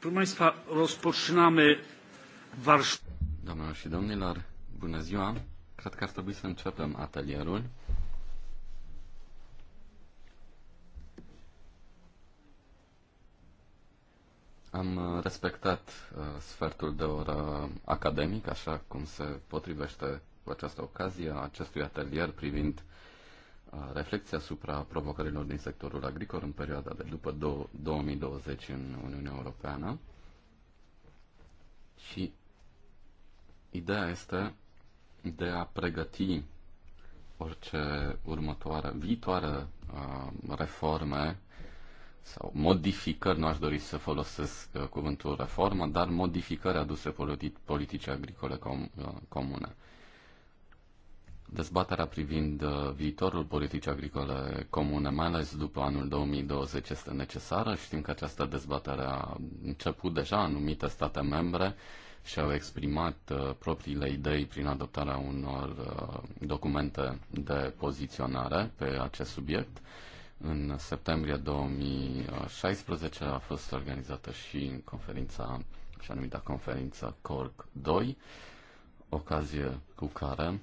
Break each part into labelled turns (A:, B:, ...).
A: Doamnelor și domnilor, bună ziua! Cred că ar trebui să începem atelierul. Am uh, respectat uh, sfertul de oră academic, așa cum se potrivește cu această ocazie a acestui atelier privind uh, reflecția asupra provocărilor din sectorul agricol în perioada de după 2020 în Uniunea Europeană și ideea este de a pregăti orice următoare, viitoare reforme sau modificări, nu aș dori să folosesc cuvântul reformă, dar modificări aduse politicii politice agricole comune. Dezbaterea privind uh, viitorul politicii agricole comune, mai ales după anul 2020, este necesară. Știm că această dezbatere a început deja anumite state membre și-au exprimat uh, propriile idei prin adoptarea unor uh, documente de poziționare pe acest subiect. În septembrie 2016 a fost organizată și conferința, și numită conferință Cork 2, ocazie cu care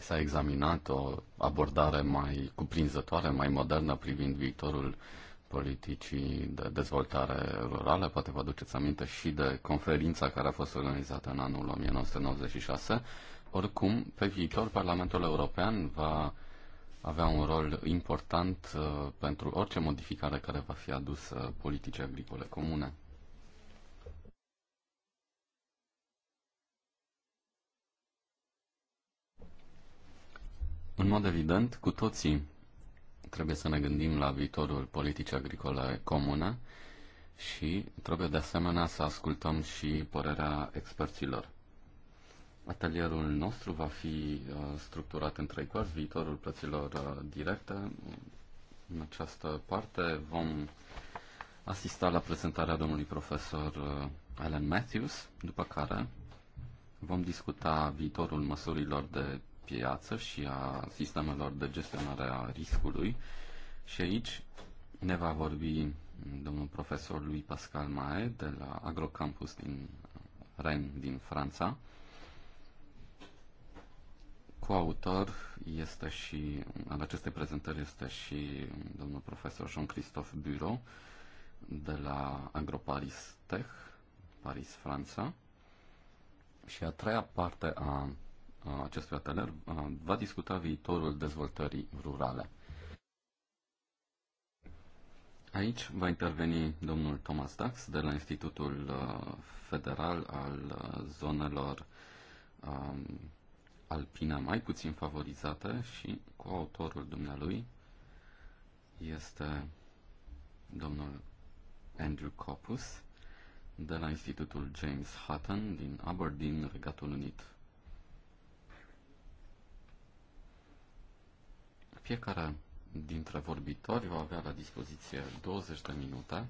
A: s-a examinat o abordare mai cuprinzătoare, mai modernă privind viitorul politicii de dezvoltare rurală. Poate vă aduceți aminte și de conferința care a fost organizată în anul 1996. Oricum, pe viitor, Parlamentul European va avea un rol important uh, pentru orice modificare care va fi adusă politicii agricole comune. În mod mhm. evident, cu toții trebuie să ne gândim la viitorul politicii agricole comune și trebuie de asemenea să ascultăm și părerea experților. Atelierul nostru va fi uh, structurat în trei părți, viitorul plăților uh, directe. În această parte vom asista la prezentarea domnului profesor uh, Alan Matthews, după care vom discuta viitorul măsurilor de piață și a sistemelor de gestionare a riscului. Și aici ne va vorbi domnul profesor lui Pascal Mae de la Agrocampus din Rennes din Franța. Coautor este și, al acestei prezentări este și domnul profesor Jean-Christophe Bureau de la AgroParis Tech, Paris, Franța. Și a treia parte a acestui atelier uh, va discuta viitorul dezvoltării rurale. Aici va interveni domnul Thomas Dax de la Institutul uh, Federal al uh, Zonelor um, Alpine mai puțin favorizate și cu autorul dumnealui este domnul Andrew Copus de la Institutul James Hutton din Aberdeen, Regatul Unit. Fiecare dintre vorbitori va avea la dispoziție 20 de minute,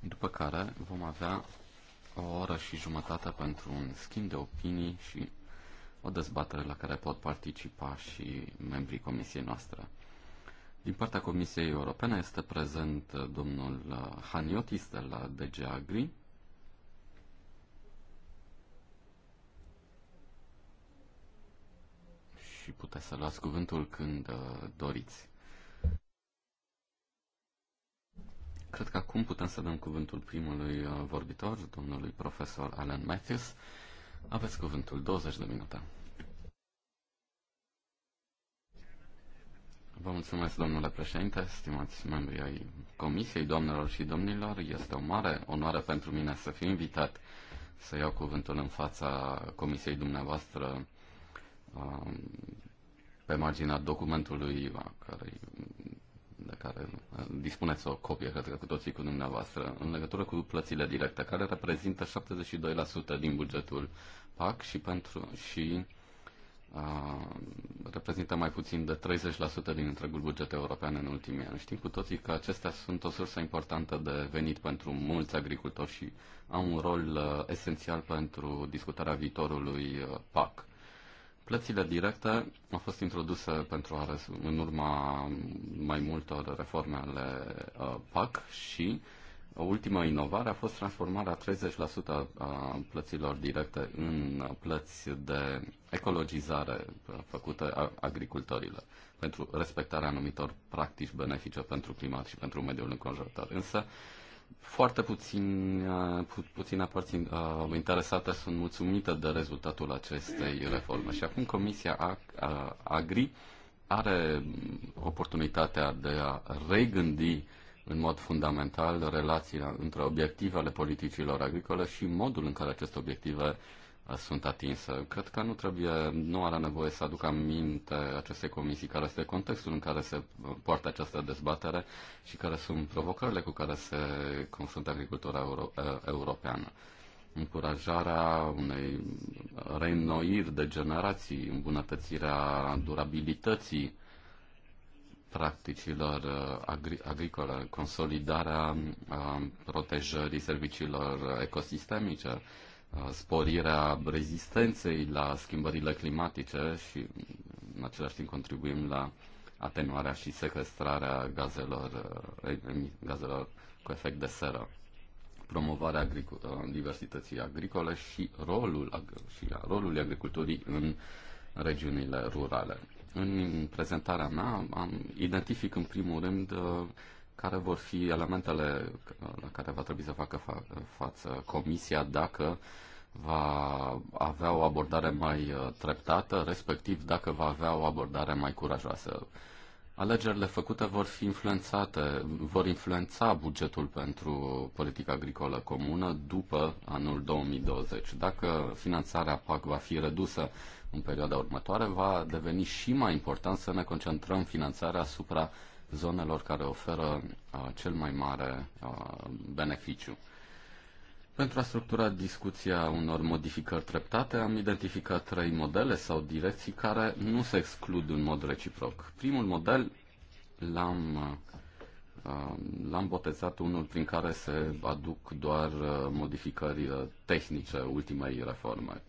A: după care vom avea o oră și jumătate pentru un schimb de opinii și o dezbatere la care pot participa și membrii comisiei noastre. Din partea Comisiei Europene este prezent domnul Haniotis de la DGA Green. și puteți să luați cuvântul când uh, doriți. Cred că acum putem să dăm cuvântul primului uh, vorbitor, domnului profesor Alan Matthews. Aveți cuvântul 20 de minute. Vă mulțumesc, domnule președinte, stimați membri ai Comisiei, doamnelor și domnilor. Este o mare onoare pentru mine să fiu invitat să iau cuvântul în fața Comisiei dumneavoastră Um, pe marginea documentului care, de care uh, dispuneți o copie, cred că cu toții cu dumneavoastră, în legătură cu plățile directe, care reprezintă 72% din bugetul PAC și, pentru, și uh, reprezintă mai puțin de 30% din întregul buget european în ultimii ani. Știm cu toții că acestea sunt o sursă importantă de venit pentru mulți agricultori și au un rol uh, esențial pentru discutarea viitorului uh, PAC. Plățile directe au fost introduse pentru a, în urma mai multor reforme ale uh, PAC și o ultimă inovare a fost transformarea 30% a plăților directe în plăți de ecologizare uh, făcute agricultorilor pentru respectarea anumitor practici benefice pentru climat și pentru mediul înconjurător. Însă, foarte puțin, uh, pu- puțin aparțin, uh, interesate sunt mulțumită de rezultatul acestei reforme. Și acum Comisia uh, Agri are oportunitatea de a regândi în mod fundamental relația între obiectivele politicilor agricole și modul în care aceste obiective uh, sunt atinse. Cred că nu trebuie, nu are nevoie să aducă aminte aceste comisii care este contextul în care se poartă această dezbatere și care sunt provocările cu care se confruntă agricultura euro, europeană. Încurajarea unei reînnoiri de generații, îmbunătățirea durabilității practicilor agri- agricole, consolidarea protejării serviciilor ecosistemice, Uh, sporirea rezistenței la schimbările climatice și în același timp contribuim la atenuarea și sequestrarea gazelor, uh, gazelor cu efect de seră, promovarea uh, diversității agricole și rolul, și rolul agriculturii în regiunile rurale. În prezentarea mea am identific în primul rând care vor fi elementele la care va trebui să facă fa- față Comisia dacă va avea o abordare mai uh, treptată, respectiv dacă va avea o abordare mai curajoasă. Alegerile făcute vor fi influențate, vor influența bugetul pentru politica agricolă comună după anul 2020. Dacă finanțarea PAC va fi redusă în perioada următoare, va deveni și mai important să ne concentrăm finanțarea asupra zonelor care oferă uh, cel mai mare uh, beneficiu. Pentru a structura discuția unor modificări treptate, am identificat trei modele sau direcții care nu se exclud în mod reciproc. Primul model l-am L-am botezat unul prin care se aduc doar modificări tehnice ultimei reforme.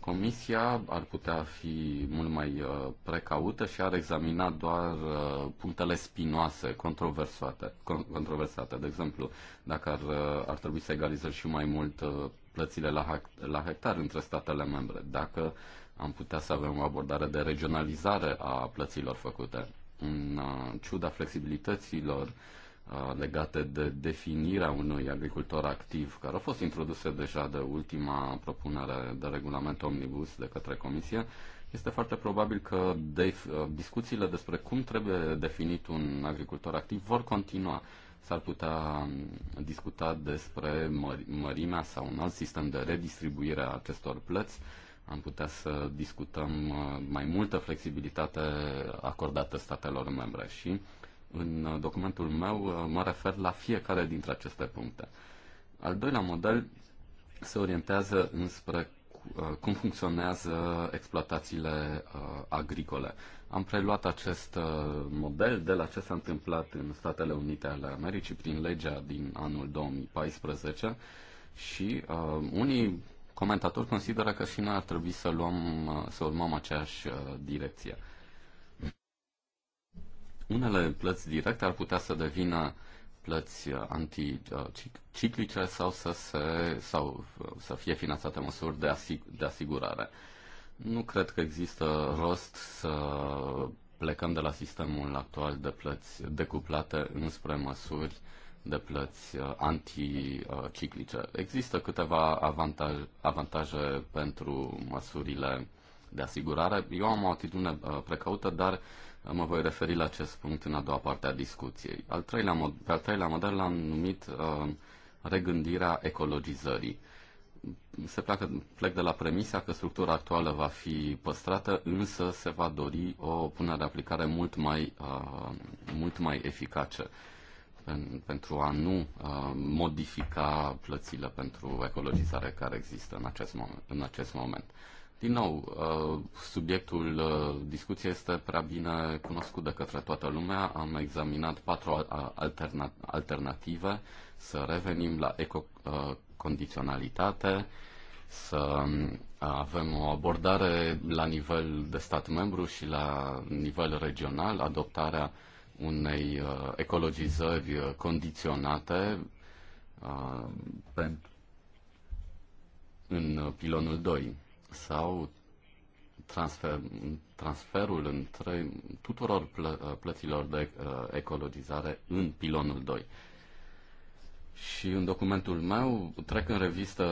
A: Comisia ar putea fi mult mai uh, precaută și ar examina doar uh, punctele spinoase, controversate, controversate. De exemplu, dacă ar, uh, ar trebui să egalizăm și mai mult plățile la, la hectar între statele membre, dacă am putea să avem o abordare de regionalizare a plăților făcute, în ciuda flexibilităților uh, legate de definirea unui agricultor activ, care au fost introduse deja de ultima propunere de regulament omnibus de către Comisie, este foarte probabil că de, discuțiile despre cum trebuie definit un agricultor activ vor continua. S-ar putea discuta despre mări, mărimea sau un alt sistem de redistribuire a acestor plăți. Am putea să discutăm mai multă flexibilitate acordată statelor membre și în uh, documentul meu uh, mă refer la fiecare dintre aceste puncte. Al doilea model se orientează înspre uh, cum funcționează exploatațiile agricole. Am preluat acest model de la ce s-a întâmplat în Statele Unite ale Americii prin legea din anul 2014 și uh, unii comentatori consideră că și noi ar trebui să luăm, să urmăm aceeași direcție. Unele plăți directe ar putea să devină plăți anticiclice sau să, se, sau uh, să fie finanțate măsuri de, asig- de asigurare. Nu cred că există rost să plecăm de la sistemul actual de plăți decuplate înspre măsuri de plăți uh, anticiclice. Există câteva avantaj, avantaje pentru măsurile de asigurare. Eu am o atitudine uh, precaută, dar uh, Mă voi referi la acest punct în a doua parte a discuției. Al treilea mod, pe al treilea model l-am numit uh, regândirea ecologizării. Se pleacă, plec de la premisa că structura actuală va fi păstrată, însă se va dori o punere de aplicare mult mai, uh, mult mai eficace pen, pentru a nu uh, modifica plățile pentru ecologizare care există în acest, moment, în acest moment. Uh, din nou, uh, subiectul uh, discuției este prea bine cunoscut de către toată lumea. Am examinat patru alterna- alternative. Să revenim la ecocondiționalitate, uh, să um, avem o abordare la nivel de stat membru și la nivel regional, adoptarea unei ecologizări condiționate pentru în pilonul 2 sau transfer, transferul între tuturor plă, uh, plăților de uh, ecologizare în pilonul 2. Și în documentul meu trec în revistă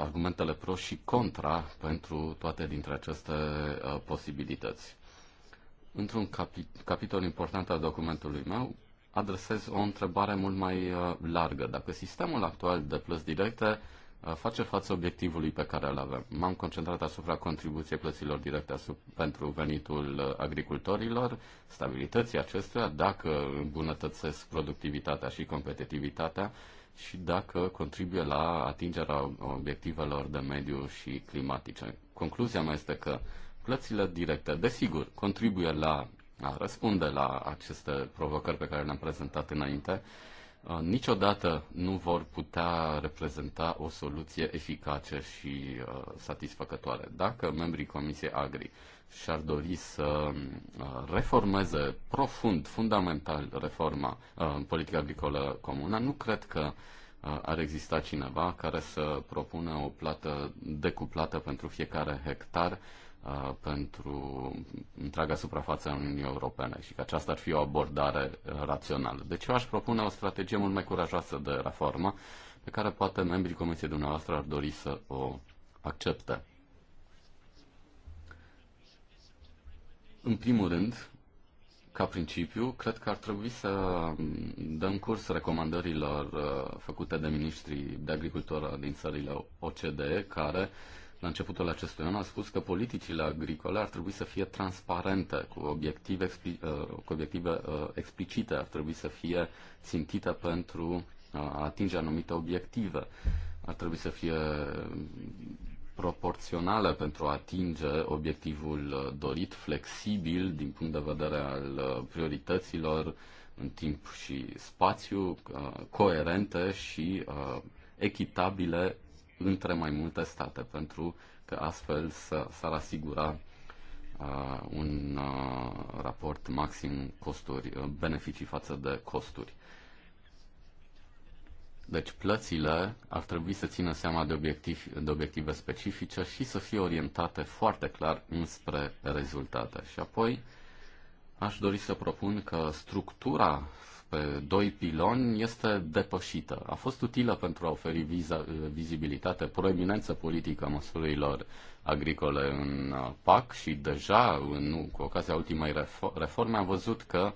A: argumentele pro și contra pentru toate dintre aceste uh, posibilități. Într-un capi- capitol important al documentului meu, adresez o întrebare mult mai largă. Dacă sistemul actual de plăți directe uh, face față obiectivului pe care îl avem. M-am concentrat asupra contribuției plăților directe pentru venitul uh, agricultorilor, stabilității acestuia, dacă îmbunătățesc productivitatea și competitivitatea și dacă contribuie la atingerea obiectivelor de mediu și climatice. Concluzia mea este că plățile directe, desigur, contribuie la a răspunde la aceste provocări pe care le-am prezentat înainte, niciodată nu vor putea reprezenta o soluție eficace și satisfăcătoare. Dacă membrii Comisiei Agri și-ar dori să reformeze profund, fundamental reforma în politica agricolă comună, nu cred că ar exista cineva care să propună o plată decuplată pentru fiecare hectar Uh, pentru întreaga suprafață a Uniunii Europene și că aceasta ar fi o abordare uh, rațională. Deci eu aș propune o strategie mult mai curajoasă de reformă pe care poate membrii Comisiei dumneavoastră ar dori să o accepte. În primul rând, ca principiu, cred că ar trebui să dăm curs recomandărilor uh, făcute de ministrii de agricultură din țările OCDE, care la începutul acestui an, a spus că politicile agricole ar trebui să fie transparente, cu obiective, uh, cu obiective uh, explicite, ar trebui să fie țintite pentru uh, a atinge anumite obiective, ar trebui să fie mm, proporțională pentru a atinge obiectivul dorit, flexibil din punct de vedere al priorităților în timp și spațiu, coerente și echitabile între mai multe state, pentru că astfel s-ar asigura uh, un uh, raport maxim costuri, uh, beneficii față de costuri. Deci plățile ar trebui să țină seama de, obiectiv, de obiective specifice și să fie orientate foarte clar înspre rezultate. Și apoi aș dori să propun că structura pe doi piloni este depășită. A fost utilă pentru a oferi viza, eh, vizibilitate, proeminență politică măsurilor agricole în eh, PAC și deja, în, cu ocazia ultimei reforme, am văzut că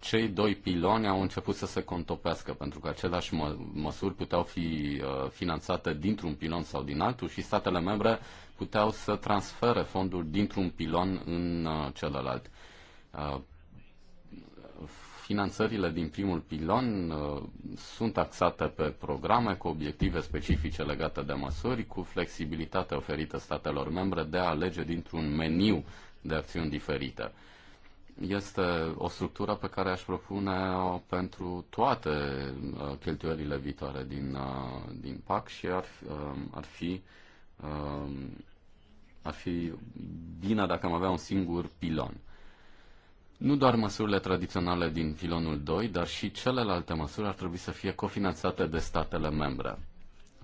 A: cei doi piloni au început să se contopească, pentru că aceleași mă, măsuri puteau fi uh, finanțate dintr-un pilon sau din altul și statele membre puteau să transfere fonduri dintr-un pilon în uh, celălalt. Uh, finanțările din primul pilon uh, sunt taxate pe programe cu obiective specifice legate de măsuri, cu flexibilitate oferită statelor membre de a alege dintr-un meniu de acțiuni diferite. Este o structură pe care aș propune-o pentru toate uh, cheltuielile viitoare din, uh, din PAC și ar, um, ar fi um, ar fi bine dacă am avea un singur pilon. Nu doar măsurile tradiționale din filonul 2, dar și celelalte măsuri ar trebui să fie cofinanțate de statele membre.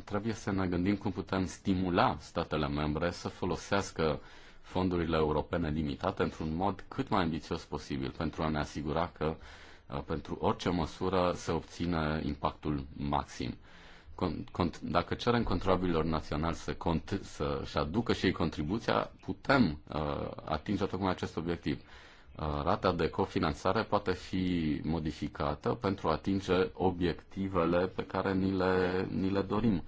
A: Trebuie să ne gândim cum putem stimula statele membre să folosească fondurile europene limitate într-un mod cât mai ambițios posibil pentru a ne asigura că uh, pentru orice măsură se obține impactul maxim. Dacă cerem contribuabililor naționali să, cont- să-și aducă și ei contribuția, putem uh, atinge tocmai acest obiectiv. Uh, rata de cofinanțare poate fi modificată pentru a atinge obiectivele pe care ni le, ni le dorim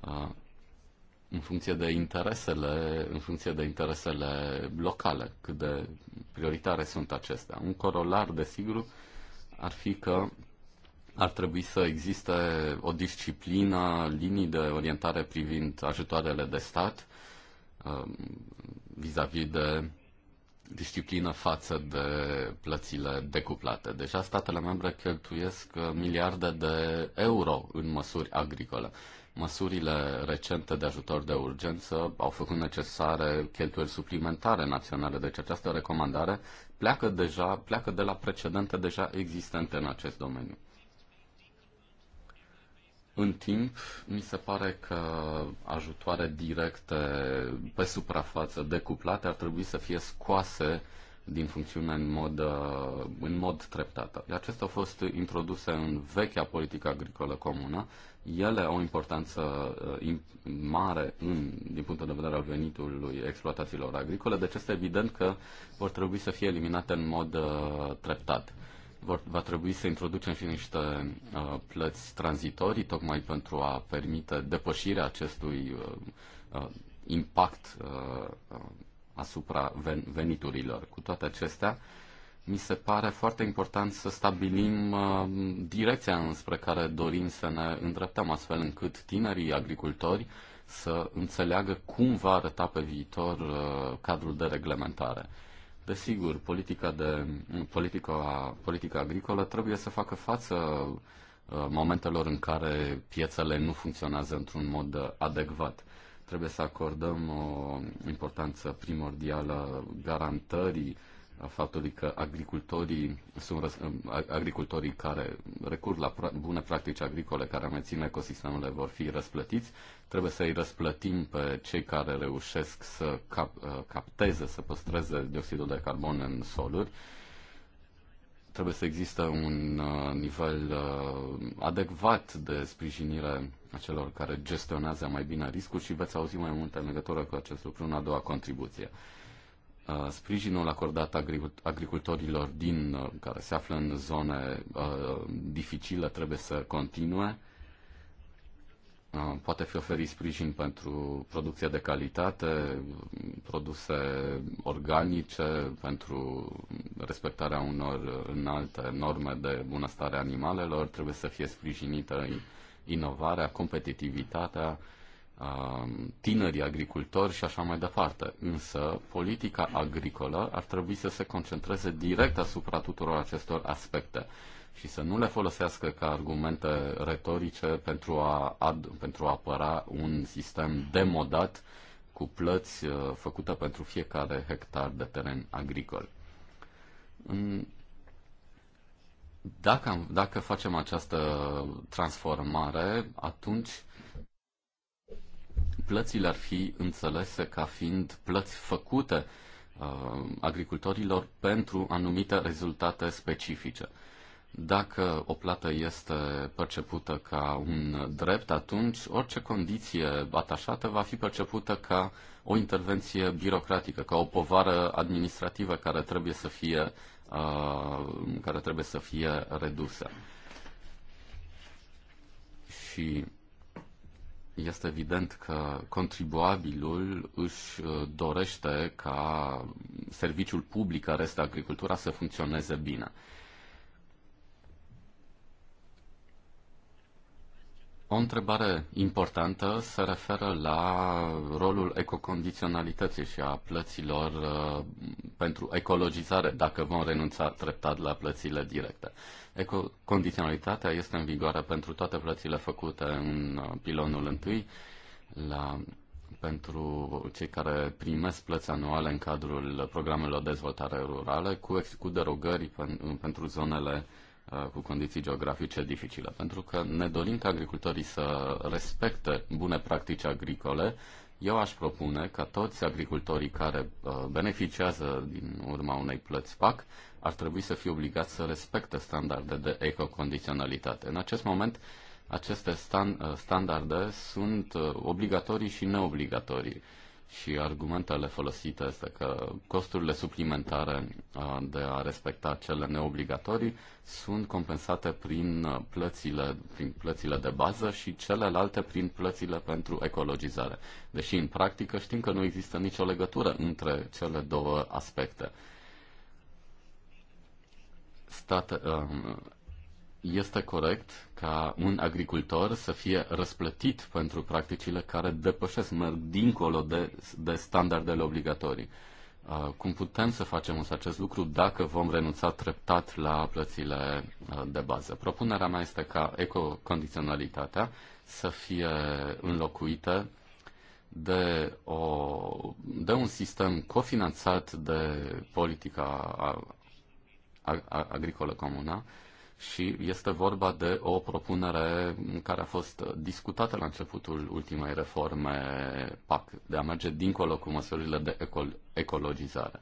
A: uh, în funcție de interesele, în funcție de interesele locale, cât de prioritare sunt acestea. Un corolar, desigur, ar fi că ar trebui să existe o disciplină, linii de orientare privind ajutoarele de stat uh, vis-a-vis -vis de disciplină față de plățile decuplate. Deja deci statele membre cheltuiesc uh, miliarde de euro în măsuri agricole. Măsurile recente de ajutor de urgență au făcut necesare cheltuieli suplimentare naționale, deci această recomandare pleacă, deja, pleacă de la precedente deja existente în acest domeniu. În timp, mi se pare că ajutoare directe pe suprafață decuplate ar trebui să fie scoase din funcțiune în mod, uh, în mod treptat. Deci acestea au fost introduse în vechea politică agricolă comună. Ele au o importanță uh, mare în, din punctul de vedere al venitului exploatațiilor agricole, deci este evident că vor trebui să fie eliminate în mod uh, treptat vor, va trebui să introducem și niște uh, plăți tranzitorii, tocmai pentru a permite depășirea acestui uh, uh impact uh, uh, asupra ven- veniturilor. Cu toate acestea, mi se pare foarte important să stabilim uh, direcția înspre care dorim să ne îndreptăm, astfel încât tinerii agricultori să înțeleagă cum va arăta pe viitor uh, cadrul de reglementare. Uh, Desigur, politica, de, politica, politica agricolă trebuie să facă față uh, momentelor în care piețele nu funcționează într-un mod adecvat. Trebuie să acordăm o uh, importanță primordială garantării a faptului că agricultorii sunt agricultorii care recurg la bune practici agricole care mențin ecosistemele vor fi răsplătiți. Trebuie să îi răsplătim pe cei care reușesc să cap, uh, capteze, să păstreze dioxidul de carbon în soluri. Trebuie să există un uh, nivel uh, adecvat de sprijinire a celor care gestionează mai bine riscul și veți auzi mai multe în legătură cu acest lucru în a doua contribuție. Uh, sprijinul acordat agricultorilor din, uh, care se află în zone uh, dificile trebuie să continue. Poate fi oferit sprijin pentru producție de calitate, produse organice, pentru respectarea unor înalte norme de bunăstare animalelor, trebuie să fie sprijinită inovarea, competitivitatea, Um, tinerii agricultori și așa mai departe. Însă, politica agricolă ar trebui să se concentreze direct asupra tuturor acestor aspecte și să nu le folosească ca argumente retorice pentru a, ad, pentru a apăra un sistem demodat cu plăți uh, făcute pentru fiecare hectar de teren agricol. În dacă, dacă facem această transformare, atunci plățile ar fi înțelese ca fiind plăți făcute uh, agricultorilor pentru anumite rezultate specifice. Dacă o plată este percepută ca un drept, atunci orice condiție atașată va fi percepută ca o intervenție birocratică, ca o povară administrativă care trebuie să fie, uh, care trebuie să fie redusă. Și este evident că contribuabilul își uh, dorește ca serviciul public care este agricultura să funcționeze bine. O întrebare importantă se referă la rolul ecocondiționalității și a plăților uh, pentru ecologizare, dacă vom renunța treptat la plățile directe. Ecocondiționalitatea este în vigoare pentru toate plățile făcute în uh, pilonul întâi, la, pentru cei care primesc plăți anuale în cadrul programelor de dezvoltare rurală, cu, cu derogări pen, uh, pentru zonele uh, cu condiții geografice dificile, pentru că ne dorim ca agricultorii să respecte bune practici agricole eu aș propune ca toți agricultorii care uh, beneficiază din urma unei plăți PAC ar trebui să fie obligați să respecte standarde de ecocondiționalitate. În acest moment, aceste stand, uh, standarde sunt uh, obligatorii și neobligatorii și argumentele folosite este că costurile suplimentare uh, de a respecta cele neobligatorii sunt compensate prin uh, plățile, prin plățile de bază și celelalte prin plățile pentru ecologizare. Deși în practică știm că nu există nicio legătură între cele două aspecte. State, uh, este corect ca un agricultor să fie răsplătit pentru practicile care depășesc, merg dincolo de, de standardele obligatorii. Uh, cum putem să facem însă acest lucru dacă vom renunța treptat la plățile uh, de bază? Propunerea mea este ca ecocondiționalitatea să fie înlocuită de, o, de un sistem cofinanțat de politica agricolă comună, și este vorba de o propunere care a fost discutată la începutul ultimei reforme PAC, de a merge dincolo cu măsurile de ecol- ecologizare.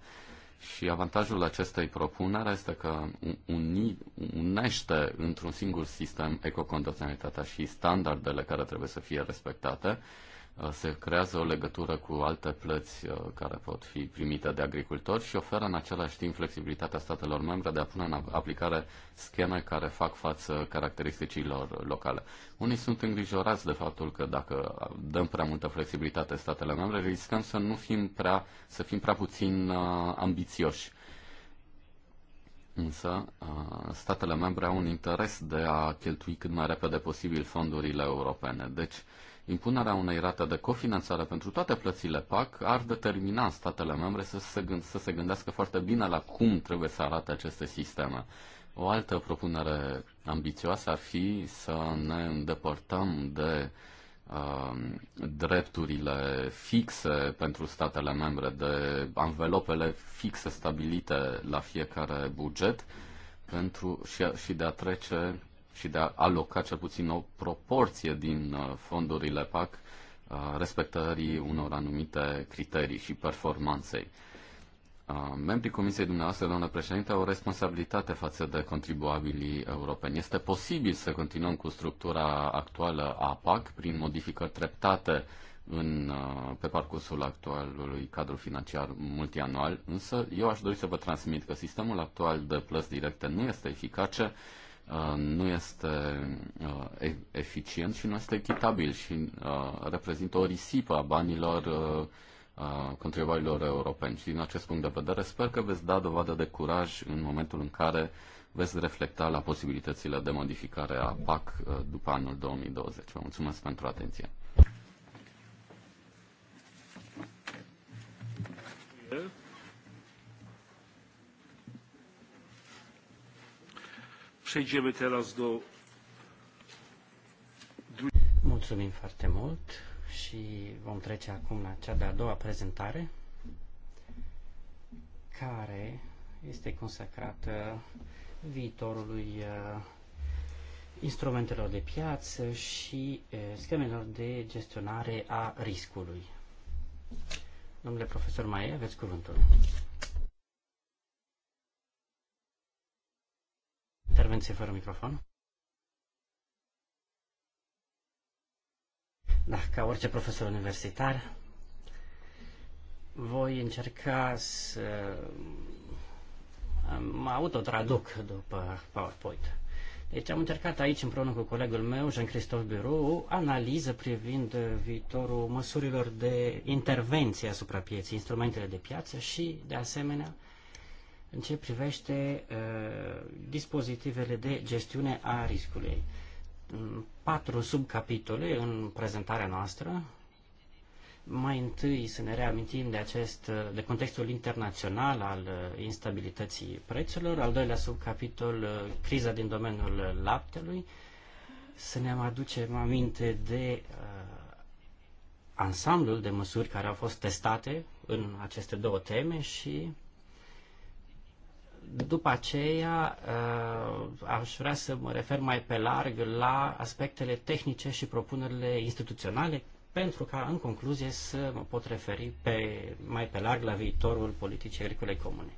A: Și avantajul acestei propuneri este că uni, unește într-un singur sistem ecocondiționalitatea și standardele care trebuie să fie respectate, Uh, se creează o legătură cu alte plăți uh, care pot fi primite de agricultori și oferă în același timp flexibilitatea statelor membre de a pune în aplicare scheme care fac față caracteristicilor locale. Unii sunt îngrijorați de faptul că dacă dăm prea multă flexibilitate statele membre, riscăm să nu fim prea, să fim prea puțin uh, ambițioși. Însă, statele membre au un interes de a cheltui cât mai repede posibil fondurile europene. Deci, impunerea unei rate de cofinanțare pentru toate plățile PAC ar determina statele membre să se, gând- să se gândească foarte bine la cum trebuie să arate aceste sisteme. O altă propunere ambițioasă ar fi să ne îndepărtăm de uh, drepturile fixe pentru statele membre, de anvelopele fixe stabilite la fiecare buget pentru, și, și de a trece și de a aloca cel puțin o proporție din uh, fondurile PAC uh, respectării unor anumite criterii și performanței. Uh, membrii Comisiei dumneavoastră, doamnă președinte, au o responsabilitate față de contribuabilii europeni. Este posibil să continuăm cu structura actuală a PAC prin modificări treptate în, pe parcursul actualului cadru financiar multianual, însă eu aș dori să vă transmit că sistemul actual de plăți directe nu este eficace Uh, nu este uh, eficient și nu este echitabil și uh, reprezintă o risipă a banilor contribuabililor europeni. Și din acest punct de vedere sper că veți da dovadă de curaj în momentul în care veți reflecta la posibilitățile de modificare a PAC după anul 2020. Vă mulțumesc pentru atenție.
B: Przejdziemy teraz do...
C: Mulțumim foarte mult și vom trece acum la cea de-a doua prezentare care este consacrată viitorului uh, instrumentelor de piață și uh, schemelor de gestionare a riscului. Domnule profesor Maie, aveți cuvântul. Intervenție fără microfon. Da, ca orice profesor universitar, voi încerca să mă autotraduc după PowerPoint. Deci am încercat aici împreună cu colegul meu, Jean-Christophe o analiză privind viitorul măsurilor de intervenție asupra pieței, instrumentele de piață și, de asemenea, în ce privește uh, dispozitivele de gestiune a riscului. Mm, patru subcapitole în prezentarea noastră. Mai întâi să ne reamintim de, acest, uh, de contextul internațional al uh, instabilității prețurilor. Al doilea subcapitol, uh, criza din domeniul laptelui. Să ne aducem aminte de uh, ansamblul de măsuri care au fost testate în aceste două teme și după aceea, uh, aș vrea să mă refer mai pe larg la aspectele tehnice și propunerile instituționale, pentru ca, în concluzie, să mă pot referi pe, mai pe larg la viitorul politicii agricole comune.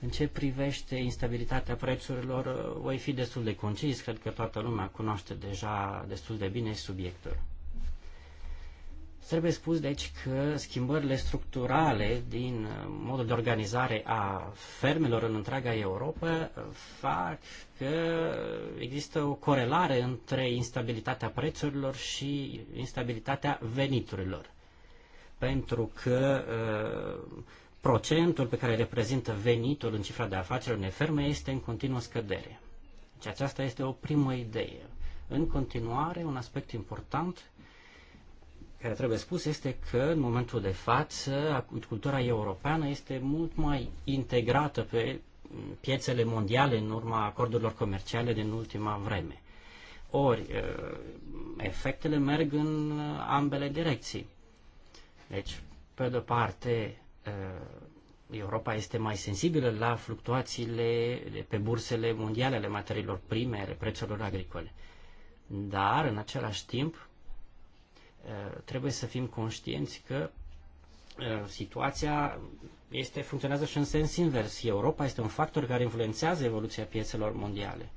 C: În ce privește instabilitatea prețurilor, uh, voi fi destul de concis, cred că toată lumea cunoaște deja destul de bine subiectul. Trebuie spus, deci, că schimbările structurale din uh, modul de organizare a fermelor în întreaga Europa uh, fac că există o corelare între instabilitatea prețurilor și instabilitatea veniturilor. Pentru că uh, procentul pe care reprezintă venitul în cifra de afaceri unei ferme este în continuă scădere. Deci aceasta este o primă idee. În continuare, un aspect important care trebuie spus este că în momentul de față cultura europeană este mult mai integrată pe piețele mondiale în urma acordurilor comerciale din ultima vreme. Ori efectele merg în ambele direcții. Deci, pe de-o parte, Europa este mai sensibilă la fluctuațiile pe bursele mondiale ale materiilor prime, ale prețurilor agricole. Dar, în același timp, Eh, trebuie să fim conștienți că eh, situația este, funcționează și în sens invers. Europa este un factor care influențează evoluția piețelor mondiale.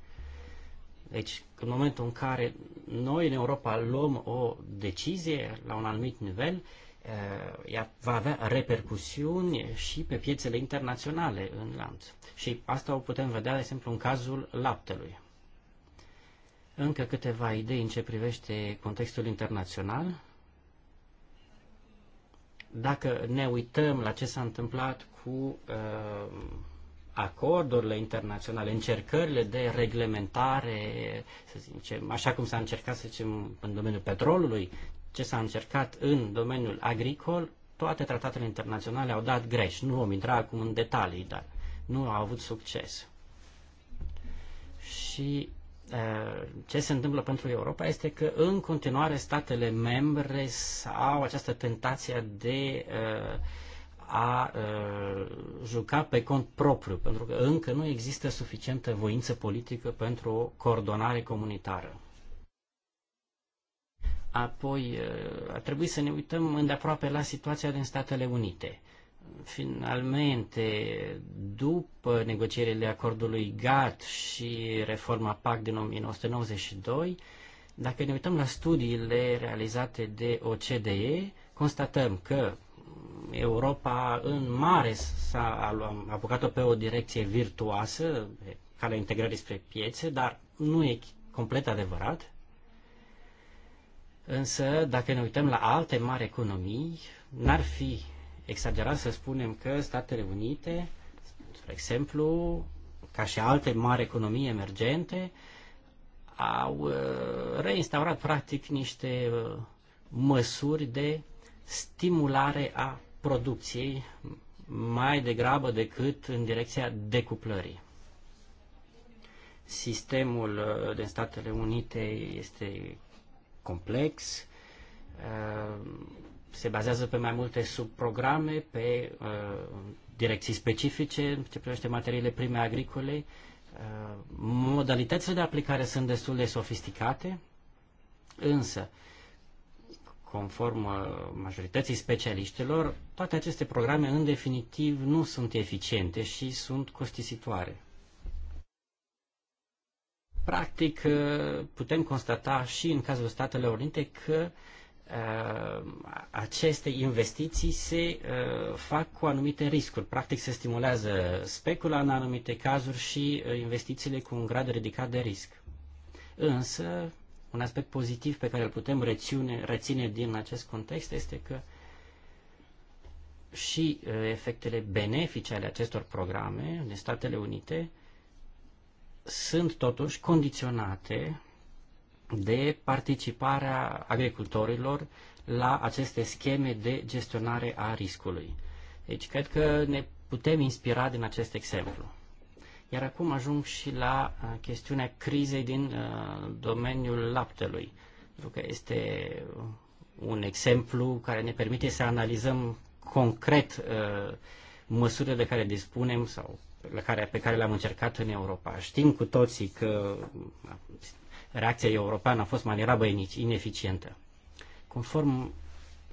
C: Deci, în momentul în care noi în Europa luăm o decizie la un anumit nivel, eh, ea va avea repercusiuni și pe piețele internaționale în lanț. Și asta o putem vedea, de exemplu, în cazul laptelui. Încă câteva idei în ce privește contextul internațional. Dacă ne uităm la ce s-a întâmplat cu uh, acordurile internaționale, încercările de reglementare, să zicem, așa cum s-a încercat, să zicem, în domeniul petrolului, ce s-a încercat în domeniul agricol, toate tratatele internaționale au dat greș. Nu vom intra acum în detalii, dar nu au avut succes. Și Eh, ce se întâmplă pentru Europa este că în continuare statele membre au această tentație de eh, a eh, juca pe cont propriu, pentru că încă nu există suficientă voință politică pentru o coordonare comunitară. Apoi, ar trebui să ne uităm îndeaproape la situația din Statele Unite finalmente, după negocierile acordului GATT și reforma PAC din 1992, dacă ne uităm la studiile realizate de OCDE, constatăm că Europa în mare s-a apucat-o pe o direcție virtuoasă, calea integrării spre piețe, dar nu e complet adevărat. Însă, dacă ne uităm la alte mari economii, n-ar fi exagerat să spunem că Statele Unite, spre exemplu, ca și alte mari economii emergente, au uh, reinstaurat practic niște uh, măsuri de stimulare a producției mai degrabă decât în direcția decuplării. Sistemul uh, din Statele Unite este complex, se bazează pe mai multe subprograme, pe uh, direcții specifice, în ce privește materiile prime agricole. Uh, modalitățile de aplicare sunt destul de sofisticate, însă, conform uh, majorității specialiștilor, toate aceste programe, în definitiv, nu sunt eficiente și sunt costisitoare. Practic, uh, putem constata și în cazul Statelor Unite că uh, Uh, aceste investiții se uh, fac cu anumite riscuri. Practic se stimulează specula în anumite cazuri și uh, investițiile cu un grad ridicat de risc. Însă, un aspect pozitiv pe care îl putem reține, reține din acest context este că și efectele benefice ale acestor programe în Statele Unite sunt totuși condiționate de participarea agricultorilor la aceste scheme de gestionare a riscului. Deci cred că ne putem inspira din acest exemplu. Iar acum ajung și la uh, chestiunea crizei din uh, domeniul laptelui, pentru că este un exemplu care ne permite să analizăm concret uh, măsurile de care dispunem sau la care, pe care le-am încercat în Europa. Știm cu toții că reacția europeană a fost mai degrabă ineficientă. Conform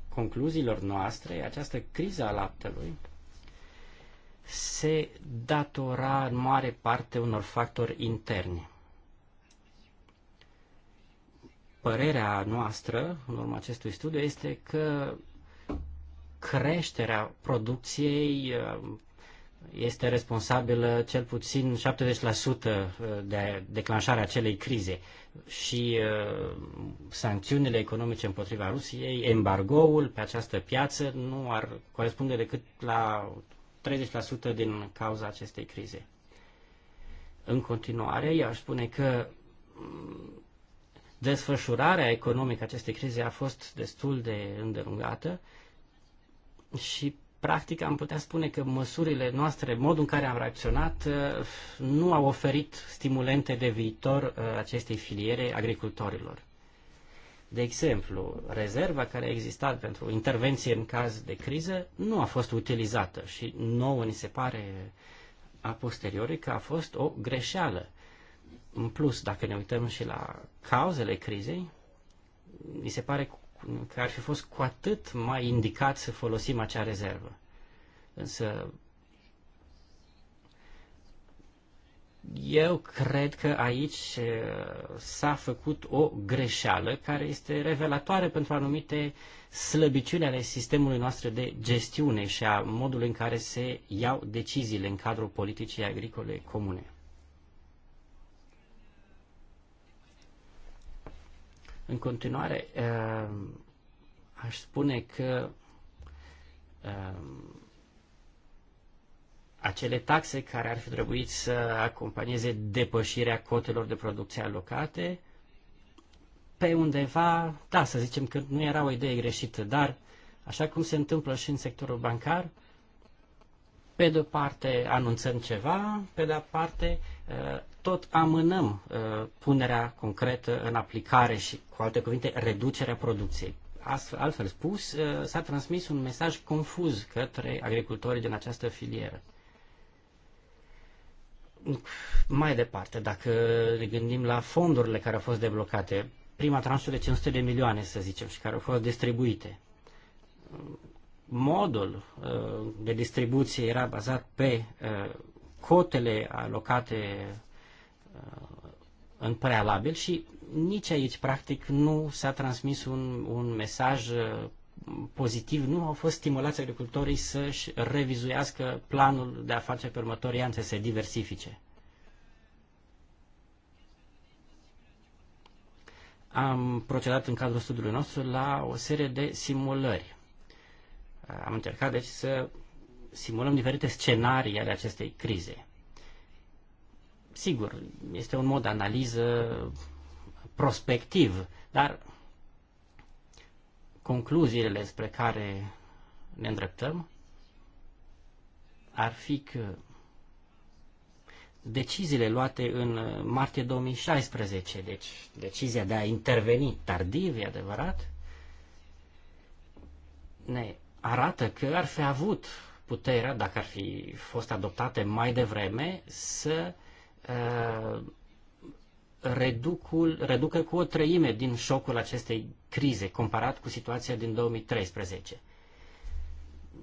C: concluziilor noastre, această criză a laptelui se datora în mare parte unor factori interni. Părerea noastră, în urma acestui studiu, este că creșterea producției este responsabilă cel puțin 70% uh, de declanșarea acelei crize și uh, sancțiunile economice împotriva Rusiei, embargoul pe această piață nu ar corespunde decât la 30% din cauza acestei crize. În continuare, eu aș spune că mm, desfășurarea economică a acestei crize a fost destul de îndelungată și practic am putea spune că măsurile noastre, modul în care am reacționat, uh, nu au oferit stimulente de viitor uh, acestei filiere agricultorilor. De exemplu, rezerva care a existat pentru intervenție în caz de criză nu a fost utilizată și nouă ni se pare a posteriori că a fost o greșeală. În plus, dacă ne uităm și la cauzele crizei, mi se pare că ar fi fost cu atât mai indicat să folosim acea rezervă. Însă eu cred că aici eh, s-a făcut o greșeală care este revelatoare pentru anumite slăbiciuni ale sistemului nostru de gestiune și a modului în care se iau deciziile în cadrul politicii agricole comune. În continuare, ehm, aș spune că ehm, acele taxe care ar fi trebuit să acompanieze depășirea cotelor de producție alocate, pe undeva, da, să zicem că nu era o idee greșită, dar așa cum se întâmplă și în sectorul bancar, pe de-o parte anunțăm ceva, pe de-o parte uh, tot amânăm uh, punerea concretă în aplicare și, cu alte cuvinte, reducerea producției. Astfel, altfel spus, uh, s-a transmis un mesaj confuz către agricultorii din această filieră. Mai departe, dacă ne gândim la fondurile care au fost deblocate, prima tranșă de 500 de milioane, să zicem, și care au fost distribuite, modul uh, de distribuție era bazat pe uh, cotele alocate uh, în prealabil și nici aici, practic, nu s-a transmis un, un mesaj pozitiv, nu au fost stimulați agricultorii să-și revizuiască planul de a face pe următorii ani să se diversifice. Am procedat în cadrul studiului nostru la o serie de simulări am încercat deci să simulăm diferite scenarii ale acestei crize. Sigur, este un mod de analiză prospectiv, dar concluziile spre care ne îndreptăm ar fi că deciziile luate în martie 2016, deci decizia de a interveni tardiv, e adevărat, ne arată că ar fi avut puterea, dacă ar fi fost adoptate mai devreme, să uh, reducul, reducă cu o treime din șocul acestei crize, comparat cu situația din 2013.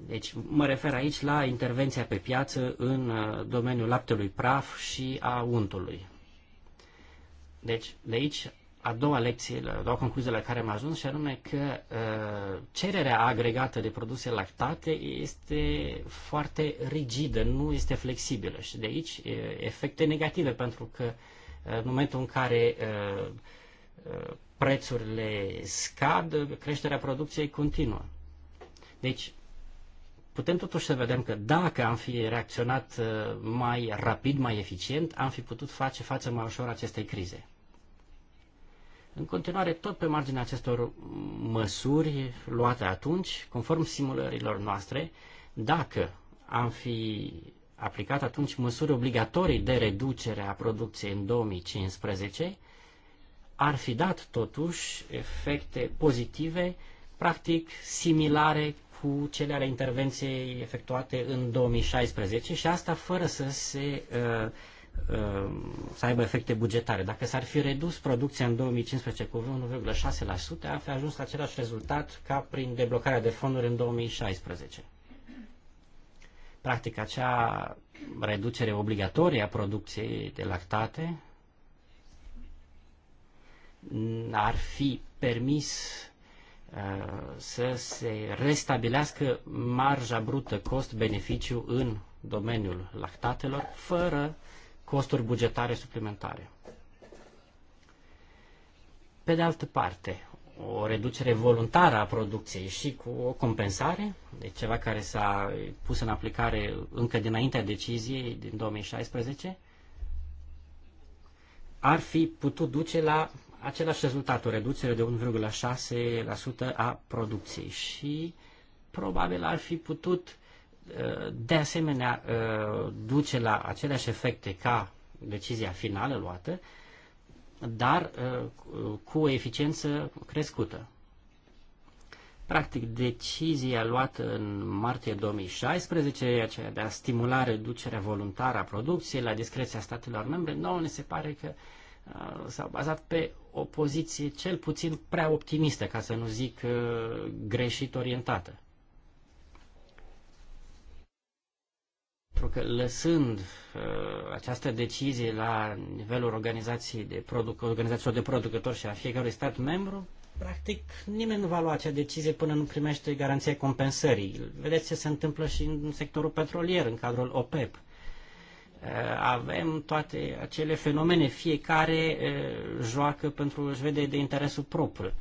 C: Deci mă refer aici la intervenția pe piață în uh, domeniul laptelui praf și a untului. Deci de aici a doua lecție, la a doua concluzie la care am ajuns și anume că uh, cererea agregată de produse lactate este foarte rigidă, nu este flexibilă și de aici uh, efecte negative pentru că uh, în momentul în care uh, uh, prețurile scad, creșterea producției continuă. Deci, putem totuși să vedem că dacă am fi reacționat uh, mai rapid, mai eficient, am fi putut face față mai ușor acestei crize. În continuare, tot pe marginea acestor măsuri luate atunci, conform simulărilor noastre, dacă am fi aplicat atunci măsuri obligatorii de reducere a producției în 2015, ar fi dat totuși efecte pozitive, practic similare cu cele ale intervenției efectuate în 2016 și asta fără să se uh, Um, să aibă efecte bugetare. Dacă s-ar fi redus producția în 2015 cu 1,6%, ar fi ajuns la același rezultat ca prin deblocarea de fonduri în 2016. Practic, acea reducere obligatorie a producției de lactate ar fi permis uh, să se restabilească marja brută cost-beneficiu în domeniul lactatelor, fără costuri bugetare suplimentare. Pe de altă parte, o reducere voluntară a producției și cu o compensare, deci ceva care s-a pus în aplicare încă dinaintea deciziei din 2016, ar fi putut duce la același rezultat, o reducere de 1,6% a producției și probabil ar fi putut de asemenea ă, duce la aceleași efecte ca decizia finală luată, dar ă, cu o eficiență crescută. Practic, decizia luată în martie 2016, aceea de a stimula reducerea voluntară a producției la discreția statelor membre, nouă ne se pare că ă, s au bazat pe o poziție cel puțin prea optimistă, ca să nu zic greșit orientată. Pentru că lăsând uh, această decizie la nivelul organizației de produc- organizațiilor de producători și a fiecărui stat membru, practic nimeni nu va lua acea decizie până nu primește garanția compensării. Vedeți ce se întâmplă și în sectorul petrolier, în cadrul OPEP. Uh, avem toate acele fenomene, fiecare uh, joacă pentru își vede de interesul propriu.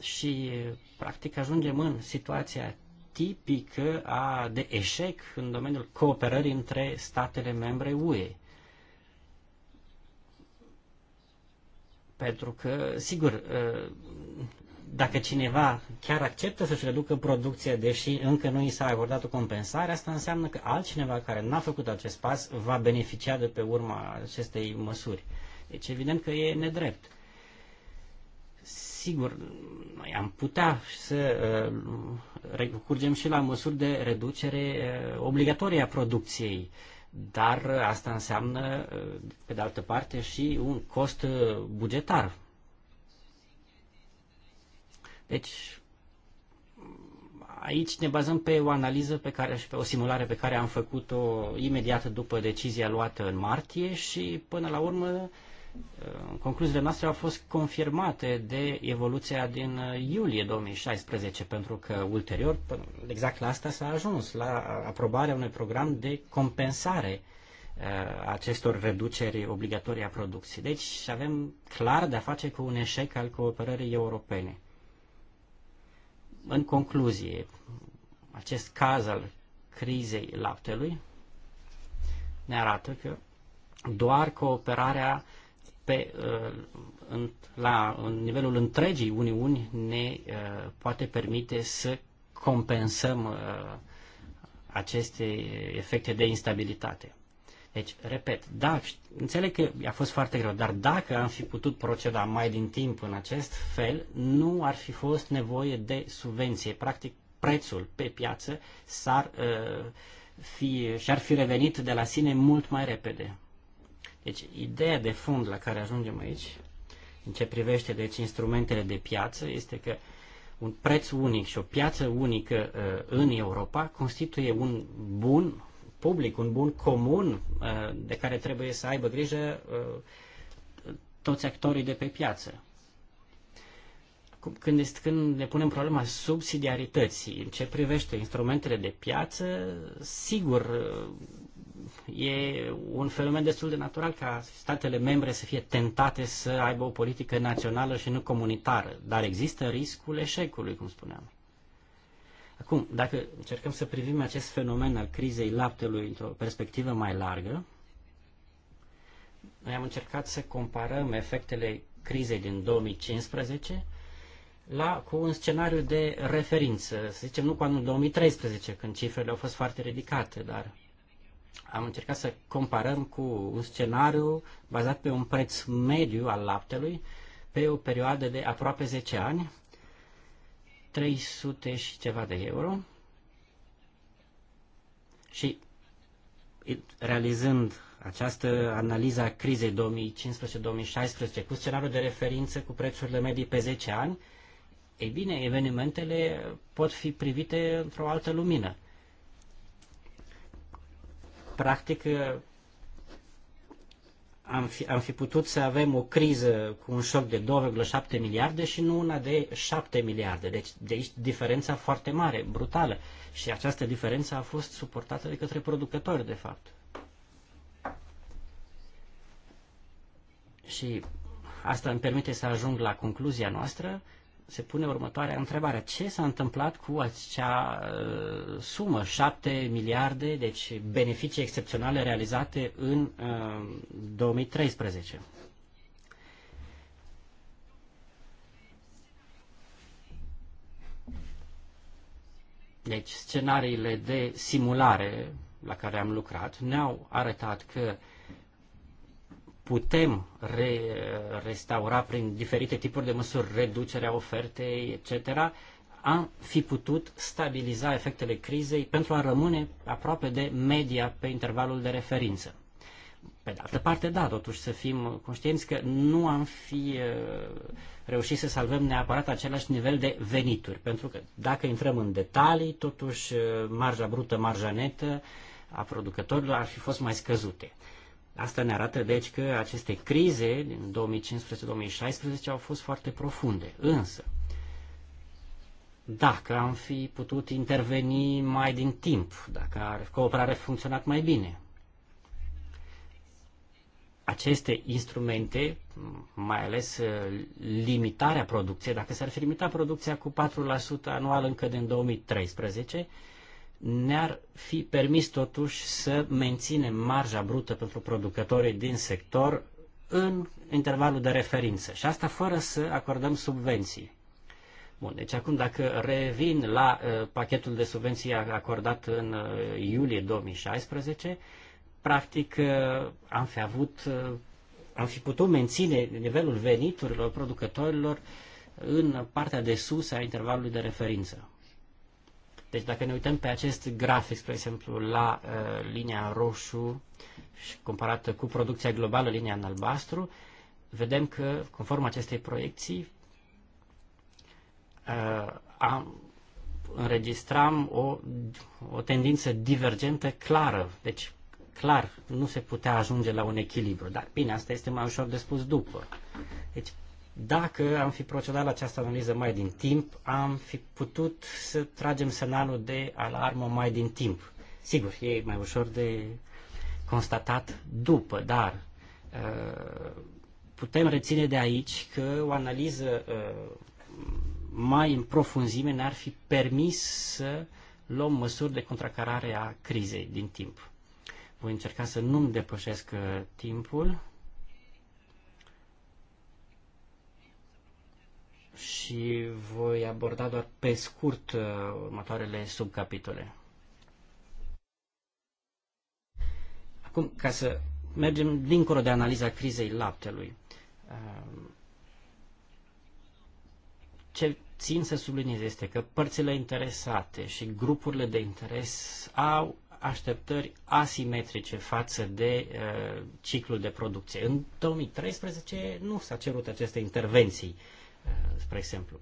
C: Și uh, practic ajungem în situația tipică a, de eșec în domeniul cooperării între statele membre UE. Pentru că, sigur, ă, dacă cineva chiar acceptă să-și reducă producția, deși încă nu i s-a acordat o compensare, asta înseamnă că altcineva care n-a făcut acest pas va beneficia de pe urma acestei măsuri. Deci evident că e nedrept. Sigur, noi am putea să ă, recurgem și la măsuri de reducere eh, obligatorie a producției. Dar asta înseamnă, eh, pe de altă parte, și un cost eh, bugetar. Deci, aici ne bazăm pe o analiză pe care și pe o simulare pe care am făcut-o imediat după decizia luată în martie și până la urmă Uh, concluziile noastre au fost confirmate de evoluția din uh, iulie 2016, pentru că ulterior, exact la asta s-a ajuns, la aprobarea unui program de compensare a uh, acestor reduceri obligatorii a producției. Deci avem clar de a face cu un eșec al cooperării europene. În concluzie, acest caz al crizei laptelui ne arată că doar cooperarea uh, pe, uh, în, la în nivelul întregii Uniuni ne uh, poate permite să compensăm uh, aceste efecte de instabilitate. Deci, repet, da, înțeleg că a fost foarte greu, dar dacă am fi putut proceda mai din timp în acest fel, nu ar fi fost nevoie de subvenție. Practic, prețul pe piață s-ar, uh, fi, și-ar fi revenit de la sine mult mai repede. Deci, ideea de fond la care ajungem aici, în ce privește deci instrumentele de piață, este că un preț unic și o piață unică uh, în Europa constituie un bun public, un bun comun uh, de care trebuie să aibă grijă uh, toți actorii de pe piață. când, este, când ne punem problema subsidiarității, în ce privește instrumentele de piață, sigur, uh, e un fenomen destul de natural ca statele membre să fie tentate să aibă o politică națională și nu comunitară, dar există riscul eșecului, cum spuneam. Acum, dacă încercăm să privim acest fenomen al crizei laptelui într-o perspectivă mai largă, noi am încercat să comparăm efectele crizei din 2015 la, cu un scenariu de referință, să zicem nu cu anul 2013, când cifrele au fost foarte ridicate, dar am încercat să comparăm cu un scenariu bazat pe un preț mediu al laptelui pe o perioadă de aproape 10 ani, 300 și ceva de euro. Și realizând această analiză a crizei 2015-2016 cu scenariul de referință cu prețurile medii pe 10 ani, ei bine, evenimentele pot fi privite într-o altă lumină practic, am fi, am fi putut să avem o criză cu un șoc de 2,7 miliarde și nu una de 7 miliarde. Deci de aici diferența foarte mare, brutală. Și această diferență a fost suportată de către producători, de fapt. Și asta îmi permite să ajung la concluzia noastră, se pune următoarea întrebare. Ce s-a întâmplat cu acea uh, sumă, 7 miliarde, deci beneficii excepționale realizate în uh, 2013? Deci scenariile de simulare la care am lucrat ne-au arătat că putem re, restaura prin diferite tipuri de măsuri, reducerea ofertei, etc., am fi putut stabiliza efectele crizei pentru a rămâne aproape de media pe intervalul de referință. Pe de altă parte, da, totuși să fim conștienți că nu am fi uh, reușit să salvăm neapărat același nivel de venituri, pentru că dacă intrăm în detalii, totuși uh, marja brută, marja netă a producătorilor ar fi fost mai scăzute. Asta ne arată, deci, că aceste crize din 2015-2016 au fost foarte profunde. Însă, dacă am fi putut interveni mai din timp, dacă cooperarea a funcționat mai bine, aceste instrumente, mai ales uh, limitarea producției, dacă s-ar fi limitat producția cu 4% anual încă din 2013, ne-ar fi permis totuși să menținem marja brută pentru producătorii din sector în intervalul de referință și asta fără să acordăm subvenții. Bun, deci acum dacă revin la uh, pachetul de subvenții acordat în uh, iulie 2016, practic uh, am fi avut, uh, am fi putut menține nivelul veniturilor producătorilor în partea de sus a intervalului de referință. Deci dacă ne uităm pe acest grafic, spre exemplu, la uh, linia roșu și comparată cu producția globală, linia în albastru, vedem că, conform acestei proiecții, uh, am, înregistram o, o tendință divergentă clară. Deci, clar, nu se putea ajunge la un echilibru. Dar, bine, asta este mai ușor de spus după. Deci, dacă am fi procedat la această analiză mai din timp, am fi putut să tragem semnalul de alarmă mai din timp. Sigur, e mai ușor de constatat după, dar uh, putem reține de aici că o analiză uh, mai în profunzime ne-ar fi permis să luăm măsuri de contracarare a crizei din timp. Voi încerca să nu-mi depășesc uh, timpul și voi aborda doar pe scurt uh, următoarele subcapitole. Acum, ca să mergem dincolo de analiza crizei laptelui, uh, ce țin să subliniez este că părțile interesate și grupurile de interes au așteptări asimetrice față de uh, ciclul de producție. În 2013 nu s-a cerut aceste intervenții Uh, spre exemplu.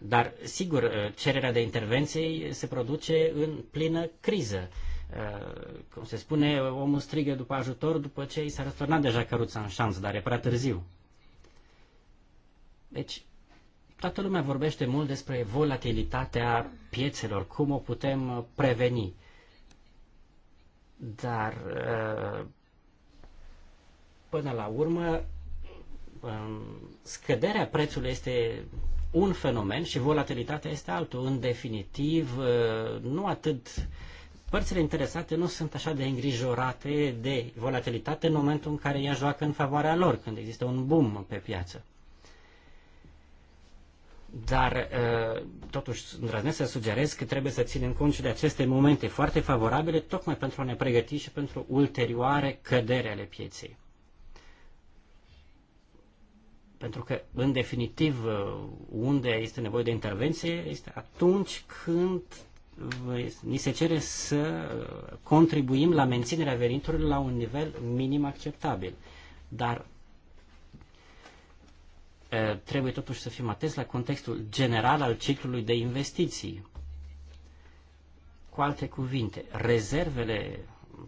C: Dar, sigur, uh, cererea de intervenție se produce în plină criză. Uh, cum se spune, omul strigă după ajutor după ce i s-a răsturnat deja căruța în șanță, dar e prea târziu. Deci, toată lumea vorbește mult despre volatilitatea piețelor, cum o putem preveni. Dar, până la urmă, Um, scăderea prețului este un fenomen și volatilitatea este altul. În definitiv, uh, nu atât părțile interesate nu sunt așa de îngrijorate de volatilitate în momentul în care ea joacă în favoarea lor, când există un boom pe piață. Dar, uh, totuși, îndrăznesc să sugerez că trebuie să ținem cont și de aceste momente foarte favorabile, tocmai pentru a ne pregăti și pentru ulterioare cădere ale pieței. Pentru că, în definitiv, uh, unde este nevoie de intervenție este atunci când ni se cere să uh, contribuim la menținerea veniturilor la un nivel minim acceptabil. Dar uh, trebuie totuși să fim atenți la contextul general al ciclului de investiții. Cu alte cuvinte, rezervele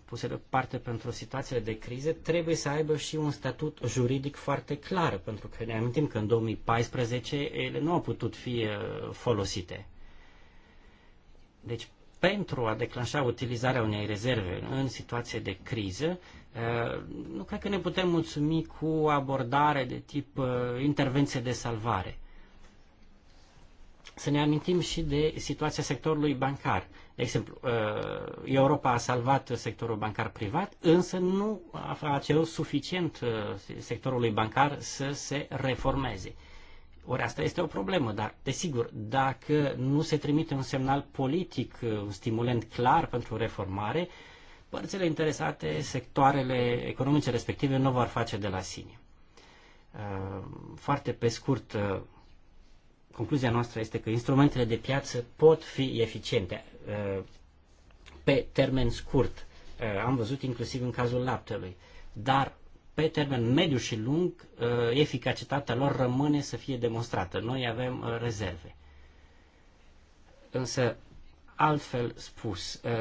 C: puse deoparte pentru situațiile de crize trebuie să aibă și un statut juridic foarte clar, pentru că ne amintim că în 2014 ele nu au putut fi uh, folosite. Deci, pentru a declanșa utilizarea unei rezerve în situație de criză, uh, nu cred că ne putem mulțumi cu abordare de tip uh, intervenție de salvare. Să ne amintim și de situația sectorului bancar. De exemplu, uh, Europa a salvat sectorul bancar privat, însă nu a făcut suficient uh, sectorului bancar să se reformeze. Ori asta este o problemă, dar, desigur, dacă nu se trimite un semnal politic, uh, un stimulent clar pentru reformare, părțile interesate, sectoarele economice respective nu vor face de la sine. Foarte pe scurt, concluzia noastră este că instrumentele de piață pot fi eficiente uh, pe termen scurt. Uh, am văzut inclusiv în cazul laptelui. Dar pe termen mediu și lung, uh, eficacitatea lor rămâne să fie demonstrată. Noi avem rezerve. Însă Altfel spus, uh,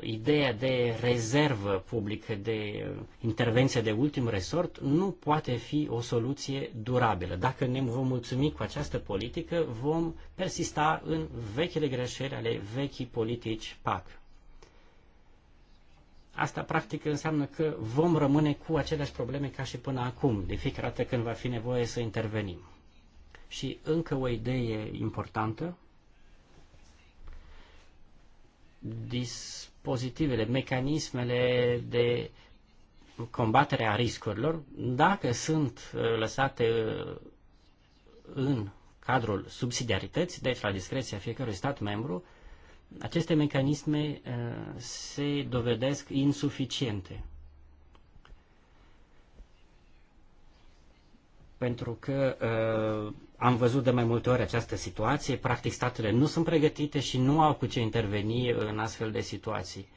C: ideea de rezervă publică, de intervenție de ultim resort, nu poate fi o soluție durabilă. Dacă ne vom mulțumi cu această politică, vom persista în vechile greșeli ale vechii politici PAC. Asta practic înseamnă că vom rămâne cu aceleași probleme ca și până acum, de fiecare dată când va fi nevoie să intervenim. Și încă o idee importantă dispozitivele, mecanismele de combatere a riscurilor, dacă sunt uh, lăsate uh, în cadrul subsidiarității, deci la discreția fiecărui stat membru, aceste mecanisme uh, se dovedesc insuficiente. Pentru că am văzut de mai multe ori această situație, practic statele nu sunt pregătite și nu au cu ce interveni în astfel de situații.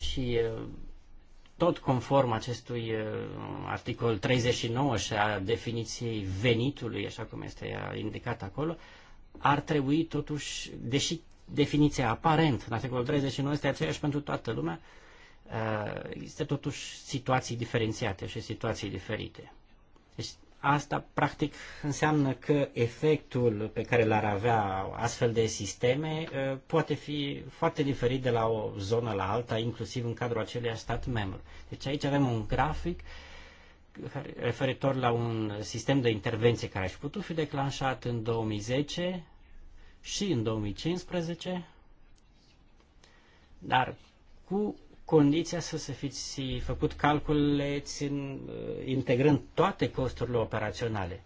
C: Și tot conform acestui articol 39 și a definiției venitului, așa cum este indicat acolo, ar trebui totuși, deși definiția aparent în articolul 39 este aceeași pentru toată lumea, există totuși situații diferențiate și situații diferite. Deci Asta, practic, înseamnă că efectul pe care l-ar avea astfel de sisteme uh, poate fi foarte diferit de la o zonă la alta, inclusiv în cadrul aceleiași stat membru. Deci aici avem un grafic referitor la un sistem de intervenție care aș putut fi declanșat în 2010 și în 2015, dar cu condiția să se fiți făcut calculele țin, uh, integrând toate costurile operaționale.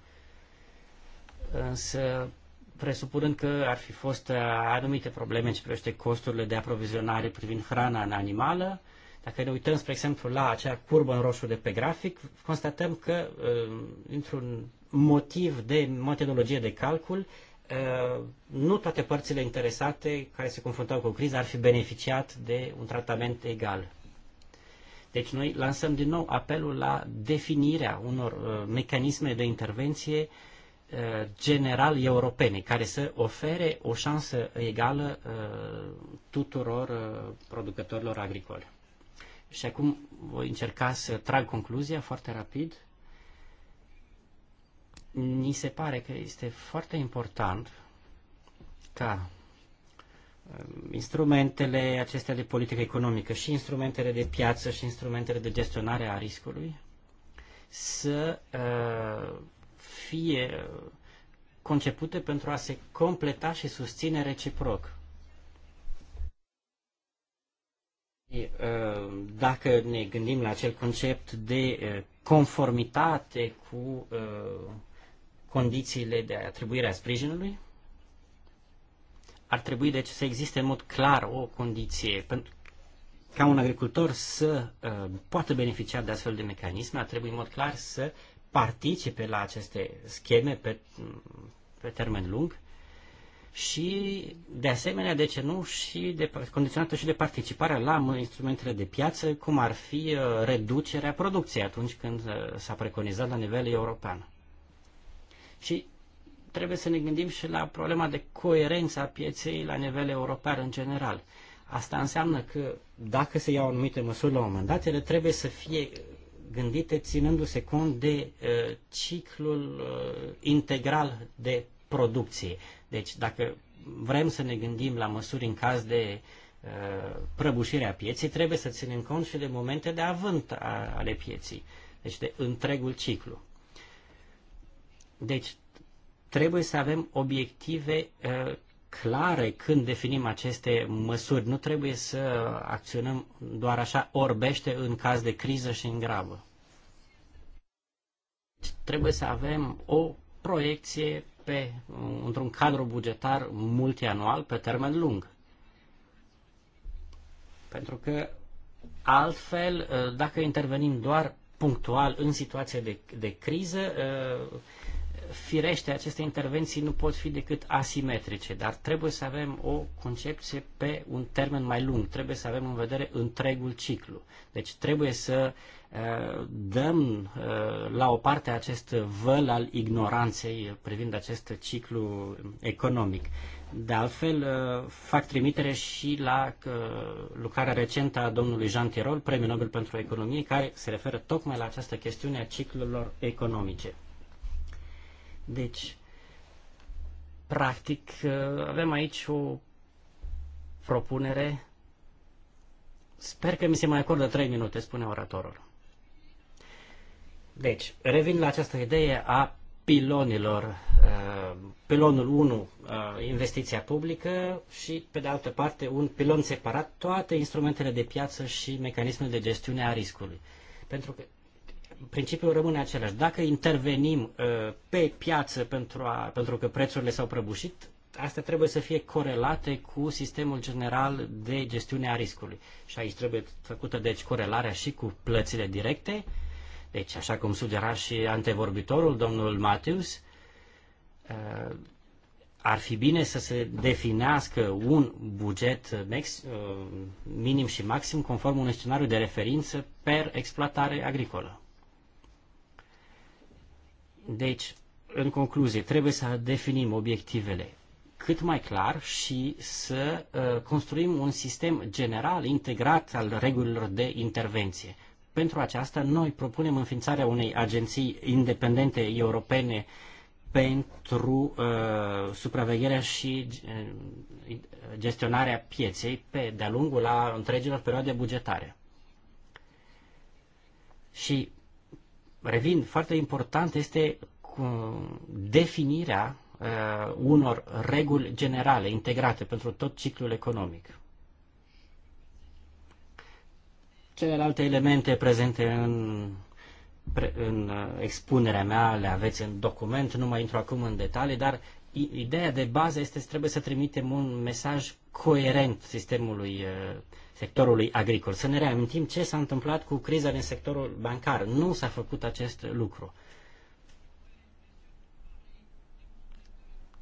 C: Însă, presupunând că ar fi fost uh, anumite probleme în ce privește costurile de aprovizionare privind hrana în animală, dacă ne uităm, spre exemplu, la acea curbă în roșu de pe grafic, constatăm că, uh, într un motiv de metodologie de calcul, Uh, nu toate părțile interesate care se confruntau cu criza ar fi beneficiat de un tratament egal. Deci noi lansăm din nou apelul la definirea unor uh, mecanisme de intervenție uh, general europene, care să ofere o șansă egală tuturor producătorilor agricoli. Și acum voi încerca să trag concluzia foarte rapid ni se pare că este foarte important ca um, instrumentele acestea de politică economică și instrumentele de piață și instrumentele de gestionare a riscului să uh, fie concepute pentru a se completa și susține reciproc. Uh, dacă ne gândim la acel concept de uh, conformitate cu uh, condițiile de atribuire a sprijinului. Ar trebui deci să existe în mod clar o condiție pentru ca un agricultor să uh, poată beneficia de astfel de mecanisme, ar trebui în mod clar să participe la aceste scheme pe, pe termen lung și, de asemenea, de ce nu, și de, condiționată și de participarea la instrumentele de piață, cum ar fi uh, reducerea producției atunci când uh, s-a preconizat la nivel european și trebuie să ne gândim și la problema de coerență a pieței la nivel european în general. Asta înseamnă că dacă se iau anumite măsuri la un moment dat, ele trebuie să fie gândite ținându-se cont de uh, ciclul uh, integral de producție. Deci dacă vrem să ne gândim la măsuri în caz de uh, prăbușire a pieței, trebuie să ținem cont și de momente de avânt a, ale pieții, deci de întregul ciclu. Deci, trebuie să avem obiective uh, clare când definim aceste măsuri. Nu trebuie să acționăm doar așa orbește în caz de criză și în gravă. Trebuie să avem o proiecție pe, într-un cadru bugetar multianual pe termen lung. Pentru că altfel, uh, dacă intervenim doar punctual în situație de, de criză, uh, Firește, aceste intervenții nu pot fi decât asimetrice, dar trebuie să avem o concepție pe un termen mai lung, trebuie să avem în vedere întregul ciclu. Deci trebuie să uh, dăm uh, la o parte acest văl al ignoranței privind acest ciclu economic. De altfel, uh, fac trimitere și la lucrarea recentă a domnului Jean Tirol, Premiul Nobel pentru Economie, care se referă tocmai la această chestiune a ciclurilor economice. Deci, practic, avem aici o propunere. Sper că mi se mai acordă 3 minute, spune oratorul. Deci, revin la această idee a pilonilor. Uh, pilonul 1, uh, investiția publică și, pe de altă parte, un pilon separat, toate instrumentele de piață și mecanismele de gestiune a riscului. Pentru că principiul rămâne același. Dacă intervenim uh, pe piață pentru, a, pentru că prețurile s-au prăbușit, astea trebuie să fie corelate cu sistemul general de gestiune a riscului. Și aici trebuie făcută, deci, corelarea și cu plățile directe, deci, așa cum sugera și antevorbitorul, domnul Matthews, uh, ar fi bine să se definească un buget max, uh, minim și maxim conform unui scenariu de referință per exploatare agricolă. Deci, în concluzie, trebuie să definim obiectivele cât mai clar și să uh, construim un sistem general, integrat al regulilor de intervenție. Pentru aceasta, noi propunem înființarea unei agenții independente europene pentru uh, supravegherea și uh, gestionarea pieței pe de-a lungul a întregilor perioade bugetare. Și revin, foarte important este definirea uh, unor reguli generale, integrate pentru tot ciclul economic. Celelalte elemente prezente în, pre, în uh, expunerea mea le aveți în document, nu mai intru acum în detalii, dar ideea de bază este că trebuie să trimitem un mesaj coerent sistemului uh, sectorului agricol. Să ne reamintim ce s-a întâmplat cu criza din sectorul bancar. Nu s-a făcut acest lucru.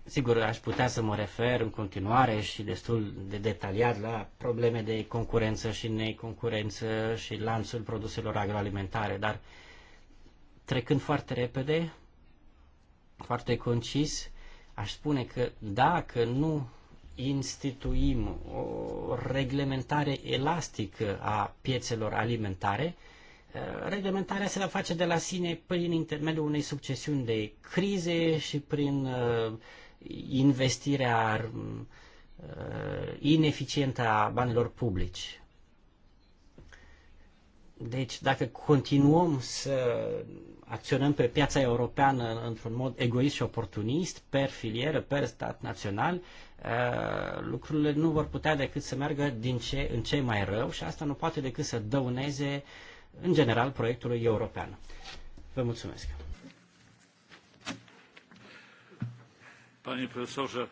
C: Sigur, aș putea să mă refer în continuare și destul de detaliat la probleme de concurență și neconcurență și lanțul produselor agroalimentare, dar trecând foarte repede, foarte concis, aș spune că dacă nu instituim o reglementare elastică a piețelor alimentare, reglementarea se va face de la sine prin intermediul unei succesiuni de crize și prin uh, investirea uh, ineficientă a banilor publici. Deci, dacă continuăm să acționăm pe piața europeană într-un mod egoist și oportunist, per filieră, per stat național, Eh, lucrurile nu vor putea decât să meargă din ce în ce mai rău și asta nu poate decât să dăuneze în general proiectului european. Vă mulțumesc.
B: Pani profesorze.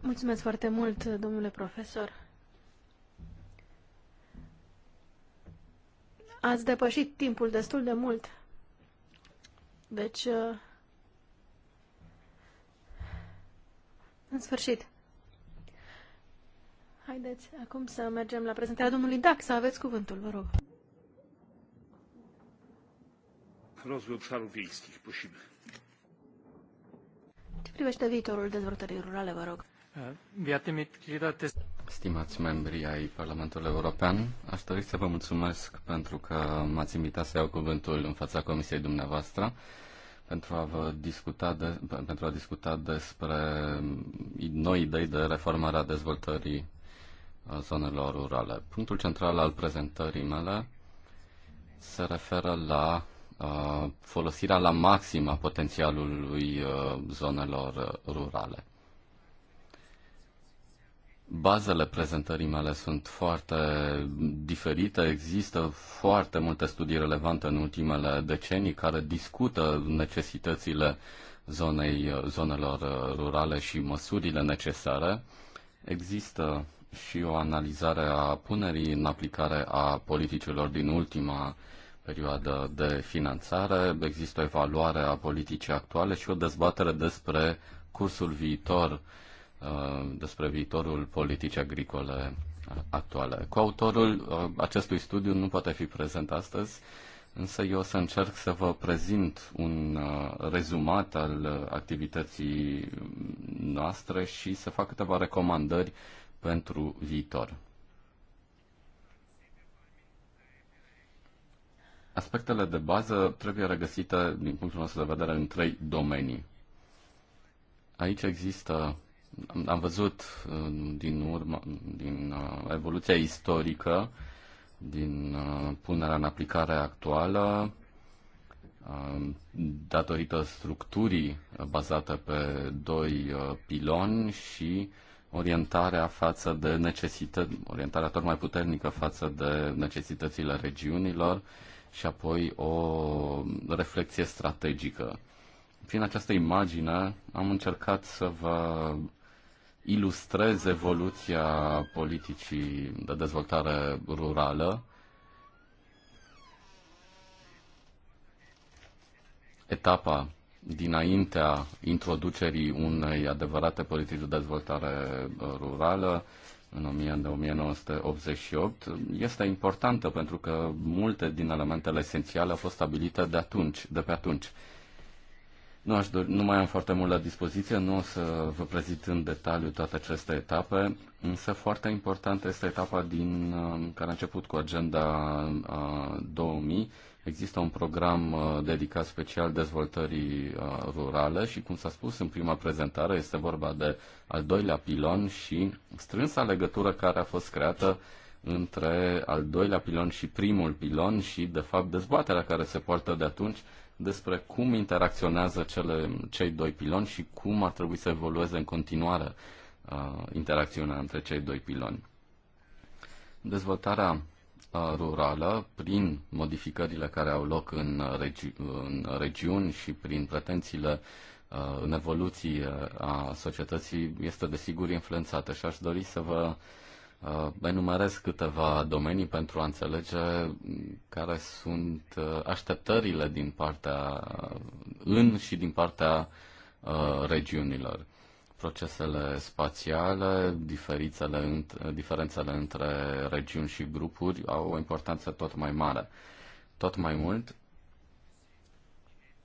D: Mulțumesc foarte mult, domnule profesor. Ați depășit timpul destul de mult. Deci, eh, În sfârșit. Haideți acum să mergem la prezentarea domnului Dac, să aveți cuvântul, vă rog.
B: Rozul obszarów vieistic, prosimy.
D: Ce privește viitorul dezvoltării rurale, vă rog?
A: Uh, Stimați membri ai Parlamentului European, aș dori să vă mulțumesc pentru că m-ați invitat să iau cuvântul în fața Comisiei dumneavoastră pentru a, vă discuta de, pentru a discuta despre noi idei de reformare a dezvoltării zonelor rurale. Punctul central al prezentării mele se referă la folosirea la maxim a potențialului zonelor rurale. Bazele prezentării mele sunt foarte diferite. Există foarte multe studii relevante în ultimele decenii care discută necesitățile zonei, zonelor uh, rurale și măsurile necesare. Există și o analizare a punerii în aplicare a politicilor din ultima perioadă de finanțare, există o evaluare a politicii actuale și o dezbatere despre cursul viitor Uh, despre viitorul politicii agricole actuale. Cu autorul uh, acestui studiu nu poate fi prezent astăzi, însă eu o să încerc să vă prezint un uh, rezumat al activității noastre și să fac câteva recomandări pentru viitor. Aspectele de bază trebuie regăsite, din punctul nostru de vedere, în trei domenii. Aici există am văzut uh, din urmă, din uh, evoluția istorică, din uh, punerea în aplicare actuală, datorită structurii bazate pe doi piloni și orientarea față de necesități, orientarea tot mai puternică față de necesitățile regiunilor și apoi o reflexie strategică. Prin această imagine am încercat să vă ilustreze evoluția politicii de dezvoltare rurală. Etapa dinaintea introducerii unei adevărate politici de dezvoltare uh, rurală în 1988 este importantă pentru că multe din elementele esențiale au fost stabilite de atunci, de pe atunci. Nu, aș dori, nu mai am foarte mult la dispoziție, nu o să vă prezint în detaliu toate aceste etape, însă foarte importantă este etapa din, uh, care a început cu agenda 2000. Uh, Există un program uh, dedicat special dezvoltării rurale și, cum s-a spus în prima prezentare, este vorba de al doilea pilon și strânsa legătură care a fost creată între al doilea pilon și primul pilon și, de fapt, dezbaterea care se poartă de atunci despre cum interacționează cele, cei doi piloni și cum ar trebui să evolueze în continuare uh, interacțiunea între cei doi piloni. Dezvoltarea uh, rurală, prin modificările care au loc în, uh, regi- în regiuni și prin pretențiile uh, în evoluție a societății, este desigur influențată și aș dori să vă uh, enumerez câteva domenii pentru a înțelege care sunt uh, așteptările din partea în și din partea uh, regiunilor. Procesele spațiale, diferențele, diferențele între regiuni și grupuri au o importanță tot mai mare. Tot mai mult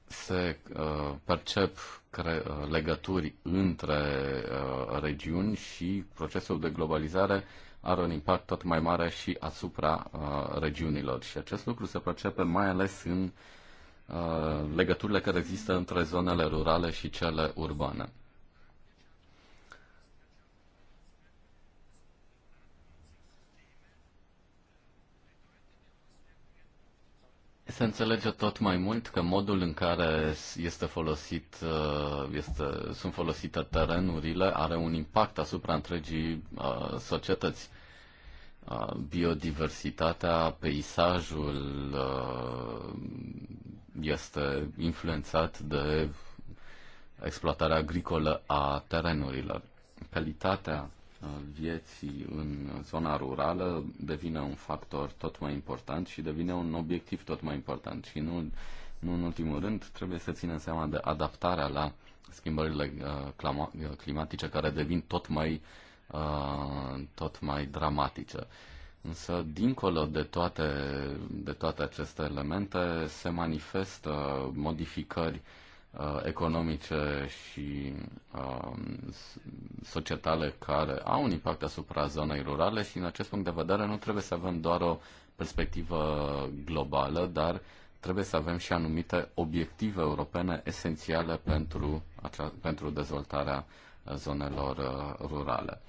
A: se uh, percep legături între regiuni și procesul de globalizare are un impact tot mai mare și asupra uh, regiunilor. Și acest lucru se percepe mai ales în uh, legăturile care există între zonele rurale și cele urbane. se înțelege tot mai mult că modul în care este folosit, uh, este, sunt folosite terenurile are un impact asupra întregii uh, societăți. Uh, biodiversitatea, peisajul este influențat de exploatarea agricolă a terenurilor. Calitatea vieții în zona rurală devine un factor tot mai important și devine un obiectiv tot mai important. Și nu, nu în ultimul rând trebuie să ținem seama de adaptarea la schimbările uh, uh, climatice care devin tot mai, uh, tot mai dramatice. Însă, dincolo de toate, de toate aceste elemente, se manifestă modificări uh, Uh, economice și um, societale care au un impact asupra zonei rurale și în acest punct de vedere nu trebuie să avem doar o perspectivă globală, dar trebuie să avem și anumite obiective europene esențiale pentru, acea, pentru dezvoltarea zonelor uh, rurale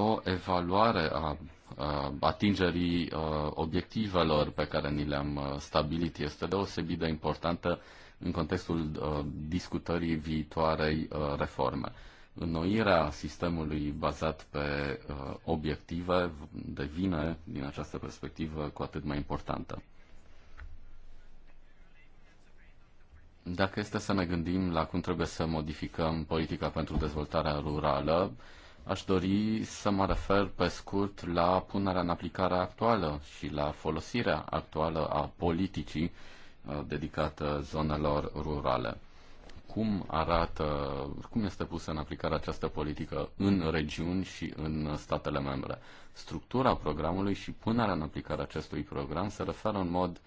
A: o evaluare a, atingerii obiectivelor pe care ni le-am stabilit este deosebit de importantă în contextul discutării viitoarei reforme. Înnoirea sistemului bazat pe obiective devine, din această perspectivă, cu atât mai importantă. Dacă este să ne gândim la cum trebuie să modificăm politica pentru dezvoltarea rurală, Aș dori să mă refer pe scurt la punerea în aplicare actuală și la folosirea actuală a politicii uh, dedicată zonelor rurale. Cum arată, cum este pusă în aplicare această politică în regiuni și în statele membre? Structura programului și punerea în aplicare acestui program se referă în mod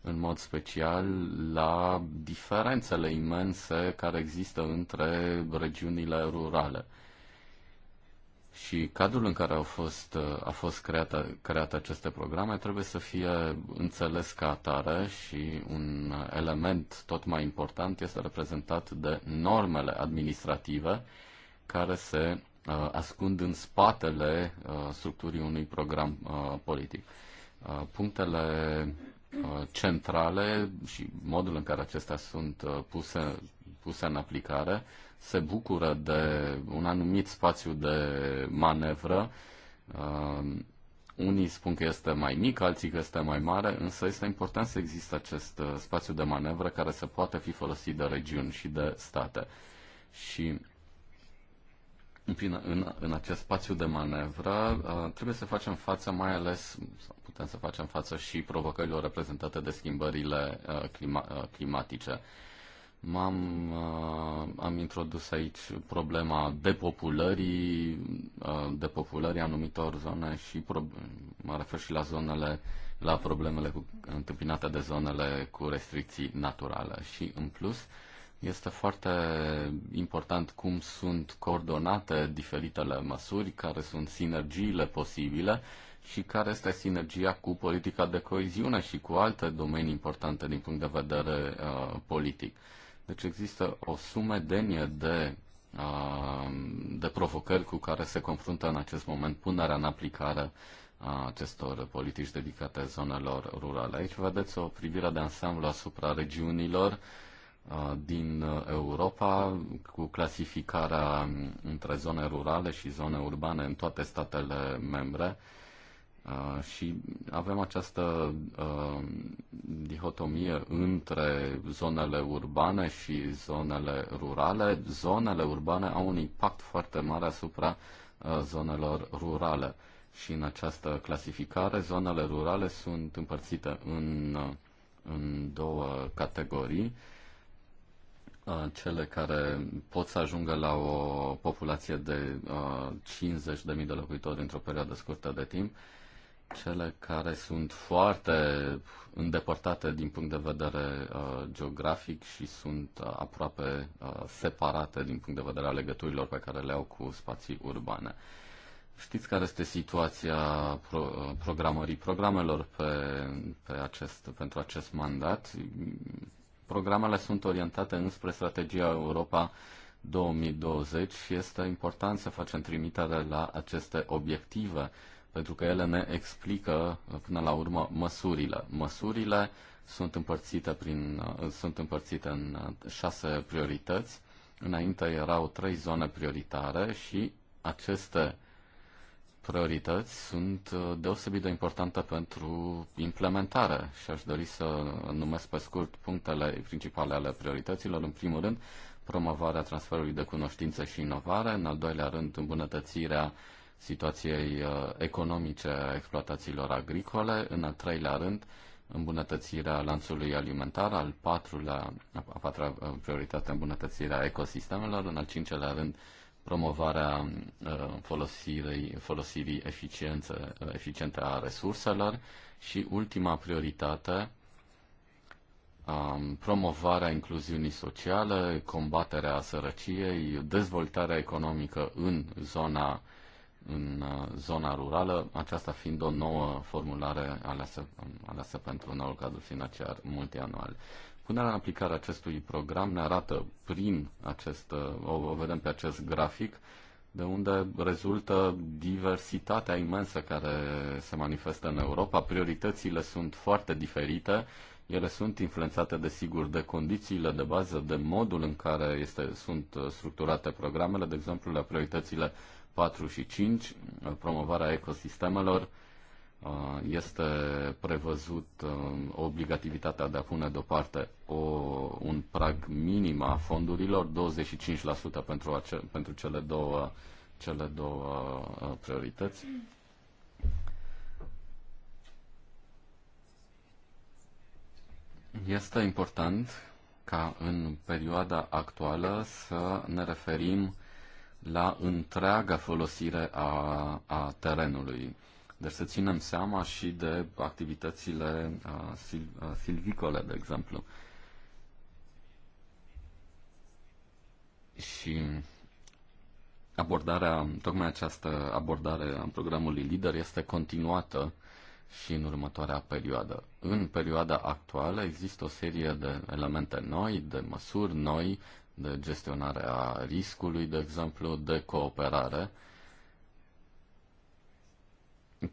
A: în mod special la diferențele imense care există între regiunile rurale și cadrul în care au fost, a fost creată create aceste programe trebuie să fie înțeles ca atare și un element tot mai important este reprezentat de normele administrative care se uh, ascund în spatele uh, structurii unui program uh, politic. Uh, punctele uh, centrale și modul în care acestea sunt uh, puse, puse în aplicare uh, se bucură de un anumit spațiu de manevră. Um, unii spun că este mai mic, alții că este mai mare, însă este important să existe acest uh, spațiu de manevră care să poată fi folosit de regiuni și de state. Și prin, în, în acest spațiu de manevră uh, trebuie să facem față mai ales, putem să facem față și provocărilor reprezentate de schimbările uh, clima, climatice. M-am, uh, am introdus aici problema depopulării, uh, depopulării anumitor zone și pro- mă refer și la zonele, la problemele cu, întâmpinate de zonele cu restricții naturale. Și în plus, este foarte important cum sunt coordonate diferitele măsuri, care sunt sinergiile posibile și care este sinergia cu politica de coeziune și cu alte domenii importante din punct de vedere uh, politic. Deci există o sumedenie de, uh, de provocări cu care se confruntă în acest moment punerea în aplicare a acestor politici dedicate zonelor rurale. Aici vedeți o privire de ansamblu asupra regiunilor uh, din Europa cu clasificarea între zone rurale și zone urbane în toate statele membre și avem această uh, dihotomie între zonele urbane și zonele rurale. Zonele urbane au un impact foarte mare asupra uh, zonelor rurale și în această clasificare zonele rurale sunt împărțite în, în două categorii cele care pot să ajungă la o populație de 50.000 de locuitori într-o perioadă scurtă de timp cele care sunt foarte îndepărtate din punct de vedere uh, geografic și sunt uh, aproape uh, separate din punct de vedere a legăturilor pe care le au cu spații urbane. Știți care este situația pro, uh, programării programelor pe, pe acest, pentru acest mandat? Programele sunt orientate înspre strategia Europa 2020 și este important să facem trimitere la aceste obiective uh, pentru că ele ne explică uh, până la urmă măsurile. Măsurile sunt împărțite, prin, uh, sunt împărțite în uh, șase priorități. Înainte erau trei zone prioritare și aceste priorități sunt deosebit de importante pentru implementare și aș dori să numesc pe scurt punctele principale ale priorităților. În primul rând, promovarea transferului de cunoștință și inovare, în al doilea rând, îmbunătățirea situației uh, economice a exploatațiilor agricole, în al treilea rând, îmbunătățirea lanțului alimentar, al patrulea, a patra prioritate, îmbunătățirea ecosistemelor, în al cincelea rând, promovarea uh, folosirii, folosirii eficiențe, eficiente a resurselor și ultima prioritate, um, promovarea incluziunii sociale, combaterea sărăciei, dezvoltarea economică în zona în uh, zona rurală, aceasta fiind o nouă formulare aleasă, aleasă pentru noul cadru financiar multianual. Punerea în aplicare acestui program ne arată prin acest, uh, o, o vedem pe acest grafic, de unde rezultă diversitatea imensă care se manifestă în Europa. Prioritățile sunt foarte diferite, ele sunt influențate, desigur, de condițiile de bază, de modul în care este, sunt uh, structurate programele, de exemplu, la prioritățile uh, 4 și 5, uh, promovarea ecosistemelor, uh, este prevăzut uh, obligativitatea de a pune deoparte o, un prag minim a fondurilor, 25% pentru, ace, pentru cele două, cele două priorități. Este important ca în perioada actuală să ne referim la întreaga folosire a, a terenului. Deci să ținem seama și de activitățile a, sil, a, silvicole, de exemplu. Și abordarea, tocmai această abordare a programului LIDER este continuată și în următoarea perioadă. În perioada actuală există o serie de elemente noi, de măsuri noi de gestionare a riscului, de exemplu, de cooperare,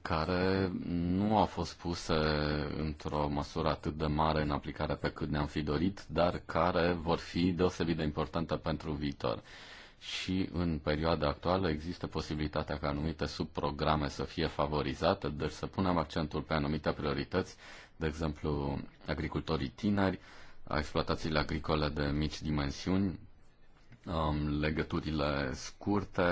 A: care nu au fost puse într-o măsură atât de mare în aplicare pe cât ne-am fi dorit, dar care vor fi deosebit de importante pentru viitor. Și în perioada actuală există posibilitatea ca anumite subprograme să fie favorizate, deci să punem accentul pe anumite priorități, de exemplu agricultorii tineri, exploatațiile agricole de mici dimensiuni, um, legăturile scurte,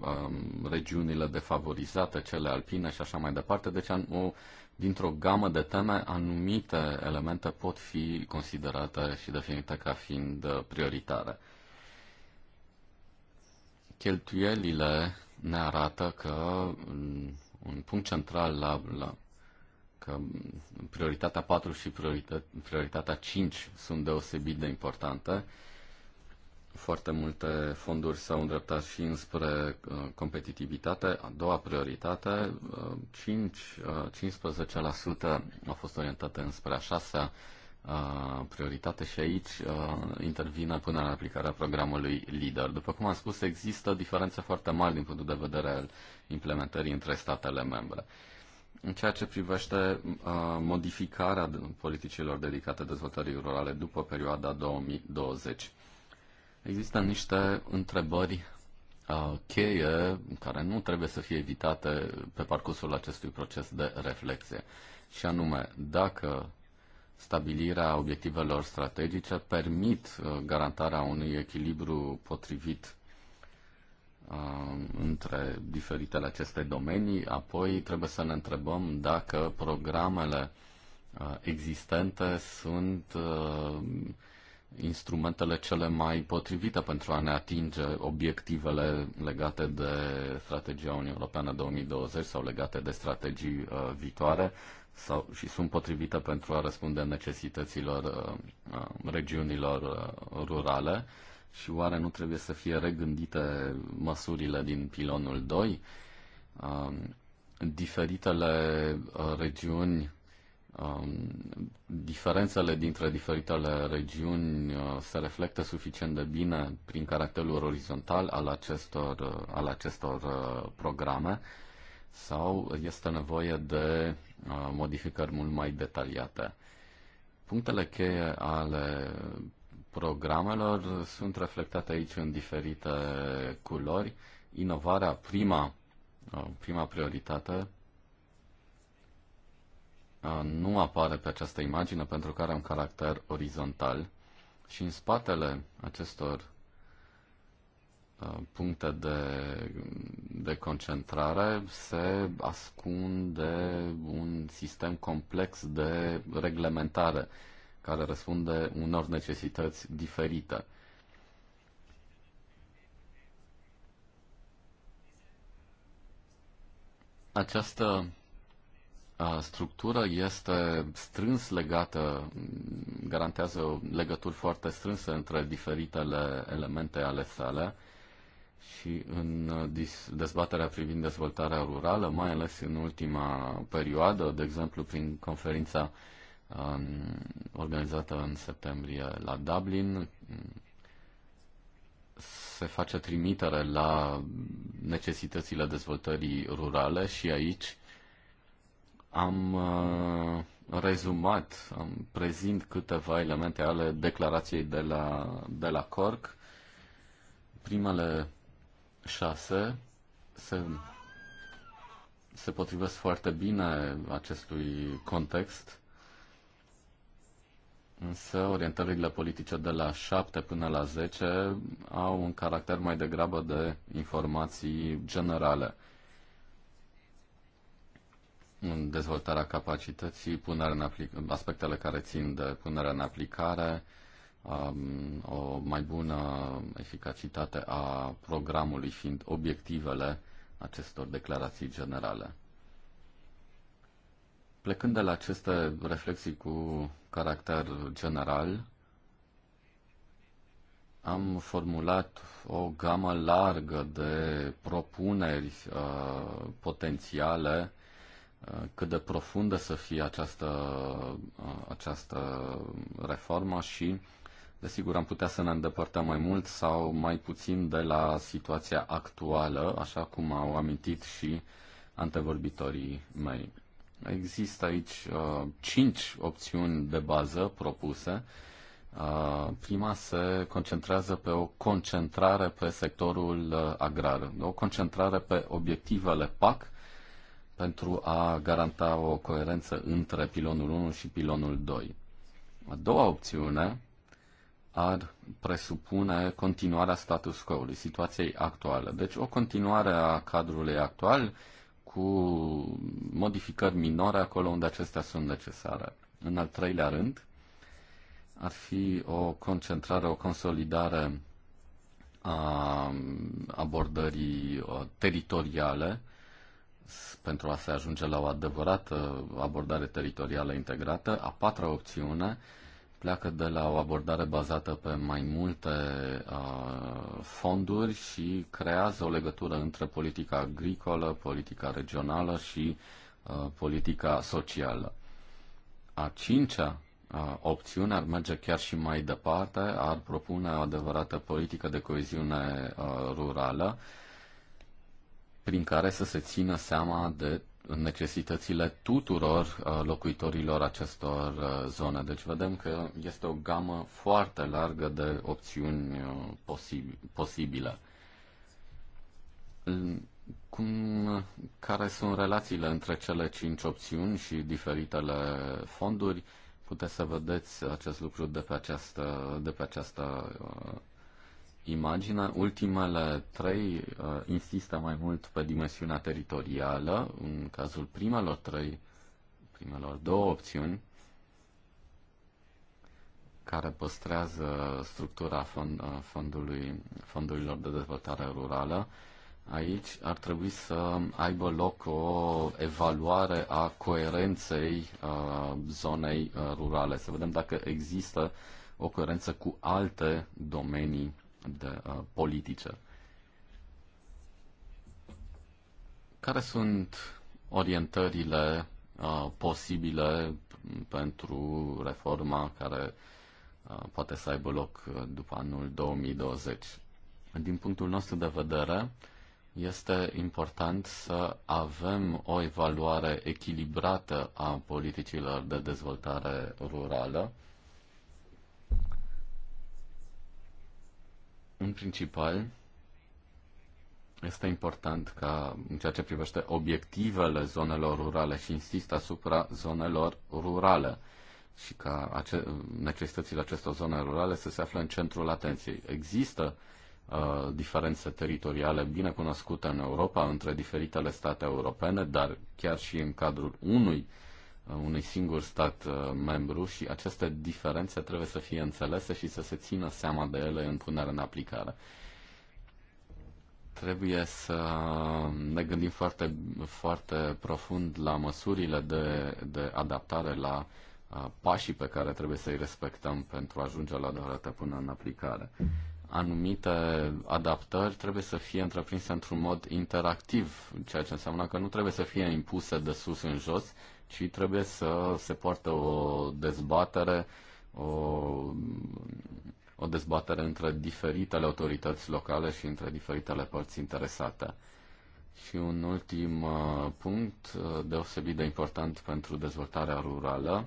A: um, regiunile defavorizate, cele alpine și așa mai departe. Deci, o, dintr-o gamă de teme, anumite elemente pot fi considerate și definite ca fiind uh, prioritare. Cheltuielile ne arată că un punct central la, la că prioritatea 4 și prioritatea 5 sunt deosebit de importante. Foarte multe fonduri s-au îndreptat și înspre uh, competitivitate. A doua prioritate, uh, 5, uh, 15% a fost orientată înspre a șasea uh, prioritate și aici uh, intervine până la aplicarea programului LEADER. După cum am spus, există diferențe foarte mari din punctul de vedere al implementării între statele membre. În ceea ce privește uh, modificarea politicilor dedicate dezvoltării rurale după perioada 2020, există niște întrebări uh, cheie care nu trebuie să fie evitate pe parcursul acestui proces de reflexie, și anume dacă stabilirea obiectivelor strategice permit uh, garantarea unui echilibru potrivit Um, între diferitele aceste domenii, apoi trebuie să ne întrebăm dacă programele uh, existente sunt uh, instrumentele cele mai potrivite pentru a ne atinge obiectivele legate de strategia Uniunii Europeană 2020 sau legate de strategii uh, viitoare sau, și sunt potrivite pentru a răspunde necesităților regiunilor rurale și oare nu trebuie să fie regândite măsurile din pilonul 2? Um, diferitele uh, regiuni, um, diferențele dintre diferitele regiuni uh, se reflectă suficient de bine prin caracterul orizontal al acestor, uh, al acestor programe sau este nevoie de modificări mult mai detaliate? Punctele cheie ale programelor sunt reflectate aici în diferite culori. Inovarea, prima, uh, prima prioritate, uh, nu apare pe această imagine pentru că are un caracter orizontal și în spatele acestor uh, puncte de, de concentrare se ascunde un sistem complex de reglementare care răspunde unor necesități diferite. Această structură este strâns legată, garantează legături foarte strânse între diferitele elemente ale sale și în dezbaterea privind dezvoltarea rurală, mai ales în ultima perioadă, de exemplu prin conferința Um, organizată în septembrie la Dublin. Se face trimitere la necesitățile dezvoltării rurale și aici am uh, rezumat, am prezint câteva elemente ale declarației de la, de la Cork. Primele șase se, se potrivesc foarte bine acestui context Însă orientările politice de la 7 până la 10 au un caracter mai degrabă de informații generale. În dezvoltarea capacității, punerea în aplic- aspectele care țin de punerea în aplicare, um, o mai bună eficacitate a programului fiind obiectivele acestor declarații generale. Plecând de la aceste reflexii cu caracter general, am formulat o gamă largă de propuneri uh, potențiale uh, cât de profundă să fie această, uh, această reformă și, desigur, am putea să ne îndepărtăm mai mult sau mai puțin de la situația actuală, așa cum au amintit și antevorbitorii mei. Există aici uh, cinci opțiuni de bază propuse. Uh, prima se concentrează pe o concentrare pe sectorul uh, agrar, o concentrare pe obiectivele PAC pentru a garanta o coerență între pilonul 1 și pilonul 2. A doua opțiune ar presupune continuarea status quo-ului, situației actuale. Deci o continuare a cadrului actual uh, cu modificări minore acolo unde acestea sunt necesare. În al treilea rând, ar fi o concentrare, o consolidare a abordării uh, teritoriale pentru a se ajunge la o adevărată abordare teritorială integrată. A patra opțiune pleacă de la o abordare bazată pe mai multe uh, fonduri și creează o legătură între politica agricolă, politica regională și uh, politica socială. A cincea uh, opțiune ar merge chiar și mai departe, ar propune o adevărată politică de coeziune uh, rurală, prin care să se țină seama de necesitățile tuturor uh, locuitorilor acestor uh, zone. Deci vedem că este o gamă foarte largă de opțiuni uh, posibile. Cum, care sunt relațiile între cele cinci opțiuni și diferitele fonduri? Puteți să vedeți acest lucru de pe această, de pe această imaginea. Ultimele trei uh, insistă mai mult pe dimensiunea teritorială. În cazul primelor trei, primelor două opțiuni, care păstrează structura fond, uh, fondului, fondurilor de dezvoltare rurală, aici ar trebui să aibă loc o evaluare a coerenței uh, zonei uh, rurale, să vedem dacă există o coerență cu alte domenii de uh, politice. Care sunt orientările uh, posibile pentru reforma care uh, poate să aibă loc uh, după anul 2020? Din punctul nostru de vedere, este important să avem o evaluare echilibrată a politicilor de dezvoltare rurală, În principal, este important ca, în ceea ce privește obiectivele zonelor rurale și insist asupra zonelor rurale și ca ace- necesitățile acestor zone rurale să se afle în centrul atenției. Există uh, diferențe teritoriale bine cunoscute în Europa între diferitele state europene, dar chiar și în cadrul unui uh, unui singur stat uh, membru și aceste diferențe trebuie să fie înțelese și să se țină seama de ele în punerea în aplicare. Trebuie să ne gândim foarte, foarte profund la măsurile de, de adaptare, la uh, pașii pe care trebuie să-i respectăm pentru a ajunge la dorată până în aplicare. Anumite adaptări trebuie să fie întreprinse într-un mod interactiv, ceea ce înseamnă că nu trebuie să fie impuse de sus în jos, ci trebuie să se poartă o dezbatere, o, o dezbatere între diferitele autorități locale și între diferitele părți interesate. Și un ultim uh, punct uh, deosebit de important pentru dezvoltarea rurală.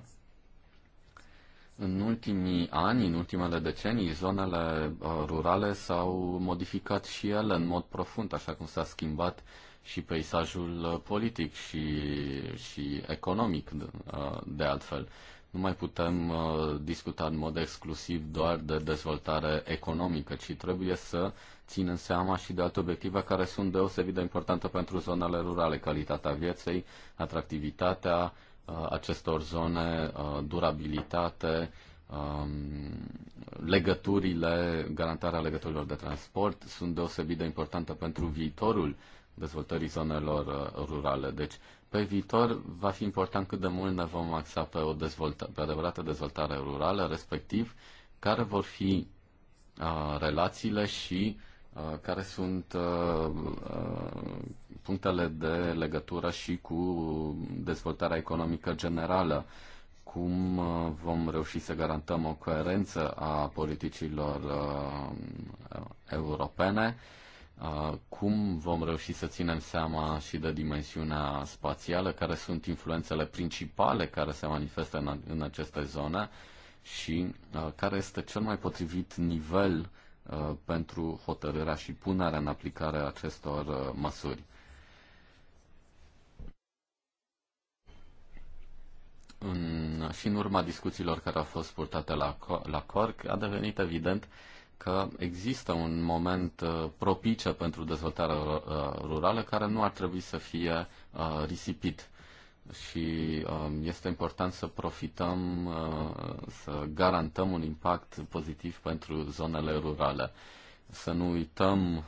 A: În ultimii ani, în ultimele decenii, zonele uh, rurale s-au modificat și ele în mod profund, așa cum s-a schimbat uh, și peisajul uh, politic și, și economic, uh, de altfel. Nu mai putem uh, discuta în mod exclusiv doar de dezvoltare economică, ci trebuie să ținem seama și de alte obiective care sunt deosebit de importante pentru zonele rurale, calitatea vieței, atractivitatea acestor zone, durabilitate, um, legăturile, garantarea legăturilor de transport sunt deosebit de importante pentru viitorul dezvoltării zonelor uh, rurale. Deci, pe viitor va fi important cât de mult ne vom axa pe o dezvolta- pe adevărată dezvoltare rurală, respectiv care vor fi a, uh, relațiile și a, uh, care sunt a, a, punctele de legătură și cu dezvoltarea economică generală cum vom reuși să garantăm o coerență a politicilor uh, europene uh, cum vom reuși să ținem seama și de dimensiunea spațială, care sunt influențele principale care se manifestă în, în aceste zone și care este cel mai potrivit nivel pentru hotărârea și punerea în aplicare a acestor măsuri. În, și în urma discuțiilor care au fost purtate la, la Cork a devenit evident uh, că există un moment uh, propice pentru dezvoltarea uh, rurală care nu ar trebui să fie uh, risipit. Și um, este important să profităm, să garantăm un impact pozitiv pentru zonele rurale. Să nu uităm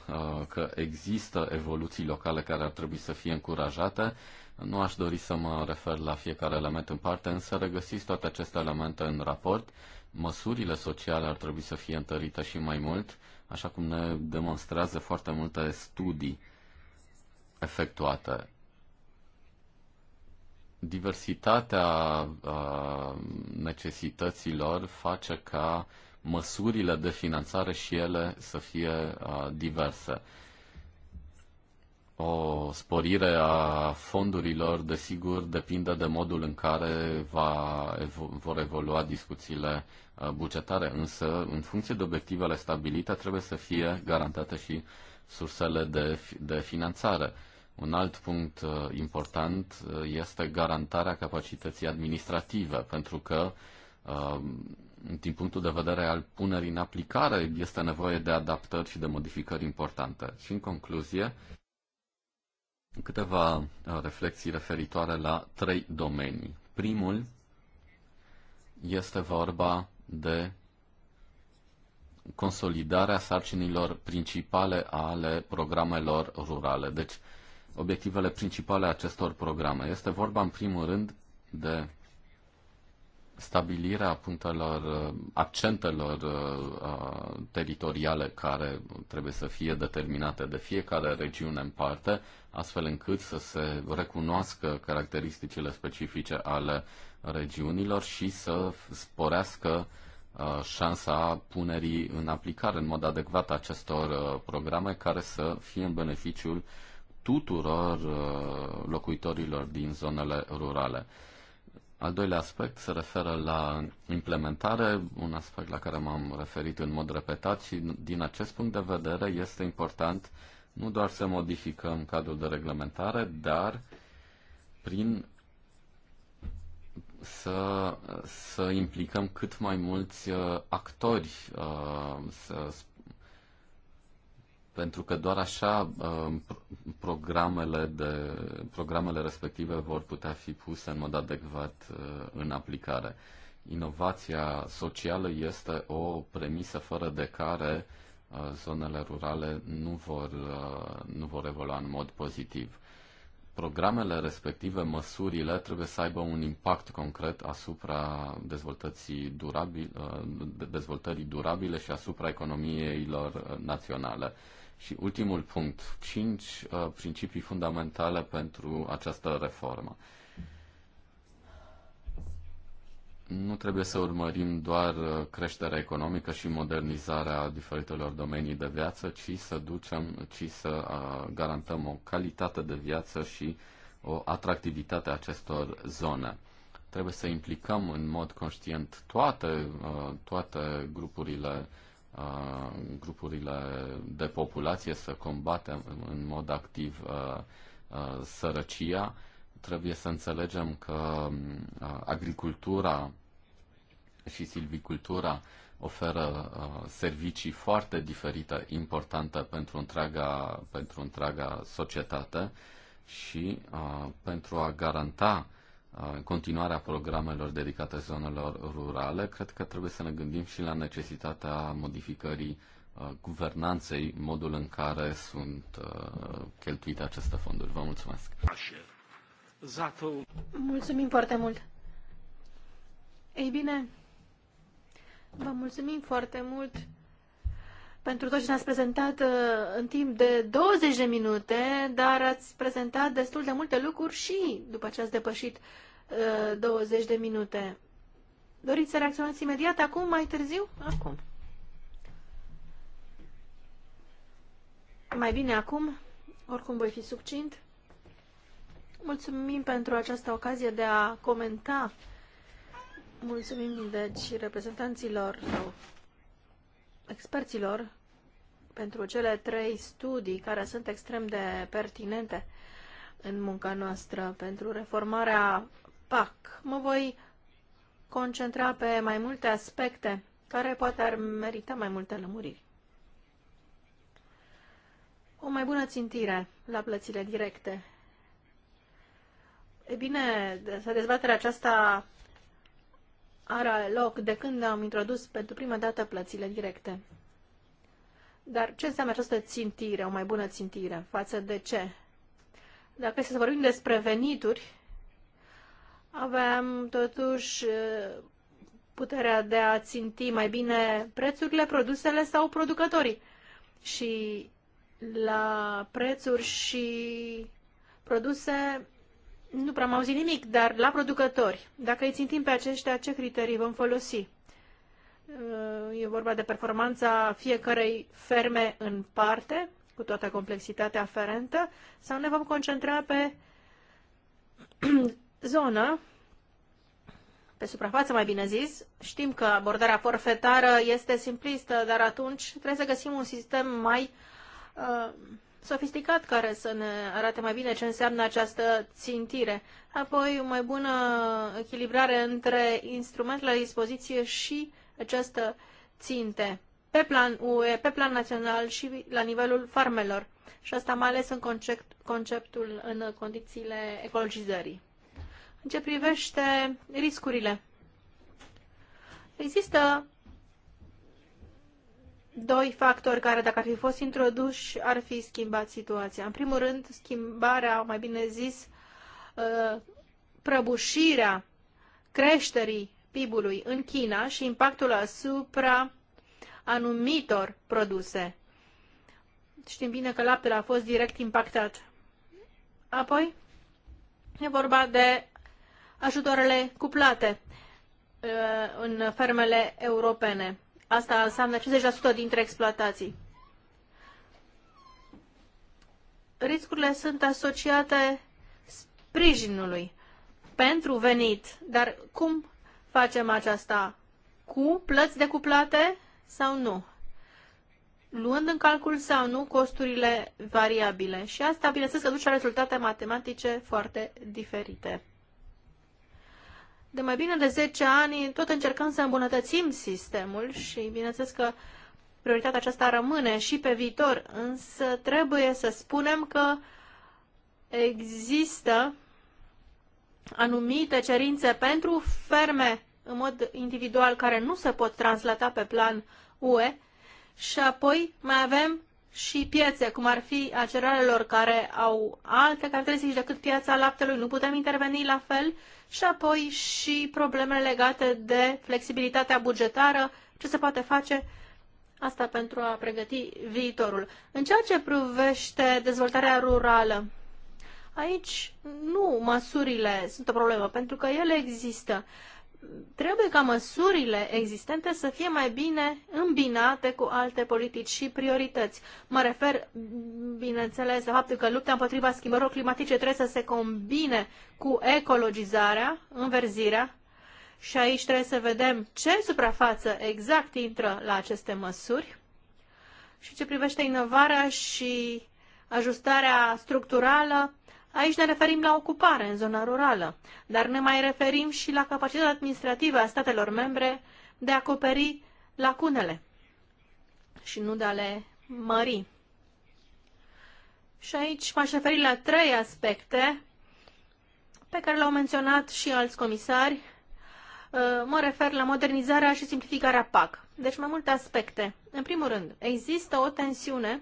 A: că există evoluții locale care ar trebui să fie încurajate. Nu aș dori să mă refer la fiecare element în parte, însă regăsiți toate aceste elemente în raport măsurile sociale ar trebui să fie întărite și mai mult, așa cum ne demonstrează foarte multe studii efectuate. Diversitatea necesităților face ca măsurile de finanțare și ele să fie diverse. O sporire a fondurilor, desigur, depinde de modul în care va, vor evolua discuțiile Uh, bugetare, însă, în funcție de obiectivele stabilite, trebuie să fie garantate și sursele de, de finanțare. Un alt punct uh, important uh, este garantarea capacității administrative, pentru că din punctul de vedere al punerii în aplicare este nevoie de adaptări și de modificări importante. Și în concluzie, câteva reflexii referitoare la trei domenii. Primul este vorba de consolidarea sarcinilor principale ale programelor rurale. Deci, obiectivele principale acestor programe. Este vorba, în primul rând, de stabilirea punctelor, accentelor uh, teritoriale care trebuie să fie determinate de fiecare regiune în parte, astfel încât să se recunoască caracteristicile specifice ale regiunilor și să sporească uh, șansa punerii în aplicare în mod adecvat acestor uh, programe care să fie în beneficiul tuturor uh, locuitorilor din zonele rurale. Al doilea aspect se referă la implementare, un aspect la care m-am referit în mod repetat și din acest punct de vedere este important nu doar să modificăm cadrul de reglementare, dar prin să, să implicăm cât mai mulți uh, actori, uh, să, pentru că doar așa uh, programele, de, programele respective vor putea fi puse în mod adecvat în aplicare. Inovația socială este o premisă fără de care zonele rurale nu vor, nu vor evolua în mod pozitiv programele respective, măsurile, trebuie să aibă un impact concret asupra dezvoltății durabil, dezvoltării durabile și asupra lor uh, naționale. Și ultimul punct, cinci uh, principii fundamentale pentru această reformă. nu trebuie să urmărim doar uh, creșterea economică și modernizarea diferitelor domenii de viață, ci să ducem, ci să uh, garantăm o calitate de viață și o atractivitate a acestor zone. Trebuie să implicăm în mod conștient toate, uh, toate grupurile grupurile de populație să combatem în mod activ sărăcia trebuie să înțelegem că uh, agricultura și silvicultura oferă uh, servicii foarte diferite, importante pentru întreaga, pentru întreaga societate și uh, pentru a garanta continuarea programelor dedicate zonelor rurale, cred că trebuie să ne gândim și la necesitatea modificării guvernanței, modul în care sunt cheltuite aceste fonduri. Vă mulțumesc! Așa.
D: Mulțumim foarte mult. Ei bine, vă mulțumim foarte mult pentru tot ce ne-ați prezentat uh, în timp de 20 de minute, dar ați prezentat destul de multe lucruri și după ce ați depășit 20 uh, de minute. Doriți să reacționați imediat acum, mai târziu? Acum. Mai bine acum, oricum voi fi succint. Mulțumim pentru această ocazie de a comenta. Mulțumim, deci, reprezentanților sau experților pentru cele trei studii care sunt extrem de pertinente în munca noastră pentru reformarea PAC. Mă voi concentra pe mai multe aspecte care poate ar merita mai multe lămuriri. O mai bună țintire la plățile directe E bine, să dezbaterea aceasta are loc de când am introdus pentru prima dată plățile directe. Dar ce înseamnă această țintire, o mai bună țintire? Față de ce? Dacă să vorbim despre venituri, aveam totuși puterea de a ținti mai bine prețurile, produsele sau producătorii. Și la prețuri și produse nu prea am auzit nimic, dar la producători, dacă îi țintim pe aceștia, ce criterii vom folosi? Uh, e vorba de performanța fiecarei ferme în parte, cu toată complexitatea aferentă, sau ne vom concentra pe zonă, pe suprafață mai bine zis. Știm că abordarea forfetară este simplistă, dar atunci trebuie să găsim un sistem mai uh, sofisticat care să ne arate mai bine ce înseamnă această țintire. Apoi, o mai bună echilibrare între instrumentele la dispoziție și această ținte pe plan UE, pe plan național și la nivelul farmelor. Și asta mai ales în concept, conceptul în condițiile ecologizării. În ce privește riscurile, există doi factori care, dacă ar fi fost introduși, ar fi schimbat situația. În primul rând, schimbarea, mai bine zis, uh, prăbușirea creșterii PIB-ului în China și impactul asupra anumitor produse. Știm bine că laptele a fost direct impactat. Apoi, e vorba de ajutoarele cuplate uh, în fermele europene Asta înseamnă 50% dintre exploatații. Riscurile sunt asociate sprijinului pentru venit. Dar cum facem aceasta? Cu plăți decuplate sau nu? Luând în calcul sau nu costurile variabile. Și asta, bineînțeles, aduce duce la rezultate matematice foarte diferite de mai bine de 10 ani tot încercăm să îmbunătățim sistemul și bineînțeles că prioritatea aceasta rămâne și pe viitor, însă trebuie să spunem că există anumite cerințe pentru ferme în mod individual care nu se pot translata pe plan UE și apoi mai avem și piețe, cum ar fi a cerealelor care au alte caracteristici decât piața laptelui, nu putem interveni la fel și apoi și problemele legate de flexibilitatea bugetară, ce se poate face asta pentru a pregăti viitorul. În ceea ce privește dezvoltarea rurală, aici nu măsurile sunt o problemă, pentru că ele există. Uh, trebuie ca măsurile existente să fie mai bine îmbinate cu alte politici și priorități. Mă refer, bineînțeles, la faptul că lupta împotriva schimbărilor climatice trebuie să se combine cu ecologizarea, înverzirea, și aici trebuie să vedem ce suprafață exact intră la aceste măsuri. Și ce privește inovarea și ajustarea structurală, Aici ne referim la ocupare în zona rurală, dar ne mai referim și la capacitatea administrativă a statelor membre de a acoperi lacunele și nu de a le mări. Și aici m-aș referi la trei aspecte pe care le-au menționat și alți comisari. Uh, mă refer la modernizarea și simplificarea PAC. Deci mai multe aspecte. În primul rând, există o tensiune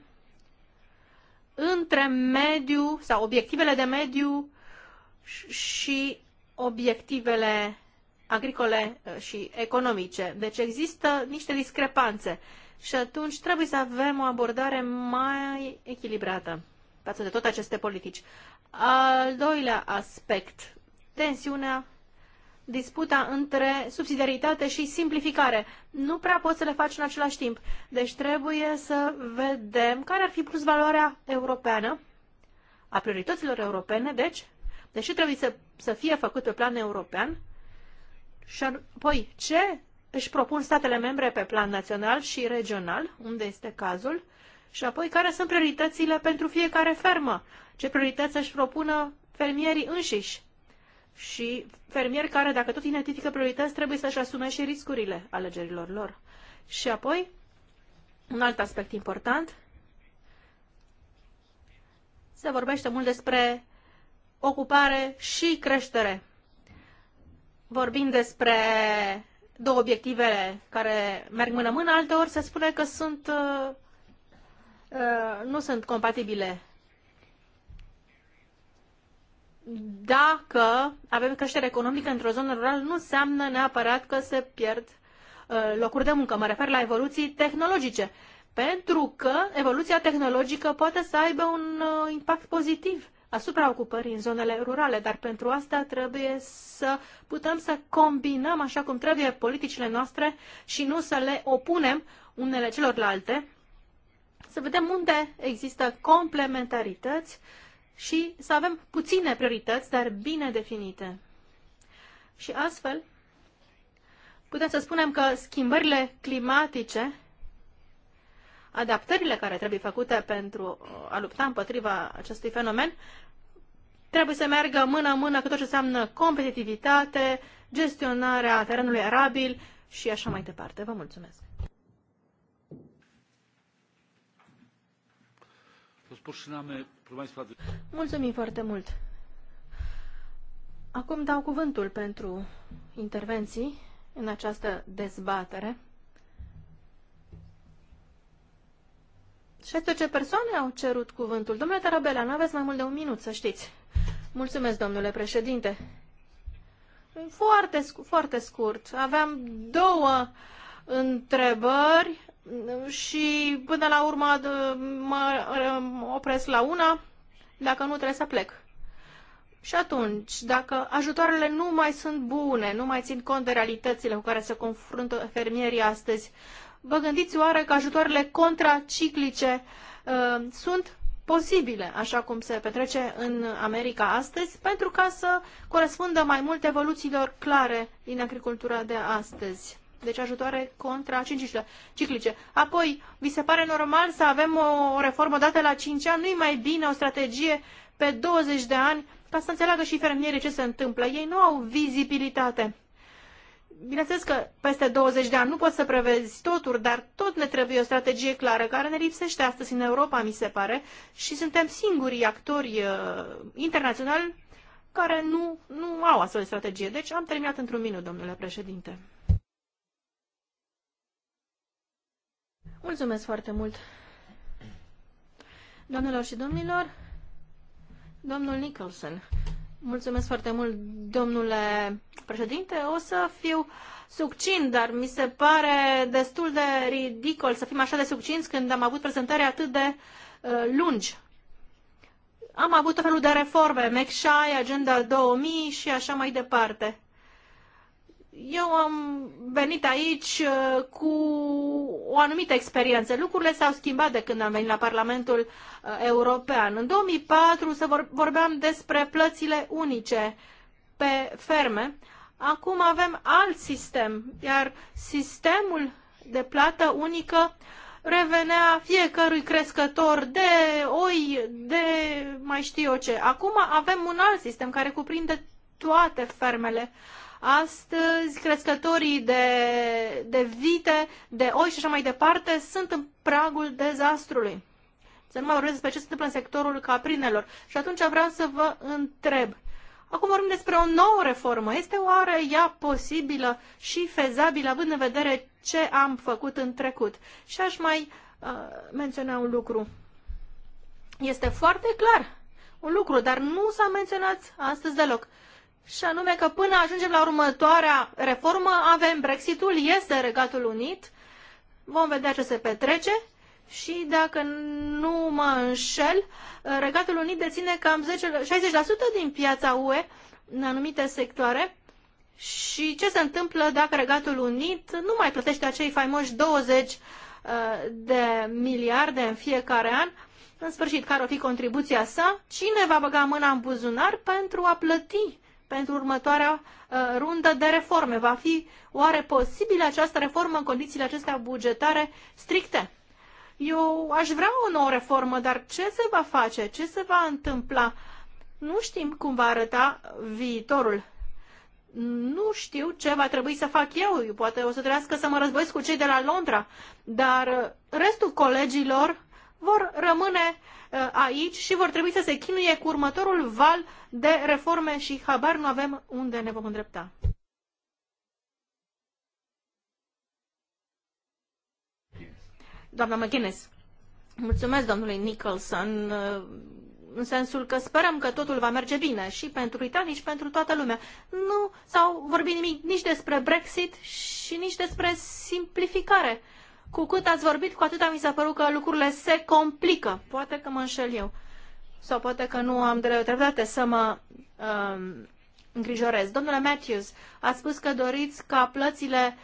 D: între mediu sau obiectivele de mediu și obiectivele agricole uh, și economice. Deci există niște discrepanțe și atunci trebuie să avem o abordare mai echilibrată față de toate aceste politici. Al doilea aspect, tensiunea disputa între subsidiaritate și simplificare. Nu prea poți să le faci în același timp. Deci trebuie să vedem care ar fi plus valoarea europeană, a priorităților europene, deci, deși trebuie să, să fie făcut pe plan european și apoi ce își propun statele membre pe plan național și regional, unde este cazul, și apoi care sunt prioritățile pentru fiecare fermă, ce priorități își propună fermierii înșiși și fermieri care, dacă tot identifică priorități, trebuie să-și asume și riscurile alegerilor lor. Și apoi, un alt aspect important, se vorbește mult despre ocupare și creștere. Vorbim despre două obiective care merg mână-mână, alteori se spune că sunt, uh, uh, nu sunt compatibile dacă avem creștere economică într-o zonă rurală, nu înseamnă neapărat că se pierd uh, locuri de muncă. Mă refer la evoluții tehnologice. Pentru că evoluția tehnologică poate să aibă un uh, impact pozitiv asupra ocupării în zonele rurale, dar pentru asta trebuie să putem să combinăm așa cum trebuie politicile noastre și nu să le opunem unele celorlalte, să vedem unde există complementarități și să avem puține priorități, dar bine definite. Și astfel, putem să spunem că schimbările climatice, adaptările care trebuie făcute pentru a lupta împotriva acestui fenomen, trebuie să meargă mână-mână cu tot ce înseamnă competitivitate, gestionarea terenului arabil și așa mai departe. Vă mulțumesc! Mulțumim foarte mult. Acum dau cuvântul pentru intervenții în această dezbatere. 16 persoane au cerut cuvântul. Domnule Tarabela, nu aveți mai mult de un minut, să știți. Mulțumesc, domnule președinte. Foarte, foarte scurt. Aveam două întrebări și până la urmă mă opresc la una, dacă nu trebuie să plec. Și atunci, dacă ajutoarele nu mai sunt bune, nu mai țin cont de realitățile cu care se confruntă fermierii astăzi, vă gândiți oare că ajutoarele contraciclice uh, sunt posibile, așa cum se petrece în America astăzi, pentru ca să corespundă mai mult evoluțiilor clare din agricultura de astăzi deci ajutoare ciclice. Apoi, vi se pare normal să avem o reformă dată la 5 ani? Nu-i mai bine o strategie pe 20 de ani ca să înțeleagă și fermierii ce se întâmplă. Ei nu au vizibilitate. Bineînțeles că peste 20 de ani nu poți să prevezi totul, dar tot ne trebuie o strategie clară care ne lipsește astăzi în Europa, mi se pare, și suntem singurii actori uh, internaționali care nu, nu au astfel de strategie. Deci am terminat într-un minut, domnule președinte. Mulțumesc foarte mult! Doamnelor și domnilor, domnul Nicholson, mulțumesc foarte mult, domnule președinte. O să fiu succint, dar mi se pare destul de ridicol să fim așa de succinți când am avut prezentări atât de uh, lungi. Am avut o felul de reforme, McShy, Agenda 2000 și așa mai departe eu am venit aici uh, cu o anumită experiență. Lucrurile s-au schimbat de când am venit la Parlamentul uh, European. În 2004 să vorbeam despre plățile unice pe ferme. Acum avem alt sistem, iar sistemul de plată unică revenea fiecărui crescător de oi, de mai știu eu ce. Acum avem un alt sistem care cuprinde toate fermele uh, Astăzi, crescătorii de, de vite, de oi și așa mai departe sunt în pragul dezastrului. Să nu mai vorbesc despre ce se întâmplă în sectorul caprinelor. Și atunci vreau să vă întreb. Acum vorbim despre o nouă reformă. Este oare ea posibilă și fezabilă, având în vedere ce am făcut în trecut? Și aș mai uh, menționa un lucru. Este foarte clar un lucru, dar nu s-a menționat astăzi deloc și anume că până ajungem la următoarea reformă avem Brexitul, este Regatul Unit, vom vedea ce se petrece și dacă nu mă înșel, Regatul Unit deține cam 10, 60% din piața UE în anumite sectoare și ce se întâmplă dacă Regatul Unit nu mai plătește acei faimoși 20 uh, de miliarde în fiecare an, în sfârșit, care o fi contribuția sa, cine va băga mâna în buzunar pentru a plăti pentru următoarea uh, rundă de reforme. Va fi oare posibilă această reformă în condițiile acestea bugetare stricte? Eu aș vrea o nouă reformă, dar ce se va face? Ce se va întâmpla? Nu știm cum va arăta viitorul. Nu știu ce va trebui să fac eu. Poate o să trebuiască să mă războiesc cu cei de la Londra. Dar restul colegilor vor rămâne uh, Uh, aici și vor trebui să se chinuie cu următorul val de reforme și habar nu avem unde ne vom îndrepta. Doamna McGuinness, mulțumesc domnului Nicholson uh, în sensul că sperăm că totul va merge bine și pentru Italia și pentru toată lumea. Nu s-au vorbit nimic nici despre Brexit și nici despre simplificare. Cu cât ați vorbit, cu atât mi s-a părut că lucrurile se complică. Poate că mă înșel eu. Sau poate că nu am dreptate să mă um, îngrijorez. Domnule Matthews, ați spus că doriți ca plățile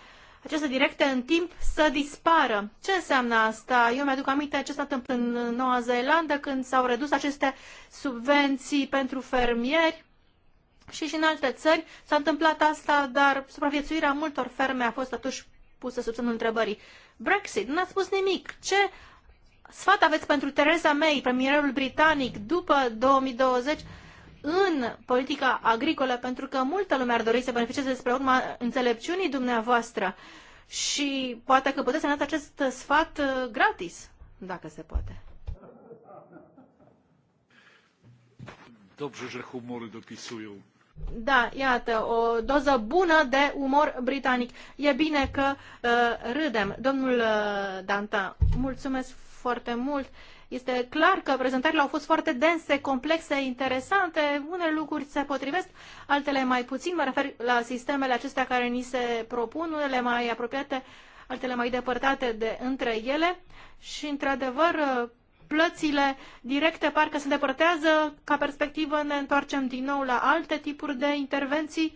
D: acestea directe în timp să dispară. Ce înseamnă asta? Eu mi-aduc aminte ce s-a întâmplat în Noua Zeelandă când s-au redus aceste subvenții pentru fermieri și și în alte țări s-a întâmplat asta, dar supraviețuirea multor ferme a fost atunci pusă sub semnul întrebării. Brexit, nu ați spus nimic. Ce sfat aveți pentru Theresa May, premierul britanic, după 2020 în politica agricolă? Pentru că multă lume ar dori să beneficieze despre urma înțelepciunii dumneavoastră și poate că puteți să dați acest sfat uh, gratis, dacă se poate.
B: Dobrze, że humory dopisują.
D: Da, iată, o doză bună de umor britanic. E bine că uh, râdem. Domnul uh, Danta, mulțumesc foarte mult. Este clar că prezentările au fost foarte dense, complexe, interesante. Unele lucruri se potrivesc, altele mai puțin. Mă refer la sistemele acestea care ni se propun, unele mai apropiate, altele mai depărtate de între ele. Și, într-adevăr, uh, plățile directe parcă se îndepărtează ca perspectivă, ne întoarcem din nou la alte tipuri de intervenții,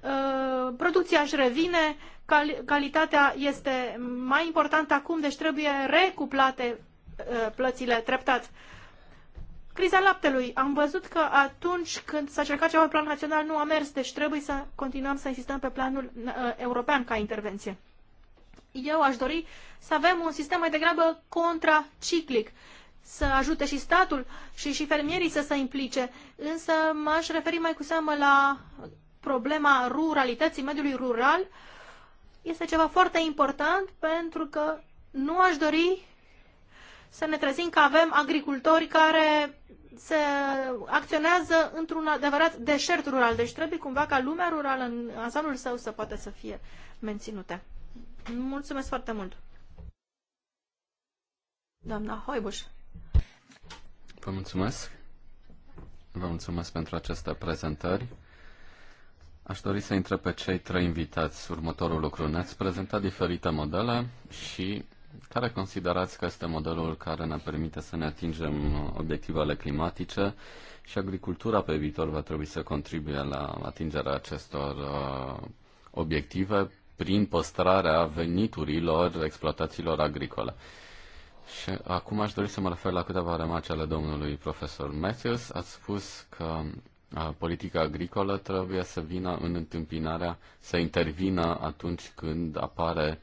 D: uh, producția își revine, cal calitatea este mai importantă acum, deci trebuie recuplate uh, plățile treptat. Criza laptelui. Am văzut că atunci când s-a cercat ceva pe plan național nu a mers, deci trebuie să continuăm să insistăm pe planul uh, european ca intervenție. Eu aș dori să avem un sistem mai degrabă contraciclic să ajute și statul și, și fermierii să se implice. Însă m-aș referi mai cu seamă la problema ruralității, mediului rural. Este ceva foarte important pentru că nu aș dori să ne trezim că avem agricultori care se acționează într-un adevărat deșert rural. Deci trebuie cumva ca lumea rurală în ansamblul său să poată să fie menținută. Mulțumesc foarte mult! Doamna Hoibuș.
A: Vă mulțumesc. Vă mulțumesc pentru aceste prezentări. Aș dori să intre pe cei trei invitați următorul lucru. Ne-ați prezentat diferite modele și care considerați că este modelul care ne permite să ne atingem obiectivele climatice și agricultura pe viitor va trebui să contribuie la atingerea acestor uh, obiective prin păstrarea veniturilor exploatațiilor agricole? Și acum aș dori să mă refer la câteva remarci ale domnului profesor Matthews. Ați spus că politica agricolă trebuie să vină în întâmpinarea, să intervină atunci când apare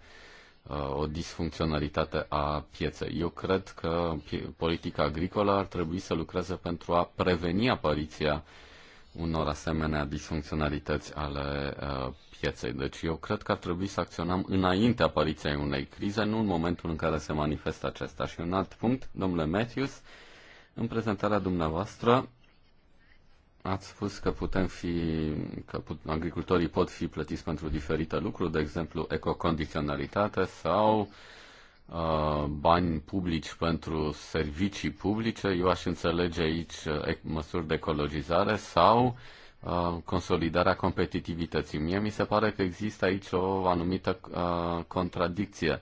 A: o disfuncționalitate a pieței. Eu cred că politica agricolă ar trebui să lucreze pentru a preveni apariția unor asemenea disfuncționalități ale pieței. Deci eu cred că ar trebui să acționăm înainte apariției unei crize, nu în momentul în care se manifestă acesta. Și un alt punct, domnule Matthews, în prezentarea dumneavoastră ați spus că putem fi, că put, agricultorii pot fi plătiți pentru diferite lucruri, de exemplu ecocondiționalitate sau uh, bani publici pentru servicii publice. Eu aș înțelege aici uh, măsuri de ecologizare sau uh, Uh, consolidarea competitivității. Mie mi se pare că există aici o anumită uh, contradicție.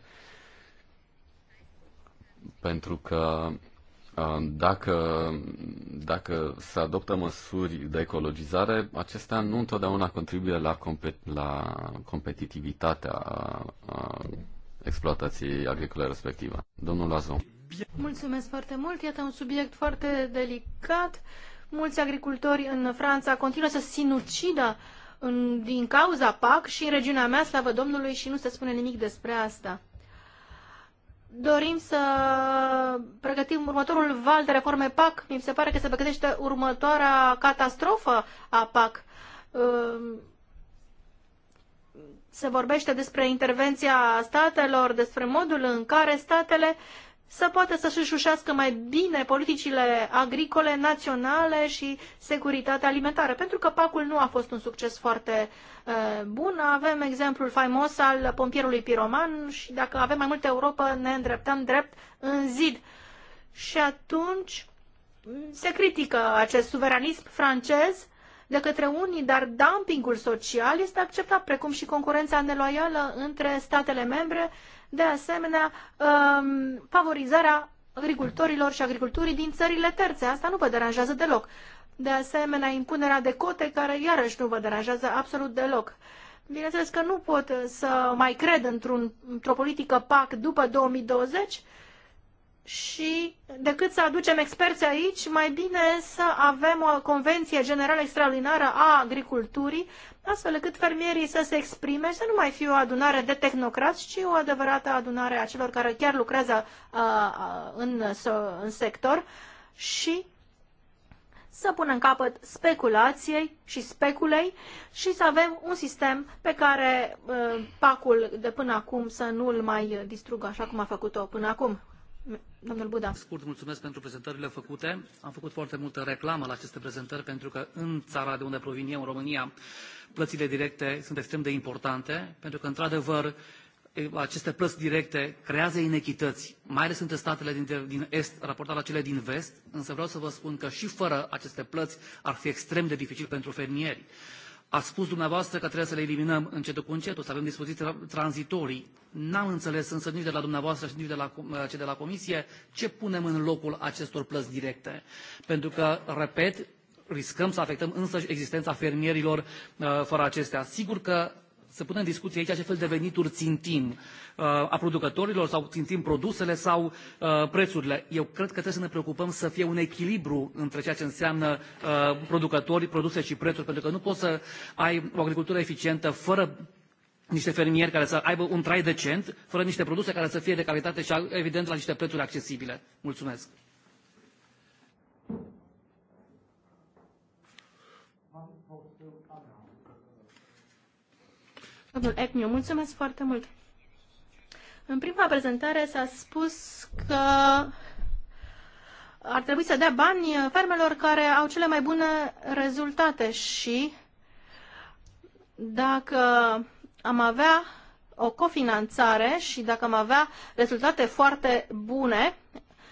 A: Pentru că uh, dacă, dacă se adoptă măsuri de ecologizare, acestea nu întotdeauna contribuie la, compet- la competitivitatea a, uh, a exploatației agricole respective. Domnul Lazon.
D: Mulțumesc foarte mult. Iată un subiect foarte delicat. Uh, Mulți agricultori în Franța continuă să sinucidă în, din cauza PAC și în regiunea mea, slavă Domnului, și nu se spune nimic despre asta. Dorim să pregătim următorul val de reforme PAC. Mi se pare că se pregătește următoarea catastrofă a PAC. Ehm, se vorbește despre intervenția statelor, despre modul în care statele uh, să poată să sușușească mai bine politicile agricole naționale și securitatea alimentară, pentru că pacul nu a fost un succes foarte uh, bun. Avem exemplul faimos al pompierului piroman și dacă avem mai multă Europa ne îndreptăm drept în zid. Și atunci mm, se critică acest suveranism francez de către unii, dar dumpingul social este acceptat, precum și concurența neloială între statele membre de asemenea um, favorizarea agricultorilor și agriculturii din țările terțe. Asta nu vă deranjează deloc. De asemenea, impunerea de cote, care iarăși nu vă deranjează absolut deloc. Bineînțeles că nu pot să mai cred într-un, într-o politică PAC după 2020 și decât să aducem experți aici, mai bine să avem o convenție generală extraordinară a agriculturii, astfel încât fermierii să se exprime, să nu mai fie o adunare de tehnocrați, ci o adevărată adunare a celor care chiar lucrează uh, uh, în, în sector și să punem capăt speculației și speculei și să avem un sistem pe care uh, pacul de până acum să nu l mai distrugă așa cum a făcut-o până acum.
B: Domnul Buda. Scurt, mulțumesc pentru prezentările făcute. Am făcut foarte multă reclamă la aceste prezentări pentru că în țara de unde provin eu, în România, plățile directe sunt extrem de importante pentru că, într-adevăr, aceste plăți directe creează inechități, mai ales între statele din, din est raportat la cele din vest, însă vreau să vă spun că și fără aceste plăți ar fi extrem de dificil pentru fermieri. Ați spus dumneavoastră că trebuie să le eliminăm încetul cu încetul, să avem dispoziții tranzitorii. N-am înțeles însă nici de la dumneavoastră și nici de la uh, ce de la Comisie ce punem în locul acestor plăți directe. Pentru că, repet, riscăm să afectăm însăși existența fermierilor uh, fără acestea. Sigur că să punem în discuție aici ce fel de venituri țintim uh, a producătorilor sau țintim produsele sau uh, prețurile. Eu cred că trebuie să ne preocupăm să fie un echilibru între ceea ce înseamnă uh, producători, produse și prețuri, pentru că nu poți să ai o agricultură eficientă fără niște fermieri care să aibă un trai decent, fără niște produse care să fie de calitate și, evident, la niște prețuri accesibile. Mulțumesc! Domnul
D: Ecmiu, mulțumesc foarte mult. În prima prezentare s-a spus că ar trebui să dea bani fermelor care au cele mai bune rezultate și dacă am avea o cofinanțare și dacă am avea rezultate foarte bune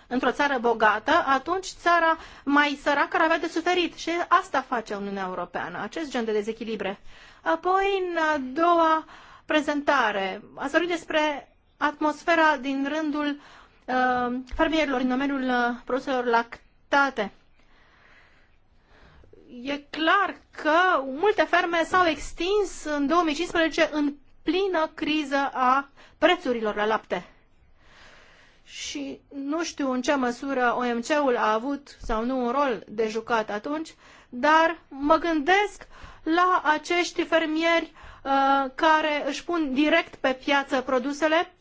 D: într-o țară bogată, atunci țara mai săracă ar avea de suferit. Și asta face Uniunea Europeană, acest gen de dezechilibre. Apoi, în a doua prezentare, ați vorbit despre atmosfera din rândul uh, fermierilor în domeniul uh, produselor lactate e clar că multe ferme s-au extins în 2015 în plină criză a prețurilor la lapte și nu știu în ce măsură OMC-ul a avut sau nu un rol de jucat atunci, dar mă gândesc la acești fermieri uh, care își pun direct pe piață produsele.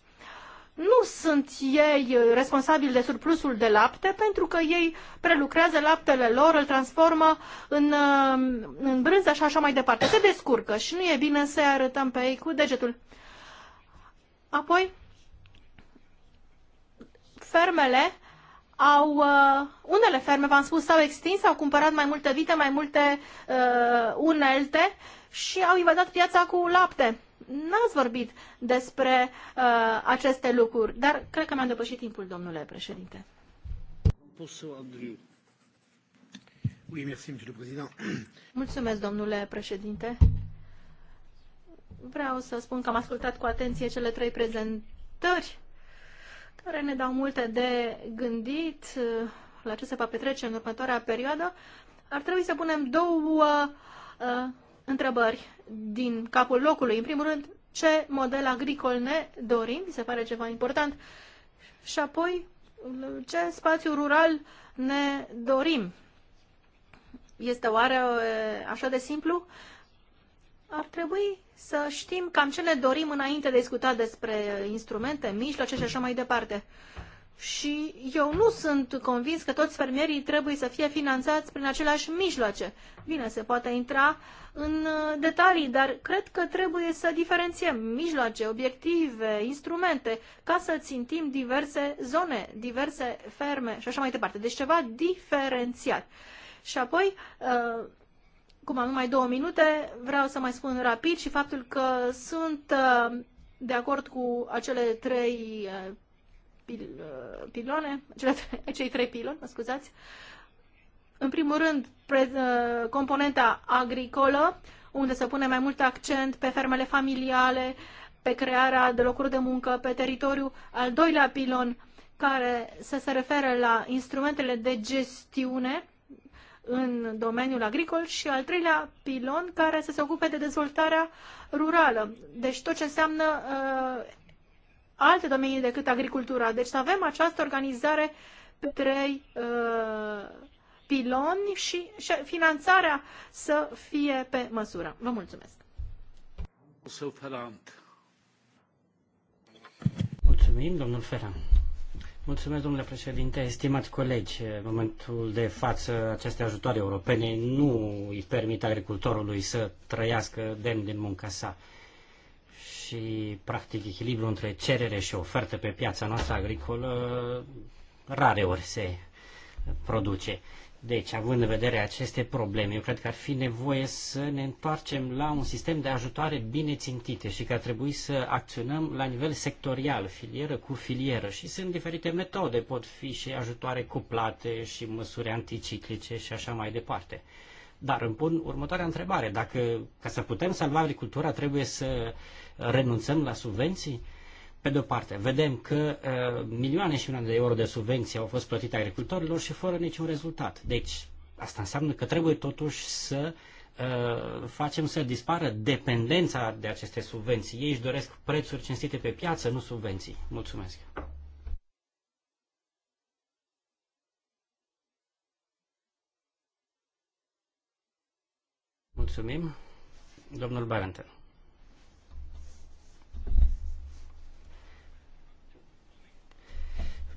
D: Nu sunt ei responsabili de surplusul de lapte, pentru că ei prelucrează laptele lor, îl transformă în, uh, în brânză și așa mai departe. Se descurcă și nu e bine să arătăm pe ei cu degetul. Apoi, fermele au, uh, unele ferme, v-am spus, s-au extins, au cumpărat mai multe vite, mai multe uh, unelte și au invadat piața cu lapte. N-ați vorbit despre uh, aceste lucruri, dar cred că mi-am depășit timpul, domnule președinte. Mulțumesc, domnule președinte. Vreau să spun că am ascultat cu atenție cele trei prezentări care ne dau multe de gândit uh, la ce se va petrece în următoarea perioadă, ar trebui să punem două uh, întrebări din capul locului. În primul rând, ce model agricol ne dorim, mi se pare ceva important, și apoi uh, ce spațiu rural ne dorim. Este oare uh, așa de simplu? ar trebui să știm cam ce ne dorim înainte de discuta despre instrumente, mijloace și așa mai departe. Și eu nu sunt convins că toți fermierii trebuie să fie finanțați prin aceleași mijloace. Bine, se poate intra în uh, detalii, dar cred că trebuie să diferențiem mijloace, obiective, instrumente, ca să țintim diverse zone, diverse ferme și așa mai departe. Deci ceva diferențiat. Și apoi, uh, cum am numai două minute, vreau să mai spun rapid și faptul că sunt uh, de acord cu acele trei uh, pil, uh, piloane, cele, cei trei piloni, mă scuzați. În primul rând, pre, componenta agricolă, unde se pune mai mult accent pe fermele familiale, pe crearea de locuri de muncă pe teritoriu. Al doilea pilon, care să se referă la instrumentele de gestiune în domeniul agricol și al treilea pilon care să se ocupe de dezvoltarea rurală. Deci tot ce înseamnă uh, alte domenii decât agricultura. Deci să avem această organizare pe trei uh, piloni și, și finanțarea să fie pe măsură. Vă mulțumesc!
C: Mulțumim, domnul Ferrand. Mulțumesc, domnule președinte. Estimați colegi, în momentul de față, aceste ajutoare europene nu îi permit agricultorului să trăiască demn din munca sa. Și, practic, echilibrul între cerere și ofertă pe piața noastră agricolă rareori se produce. Deci, având în vedere aceste probleme, eu cred că ar fi nevoie să ne întoarcem la un sistem de ajutoare bine țintite și că ar trebui să acționăm la nivel sectorial, filieră cu filieră. Și sunt diferite metode, pot fi și ajutoare cuplate și măsuri anticiclice și așa mai departe. Dar îmi pun următoarea întrebare. Dacă, ca să putem salva agricultura, trebuie să renunțăm la subvenții? Uh, pe de-o parte, vedem că uh, milioane și milioane de euro de subvenții au fost plătite agricultorilor și fără niciun rezultat. Deci, asta înseamnă că trebuie totuși să uh, facem să dispară dependența de aceste subvenții. Ei își doresc prețuri cinstite pe piață, nu subvenții. Mulțumesc! Mulțumim. Domnul Barenten.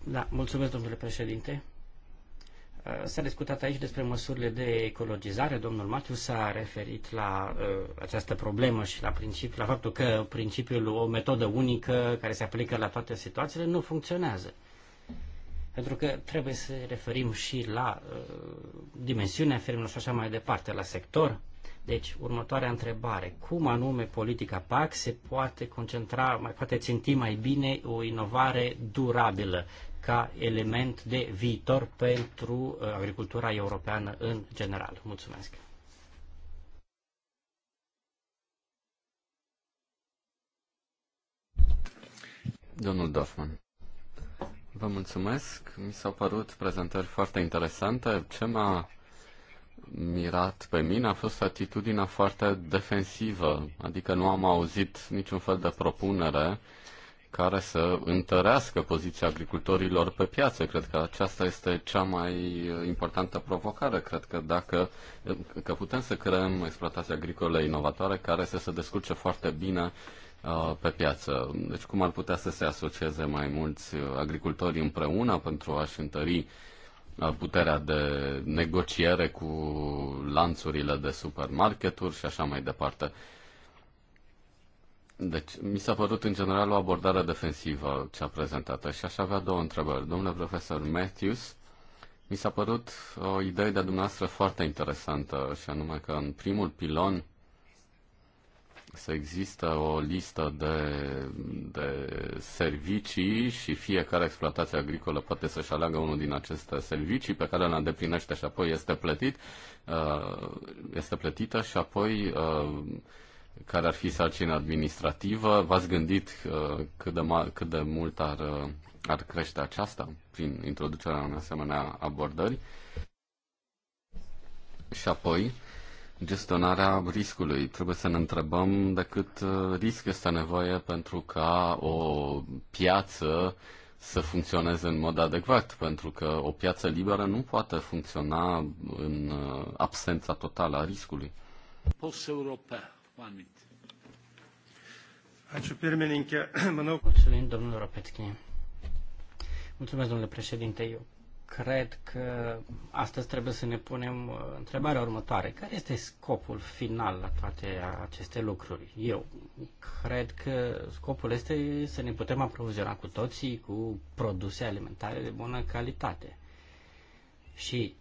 C: Da, mulțumesc, domnule președinte. Uh, s-a discutat aici despre măsurile de ecologizare. Domnul Matiu s-a referit la uh, această problemă și la, principi, la faptul că principiul o metodă unică care se aplică la toate situațiile nu funcționează. Pentru că trebuie să referim și la uh, dimensiunea fermelor și așa mai departe, la sector. Deci, următoarea întrebare. Cum anume politica PAC se poate concentra, mai poate ținti mai bine o inovare durabilă ca element de viitor pentru uh, agricultura europeană în general. Mulțumesc!
A: Domnul Dorfman. Vă mulțumesc. Mi s-au părut prezentări foarte interesante. Ce m-a mirat pe mine a fost atitudinea foarte defensivă, adică nu am auzit niciun fel de propunere care să întărească poziția agricultorilor pe piață. Cred că aceasta este cea mai importantă provocare. Cred că dacă că putem să creăm exploatații agricole inovatoare care să se descurce foarte bine uh, pe piață. Deci cum ar putea să se asocieze mai mulți agricultori împreună pentru a-și întări uh, puterea de negociere cu lanțurile de supermarketuri și așa mai departe. Deci, mi s-a părut în general o abordare defensivă cea prezentată și aș avea două întrebări. Domnule profesor Matthews, mi s-a părut o idee de a dumneavoastră foarte interesantă și anume că în primul pilon să există o listă de, de servicii și fiecare exploatație agricolă poate să-și aleagă unul din aceste servicii pe care îl îndeplinește și apoi este plătit, uh, este plătită și apoi uh, care ar fi sarcina administrativă. V-ați gândit uh, cât, de ma- cât de mult ar, uh, ar crește aceasta prin introducerea unei asemenea abordări? Și apoi, gestionarea riscului. Trebuie să ne întrebăm de cât uh, risc este nevoie pentru ca o piață să funcționeze în mod adecvat, pentru că o piață liberă nu poate funcționa în uh, absența totală a riscului.
B: Post european.
C: Ačiū pirmininkė. Manau... domnul Mulțumesc, domnule președinte. Eu cred că astăzi trebuie să ne punem uh, întrebarea următoare. Care este scopul final la toate aceste lucruri? Eu cred că scopul este să ne putem aproviziona cu toții cu produse alimentare de bună calitate. Și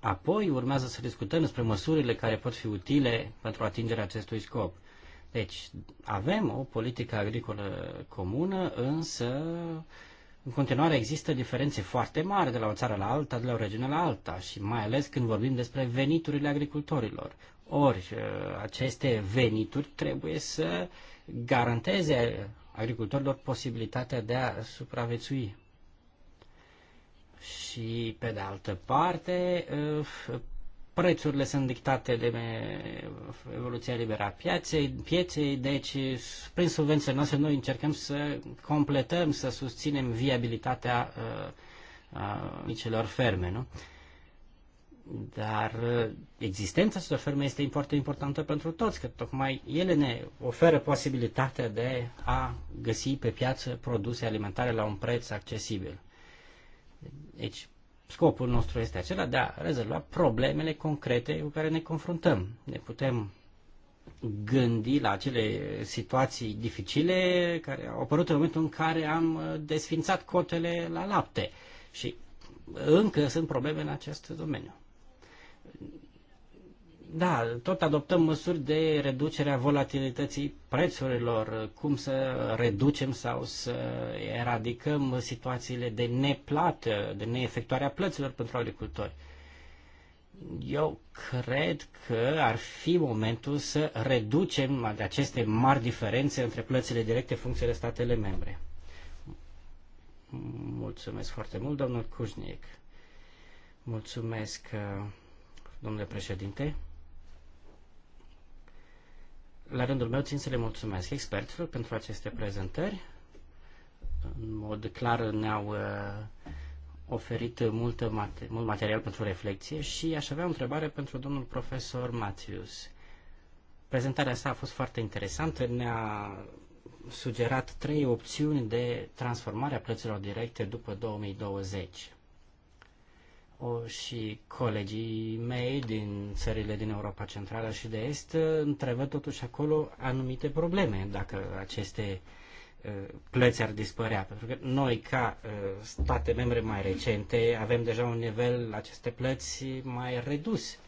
C: Apoi urmează să discutăm despre măsurile care pot fi utile pentru atingerea acestui scop. Deci, avem o politică agricolă comună, însă în continuare există diferențe foarte mari de la o țară la alta, de la o regiune la alta și mai ales când vorbim despre veniturile agricultorilor. Ori uh, aceste venituri trebuie să garanteze agricultorilor posibilitatea de a supraviețui și pe de altă parte uh, prețurile sunt dictate de evoluția liberă a piaței, pieței, deci prin subvențiile noastre noi încercăm să completăm, să susținem viabilitatea uh, a micelor ferme, nu? Dar uh, existența acestor ferme este foarte importantă pentru toți, că tocmai ele ne oferă posibilitatea de a găsi pe piață produse alimentare la un preț accesibil. Deci, scopul nostru este acela de a rezolva problemele concrete cu care ne confruntăm. Ne putem gândi la acele situații dificile care au apărut în momentul în care am uh, desfințat cotele la lapte. Și încă sunt probleme în acest domeniu da, tot adoptăm măsuri de reducere a volatilității prețurilor, cum să reducem sau să eradicăm situațiile de neplată, de neefectuarea plăților pentru agricultori. Eu cred că ar fi momentul să reducem aceste mari diferențe între plățile directe în funcție de statele membre. Mulțumesc foarte mult, domnul Cușnic. Mulțumesc, domnule președinte. La rândul meu țin să le mulțumesc experților pentru aceste prezentări. În mod clar ne-au uh, oferit mult, mate- mult material pentru reflexie și aș avea o întrebare pentru domnul profesor Matthews. Prezentarea sa a fost foarte interesantă, ne-a sugerat trei opțiuni de transformare a plăților directe după 2020 și colegii mei din țările din Europa Centrală și de Est uh, întrebă totuși acolo anumite probleme dacă aceste uh, plăți ar dispărea, pentru că noi ca uh, state membre mai recente avem deja un nivel aceste plăți mai redus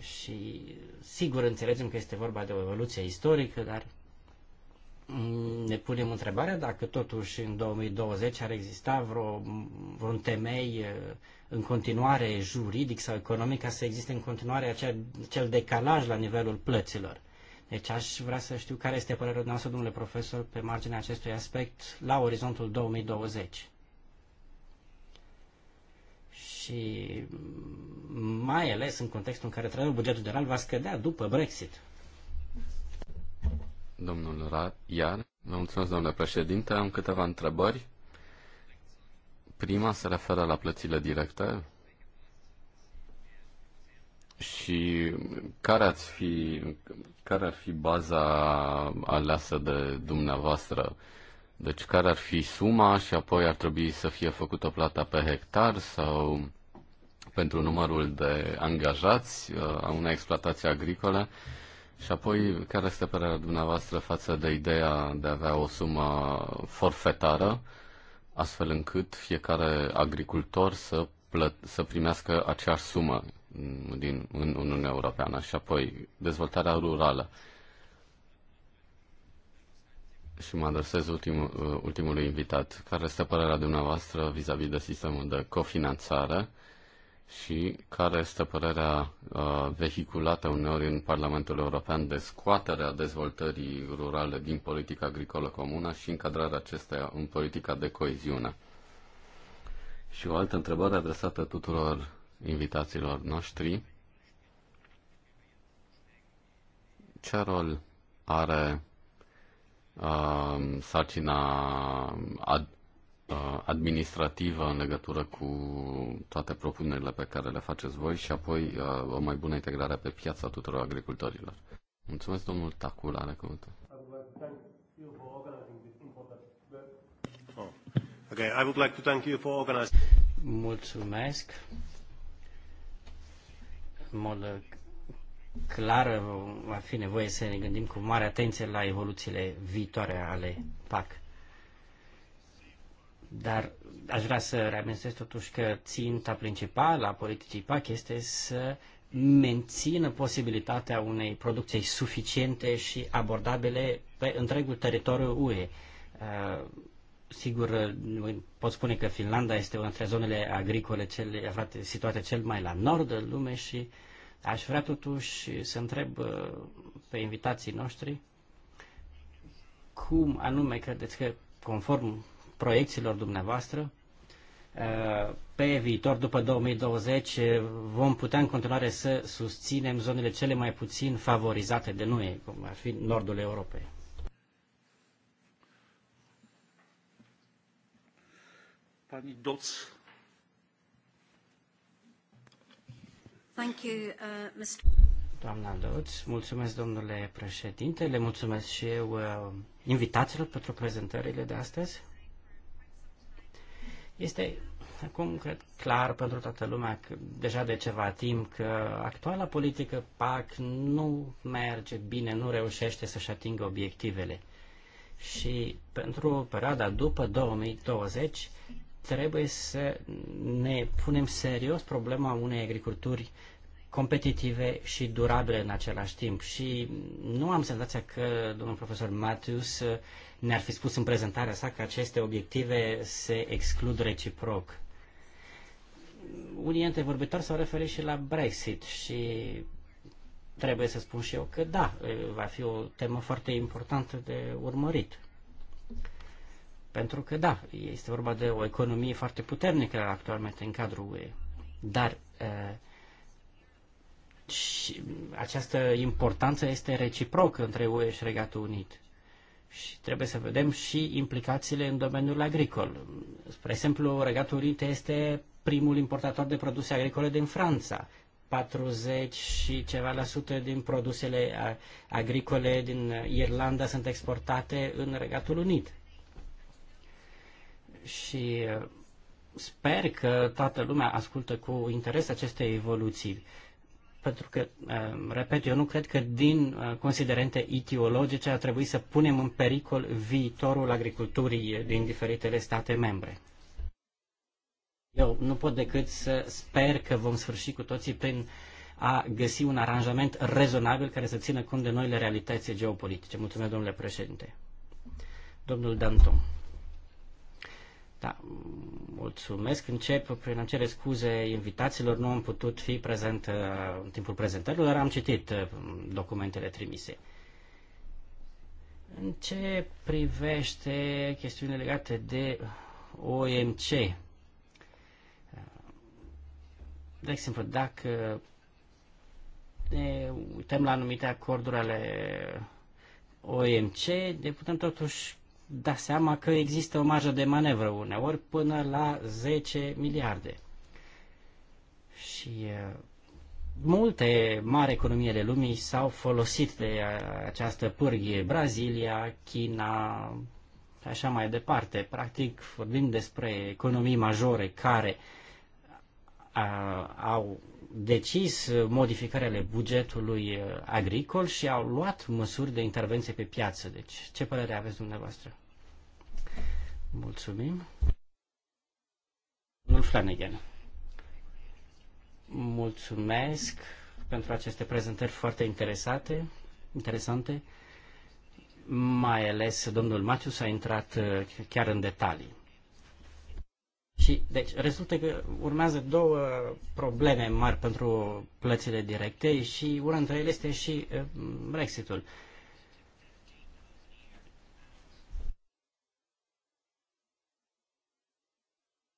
C: și sigur înțelegem că este vorba de o evoluție istorică, dar mm, ne punem întrebarea dacă totuși în 2020 ar exista vreo, vreun temei în continuare juridic sau economic ca să existe în continuare acel, acel decalaj la nivelul plăților. Deci aș vrea să știu care este părerea noastră, domnule profesor, pe marginea acestui aspect la orizontul 2020. Și mai ales în contextul în care trăim bugetul general va scădea după Brexit.
A: Domnul Iar, vă mulțumesc, domnule președinte. Am câteva întrebări Prima se referă la plățile directe și care, ați fi, care ar fi baza aleasă de dumneavoastră? Deci care ar fi suma și apoi ar trebui să fie făcută plata pe hectar sau pentru numărul de angajați uh, a unei exploatații agricole? Și apoi, care este părerea dumneavoastră față de ideea de a avea o sumă forfetară? astfel încât fiecare agricultor să, plăt- să primească aceeași sumă din, în Uniunea Europeană și apoi dezvoltarea rurală. Și mă adresez ultim, uh, ultimului invitat. Care este părerea dumneavoastră vis-a-vis -vis de sistemul de cofinanțare și care este părerea uh, vehiculată uneori în Parlamentul European de scoaterea dezvoltării rurale din politica agricolă comună și încadrarea acesteia în politica de coeziune. Și o altă întrebare adresată tuturor invitațiilor noștri. Ce rol are uh, sarcina ad- Uh, administrativă în legătură cu toate propunerile pe care le faceți voi și apoi uh, o mai bună integrare pe piața tuturor agricultorilor. Mulțumesc, domnul Tacul, are cuvântul.
B: Oh. Okay, I would like to thank you for organizing.
C: Mulțumesc. În mod clar va fi nevoie să ne gândim cu mare atenție la evoluțiile viitoare ale PAC. Dar aș vrea să reamintesc totuși că ținta principală a politicii PAC este să mențină posibilitatea unei producții suficiente și abordabile pe întregul teritoriu UE. Uh, sigur, uh, pot spune că Finlanda este una dintre zonele agricole cele, aflate, situate cel mai la nord în lume și aș vrea totuși să întreb uh, pe invitații noștri cum anume credeți că, conform proiecțiilor dumneavoastră. Uh, pe viitor, după 2020, vom putea în continuare să susținem zonele cele mai puțin favorizate de noi, cum ar fi nordul Europei.
B: Pani Doț.
D: Thank you, uh, Mr.
C: Doamna mulțumesc domnule președinte, le mulțumesc și eu uh, invitațiilor pentru prezentările de astăzi. Este acum, cred, clar pentru toată lumea, că, deja de ceva timp, că actuala politică PAC nu merge bine, nu reușește să-și atingă obiectivele. Și pentru perioada după 2020 trebuie să ne punem serios problema unei agriculturi competitive și durabile în același timp. Și nu am senzația că domnul profesor Matthews ne-ar fi spus în prezentarea sa că aceste obiective se exclud reciproc. Unii dintre vorbitori s-au referit și la Brexit și trebuie să spun și eu că da, va fi o temă foarte importantă de urmărit. Pentru că da, este vorba de o economie foarte puternică actualmente în cadrul UE. Dar uh, și această importanță este reciprocă între UE și Regatul Unit. Și trebuie să vedem și implicațiile în domeniul agricol. Spre exemplu, Regatul Unit este primul importator de produse agricole din Franța. 40 și ceva la sută din produsele agricole din Irlanda sunt exportate în Regatul Unit. Și uh, sper că toată lumea ascultă cu interes aceste evoluții pentru că, uh, repet, eu nu cred că din uh, considerente etiologice ar trebui să punem în pericol viitorul agriculturii din diferitele state membre. Eu nu pot decât să sper că vom sfârși cu toții prin a găsi un aranjament rezonabil care să țină cont de noile realități geopolitice. Mulțumesc, domnule președinte. Domnul Danton. Da, mulțumesc. Încep prin a cere scuze invitațiilor. Nu am putut fi prezent uh, în timpul prezentărilor, dar am citit uh, documentele trimise. În ce privește chestiunile legate de OMC, uh, de exemplu, dacă ne uităm la anumite acorduri ale OMC, ne putem totuși da seama că există o marjă de manevră uneori până la 10 miliarde. Și multe mari economii ale lumii s-au folosit de această pârghie. Brazilia, China, așa mai departe. Practic vorbim despre economii majore care au decis ale bugetului uh, agricol și au luat măsuri de intervenție pe piață. Deci, ce părere aveți dumneavoastră? Mulțumim. Domnul Flanagan. Mulțumesc pentru aceste prezentări foarte interesate, interesante. Mai ales domnul Matius a intrat uh, chiar în detalii. Și, deci, rezultă că urmează două probleme mari pentru plățile directe și una dintre ele este și Brexitul.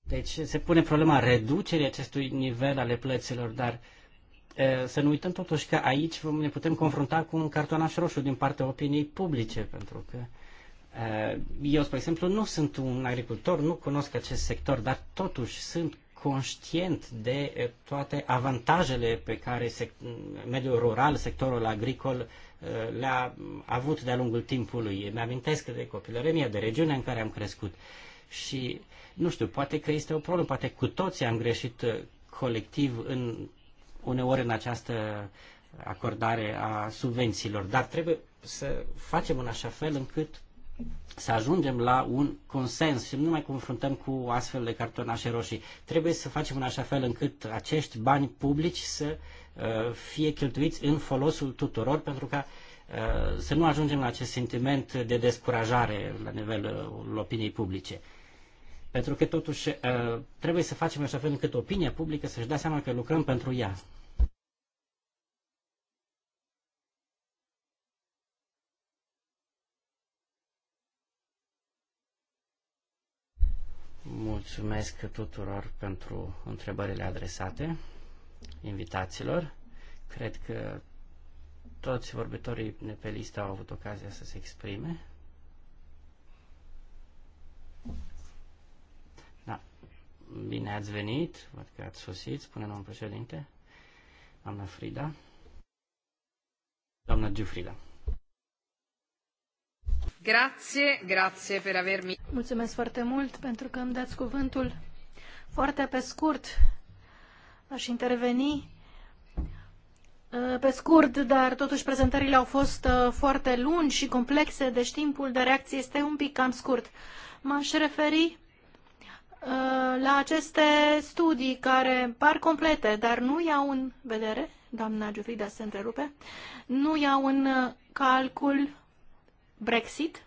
C: Deci se pune problema reducerii acestui nivel ale plăților, dar să nu uităm totuși că aici ne putem confrunta cu un cartonaș roșu din partea opiniei publice, pentru că Eh, eu, spre exemplu, nu sunt un agricultor, nu cunosc acest sector, dar totuși sunt conștient de eh, toate avantajele pe care mediul rural, sectorul agricol eh, le-a avut de-a lungul timpului. Îmi amintesc de copilăria de regiunea în care am crescut. Și, nu știu, poate că este o problemă, poate cu toții am greșit colectiv în, uneori în această acordare a subvențiilor, dar trebuie să facem în așa fel încât să ajungem la un consens și nu mai confruntăm cu astfel de cartonașe roșii. Trebuie să facem în așa fel încât acești bani publici să uh, fie cheltuiți în folosul tuturor pentru ca uh, să nu ajungem la acest sentiment de descurajare la nivelul opiniei publice. Pentru că totuși uh, trebuie să facem așa fel încât opinia publică să-și dea seama că lucrăm pentru ea. Mulțumesc tuturor pentru întrebările adresate invitaților. Cred că toți vorbitorii de pe listă au avut ocazia să se exprime. Da. Bine ați venit, văd că ați sosit, spune domnul președinte, doamna Frida, doamna Giufrida.
B: Grazie,
D: grazie per avermi... Mulțumesc foarte mult pentru că îmi dați cuvântul. Foarte pe scurt aș interveni. Pe scurt, dar totuși prezentările au fost uh, foarte lungi și complexe, deci timpul de reacție este un pic cam scurt. M-aș referi uh, la aceste studii care par complete, dar nu iau în vedere, doamna Giufrida se întrerupe, nu iau în uh, calcul Brexit,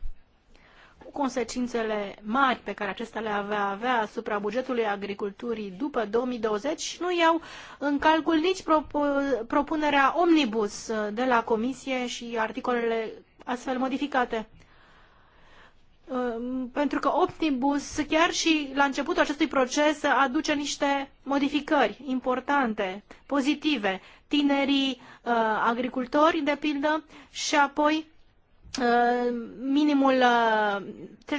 D: cu consecințele mari pe care acesta le avea avea asupra bugetului agriculturii după 2020 și nu iau în calcul nici propunerea omnibus de la Comisie și articolele astfel modificate ehm, pentru că Optibus, chiar și la începutul acestui proces, aduce niște modificări importante, pozitive. Tinerii ehm, agricultori, de pildă, și apoi Uh, minimul, uh,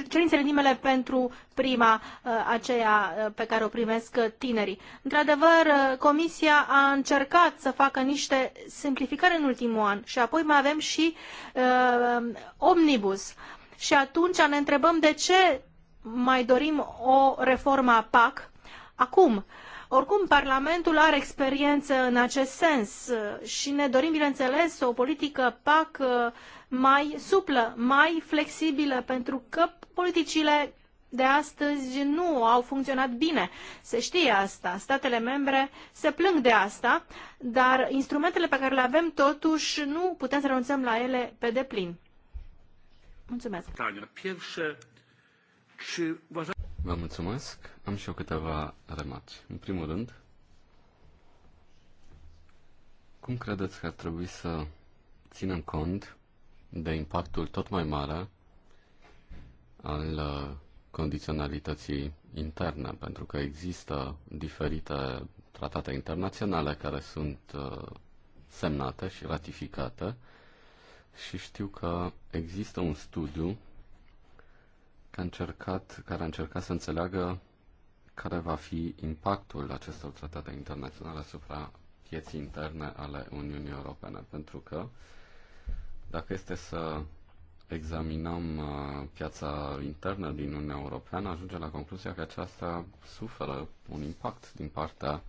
D: cerințele minimele pentru prima uh, aceea pe care o primesc tinerii. Într-adevăr, Comisia a încercat să facă niște simplificări în ultimul an și apoi mai avem și uh, omnibus. Și atunci ne întrebăm de ce mai dorim o reformă a PAC acum. Oricum, Parlamentul are experiență în acest sens și ne dorim, bineînțeles, o politică PAC uh, mai suplă, mai flexibilă, pentru că politicile de astăzi nu au funcționat bine. Se știe asta. Statele membre se plâng de asta, dar instrumentele pe care le avem totuși nu putem să renunțăm la ele pe deplin. Mulțumesc.
A: Vă mulțumesc. Am și eu câteva remarci. În primul rând, cum credeți că ar trebui să ținem cont de impactul tot mai mare al uh, condiționalității interne, pentru că există diferite tratate internaționale care sunt uh, semnate și ratificate și știu că există un studiu care a încercat, care a încercat să înțeleagă care va fi impactul acestor tratate internaționale asupra pieții interne ale Uniunii Europene, pentru că uh, dacă este să examinăm uh, piața internă din Uniunea Europeană, ajunge la concluzia că aceasta suferă un impact din partea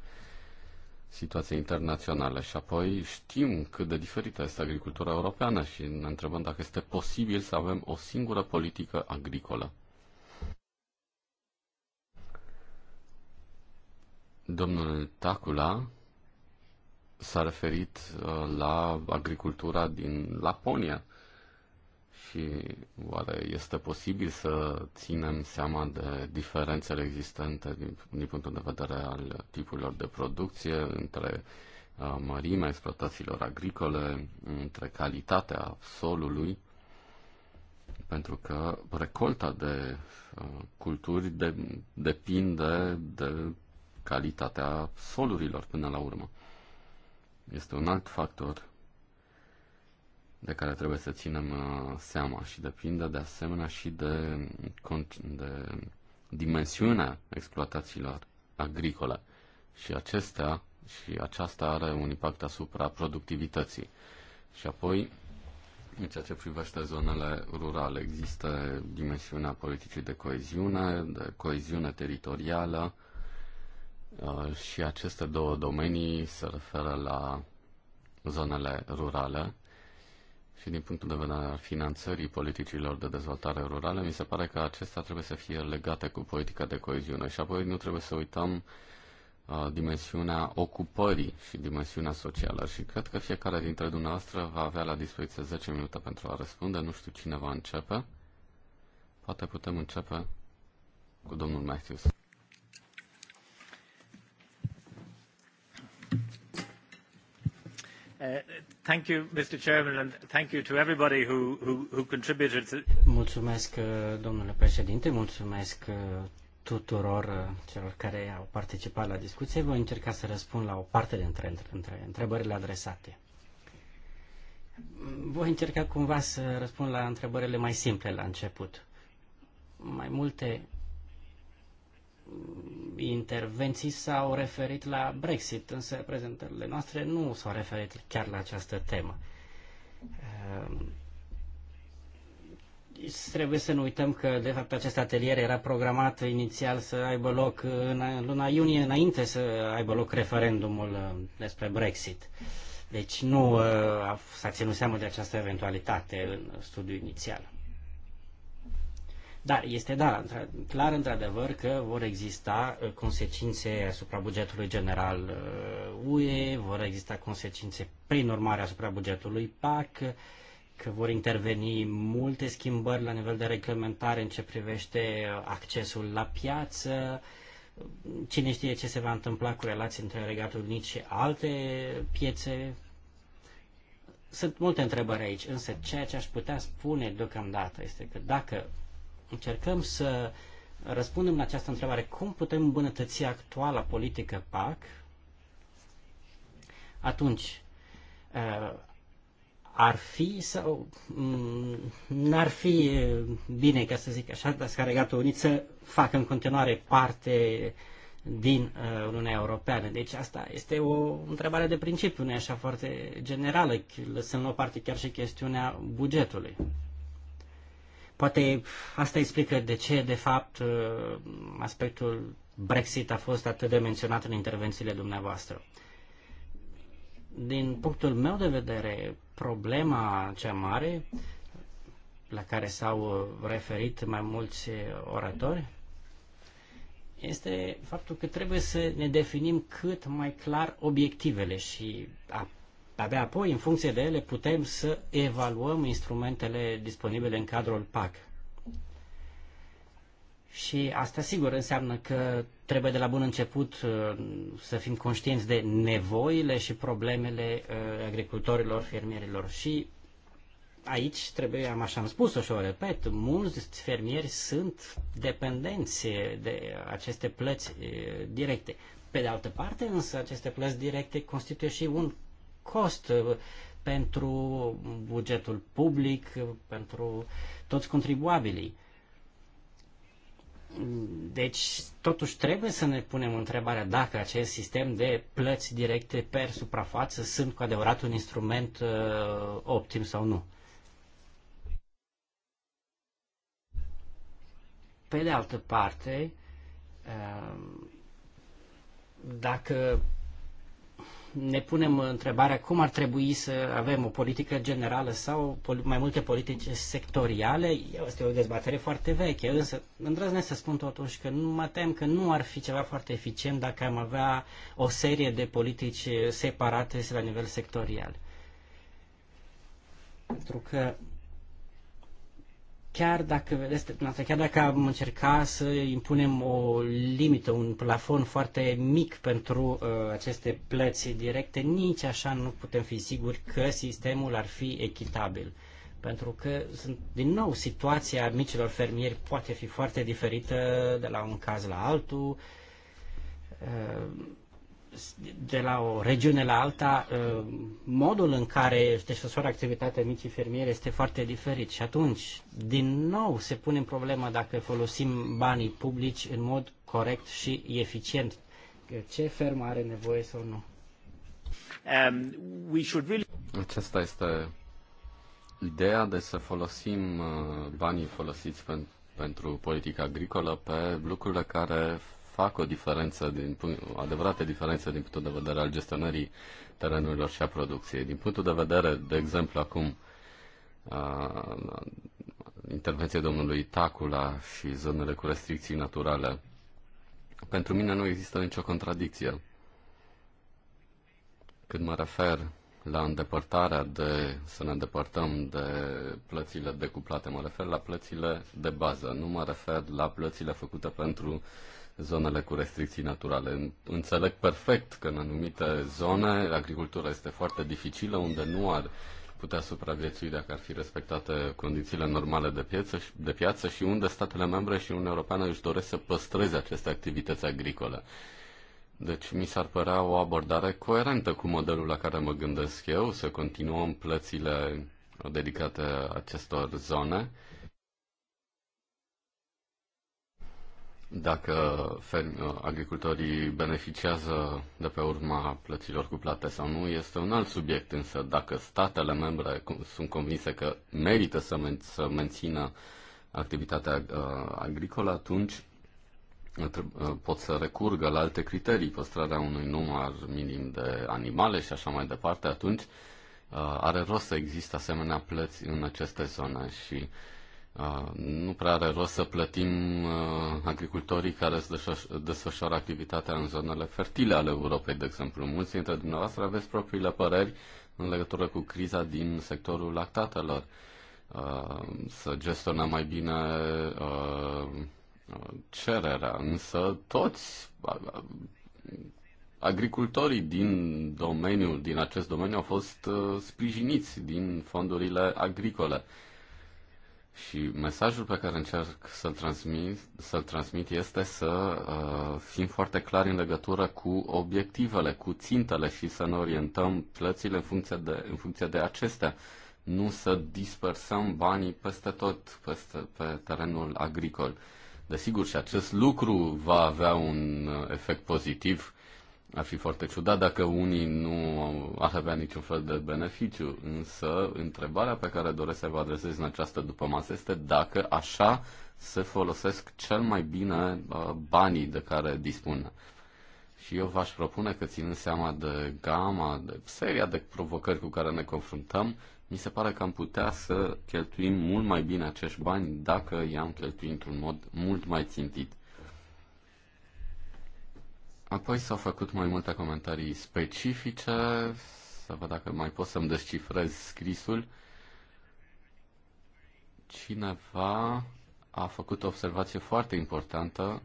A: situației internaționale și apoi știm cât de diferită este agricultura europeană și ne întrebăm dacă este posibil să avem o singură politică agricolă. Domnul Tacula s-a referit uh, la agricultura din Laponia. Și oare este posibil să ținem seama de diferențele existente din, din punctul de vedere al tipurilor de producție între uh, mărimea exploatațiilor agricole, între calitatea solului? pentru că recolta de uh, culturi de, depinde de calitatea solurilor până la urmă este un alt factor de care trebuie să ținem uh, seama și depinde de asemenea și de, de dimensiunea exploatațiilor agricole. Și acestea și aceasta are un impact asupra productivității. Și apoi, în ceea ce privește zonele rurale, există dimensiunea politicii de coeziune, de coeziune teritorială, Uh, și aceste două domenii se referă la zonele rurale și din punctul de vedere al finanțării politicilor de dezvoltare rurală, mi se pare că acestea trebuie să fie legate cu politica de coeziune și apoi nu trebuie să uităm uh, dimensiunea ocupării și dimensiunea socială și cred că fiecare dintre dumneavoastră va avea la dispoziție 10 minute pentru a răspunde, nu știu cine va începe. Poate putem începe cu domnul Matthews.
B: Uh, thank you, Mr. and thank you to everybody who, contributed
C: Mulțumesc, uh, domnule președinte, mulțumesc uh, tuturor celor care au participat la discuție. Voi încerca să răspund la o parte dintre întrebările adresate. Voi încerca cumva să răspund la întrebările mai simple la început. Mai multe intervenții s-au referit la Brexit, însă prezentările noastre nu s-au referit chiar la această temă. Ehm, trebuie să nu uităm că, de fapt, acest atelier era programat inițial să aibă loc în luna iunie, înainte să aibă loc referendumul ehm, despre Brexit. Deci nu ehm, s-a ținut seama de această eventualitate în studiul inițial. Dar este da, într clar într-adevăr că vor exista uh, consecințe asupra bugetului general uh, UE, vor exista consecințe prin urmare asupra bugetului PAC, că vor interveni multe schimbări la nivel de reglementare în ce privește uh, accesul la piață, cine știe ce se va întâmpla cu relații între Regatul Unit și alte piețe. Sunt multe întrebări aici, însă ceea ce aș putea spune deocamdată este că dacă încercăm să răspundem la această întrebare. Cum putem îmbunătăți actuala politică PAC? Atunci, uh, ar fi sau mm, n-ar fi uh, bine, ca să zic așa, dacă Regatul Unit să facă în continuare parte din uh, Uniunea Europeană. Deci asta este o întrebare de principiu, nu așa foarte generală, lăsând la o parte chiar și chestiunea bugetului. Poate asta explică de ce, de fapt, uh, aspectul Brexit a fost atât de menționat în intervențiile dumneavoastră. Din punctul meu de vedere, problema cea mare la care s-au referit mai mulți oratori este faptul că trebuie să ne definim cât mai clar obiectivele și a Abia apoi, în funcție de ele, putem să evaluăm instrumentele disponibile în cadrul PAC. Și asta sigur înseamnă că trebuie de la bun început uh, să fim conștienți de nevoile și problemele uh, agricultorilor, fermierilor și aici trebuie, am așa am spus-o și o repet, mulți fermieri sunt dependenți de aceste plăți uh, directe. Pe de altă parte, însă, aceste plăți directe constituie și un cost uh, pentru bugetul public, uh, pentru toți contribuabilii. Deci, totuși, trebuie să ne punem întrebarea dacă acest sistem de plăți directe per suprafață sunt cu adevărat un instrument uh, optim sau nu. Pe de altă parte, uh, dacă ne punem întrebarea cum ar trebui să avem o politică generală sau mai multe politici sectoriale. Este o dezbatere foarte veche, însă îndrăznesc să spun totuși că nu mă tem că nu ar fi ceva foarte eficient dacă am avea o serie de politici separate la nivel sectorial. Pentru că chiar dacă, vedeți, dumneavoastră, chiar dacă am încercat să impunem o limită, un plafon foarte mic pentru uh, aceste plăți directe, nici așa nu putem fi siguri că sistemul ar fi echitabil. Pentru că, sunt, din nou, situația micilor fermieri poate fi foarte diferită de la un caz la altul. Uh, de la o regiune la alta, ă, modul în care își desfășoară activitatea micii fermieri este foarte diferit și atunci, din nou, se pune în problema dacă folosim banii publici în mod corect și eficient. Ce fermă are nevoie sau nu?
B: Um, we should really...
A: Aceasta este ideea de să folosim uh, banii folosiți pentru politica agricolă pe lucrurile care fac o diferență, din, o adevărată diferență din punctul de vedere al gestionării terenurilor și a producției. Din punctul de vedere, de exemplu, acum, a, intervenției domnului Tacula și zonele cu restricții naturale, pentru mine nu există nicio contradicție. Când mă refer la îndepărtarea de, să ne îndepărtăm de plățile decuplate, mă refer la plățile de bază, nu mă refer la plățile făcute pentru zonele cu restricții naturale. Înțeleg perfect că în anumite zone agricultura este foarte dificilă, unde nu ar putea supraviețui dacă ar fi respectate condițiile normale de piață, de piață și unde statele membre și Uniunea Europeană își doresc să păstreze aceste activități agricole. Deci mi s-ar părea o abordare coerentă cu modelul la care mă gândesc eu, să continuăm plățile dedicate acestor zone dacă ferm, agricultorii beneficiază de pe urma plăților cuplate sau nu, este un alt subiect, însă dacă statele membre sunt convinse că merită să, men- să mențină activitatea uh, agricolă, atunci uh, uh, pot să recurgă la alte criterii, păstrarea unui număr minim de animale și așa mai departe, atunci uh, are rost să există asemenea plăți în aceste zone și uh, nu prea are rost să plătim agricultorii care desfășoară activitatea în zonele fertile ale Europei, de exemplu. Mulți dintre dumneavoastră aveți propriile păreri în legătură cu criza din sectorul lactatelor. Să gestionăm mai bine cererea, însă toți agricultorii din domeniul, din acest domeniu au fost sprijiniți din fondurile agricole. Și mesajul pe care încerc să-l transmit, să-l transmit este să uh, fim foarte clari în legătură cu obiectivele, cu țintele și să ne orientăm plățile în funcție de, în funcție de acestea. Nu să dispersăm banii peste tot, peste, pe terenul agricol. Desigur, și acest lucru va avea un uh, efect pozitiv ar fi foarte ciudat dacă unii nu ar avea niciun fel de beneficiu, însă întrebarea pe care doresc să vă adresez în această după masă este dacă așa se folosesc cel mai bine uh, banii de care dispun. Și eu v-aș propune că ținând seama de gama, de seria de provocări cu care ne confruntăm, mi se pare că am putea să cheltuim mult mai bine acești bani dacă i-am cheltuit într-un mod mult mai țintit. Apoi s-au făcut mai multe comentarii specifice, să văd dacă mai pot să-mi descifrez scrisul. Cineva a făcut o observație foarte importantă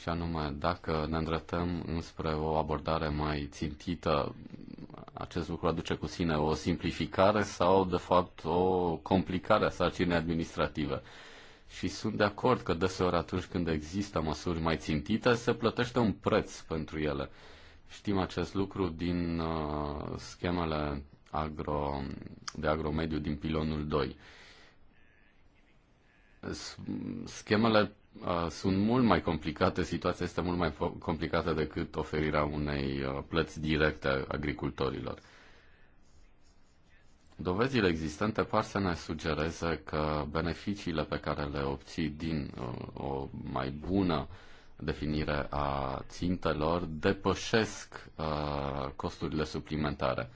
A: și anume, dacă ne îndreptăm înspre o abordare mai țintită, acest lucru aduce cu sine o simplificare sau, de fapt, o complicare a sarcinii administrative și sunt de acord că deseori atunci când există măsuri mai țintite, se plătește un preț pentru ele. Știm acest lucru din uh, schemele agro, de agromediu din pilonul 2. Schemele uh, sunt mult mai complicate, situația este mult mai complicată decât oferirea unei uh, plăți directe agricultorilor. Dovezile existente par să ne sugereze că beneficiile pe care le obții din uh, o mai bună definire a țintelor depășesc uh, costurile suplimentare.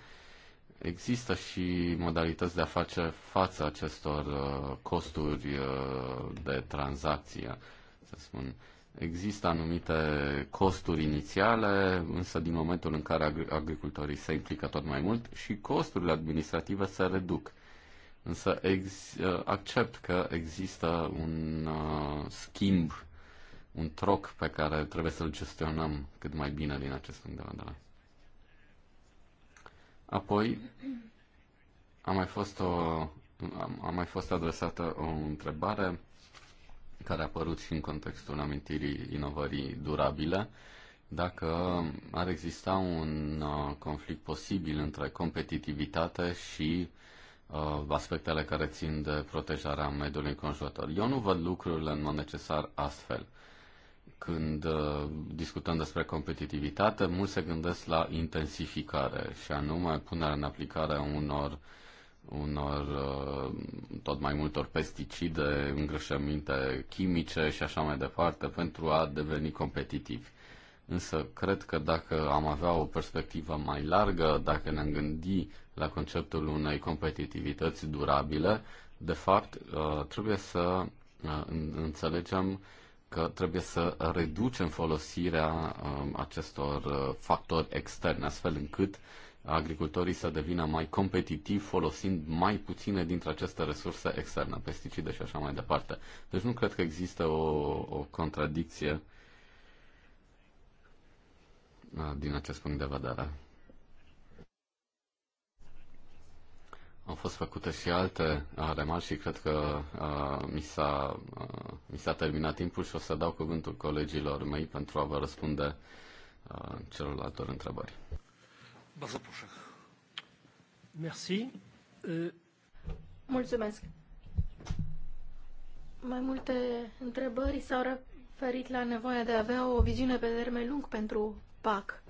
A: Există și modalități de a face față acestor uh, costuri de tranzacție, să spun. Există anumite costuri inițiale, însă din momentul în care agricultorii se implică tot mai mult și costurile administrative se reduc. Însă ex, ă, accept că există un uh, schimb, un troc pe care trebuie să-l gestionăm cât mai bine din acest punct de vedere. Apoi a mai fost, o, a mai fost adresată o întrebare care a apărut și în contextul amintirii inovării durabile, dacă ar exista un uh, conflict posibil între competitivitate și uh, aspectele care țin de protejarea mediului înconjurător. Eu nu văd lucrurile în mod necesar astfel. Când uh, discutăm despre competitivitate, mulți se gândesc la intensificare și anume punerea în aplicare a unor uh, unor uh, tot mai multor pesticide, îngrășăminte chimice și așa mai departe pentru a deveni competitivi. Însă cred că dacă am avea o perspectivă mai largă, dacă ne-am gândi la conceptul unei competitivități durabile, de fapt uh, trebuie să uh, înțelegem că trebuie să reducem folosirea acestor factori externi, astfel încât uh, agricultorii să devină mai competitivi folosind mai puține dintre aceste resurse externe, pesticide și așa mai departe. Deci nu cred că există o, o contradicție uh, din acest punct de vedere. Au fost făcute și alte uh, remarci și cred că uh, mi, s-a, uh, mi s-a terminat timpul și o să dau cuvântul colegilor mei pentru a vă răspunde uh, celorlalte întrebări.
B: Merci. Mulțumesc.
D: Mai multe întrebări s-au referit la nevoia de a avea o viziune pe termen lung pentru PAC.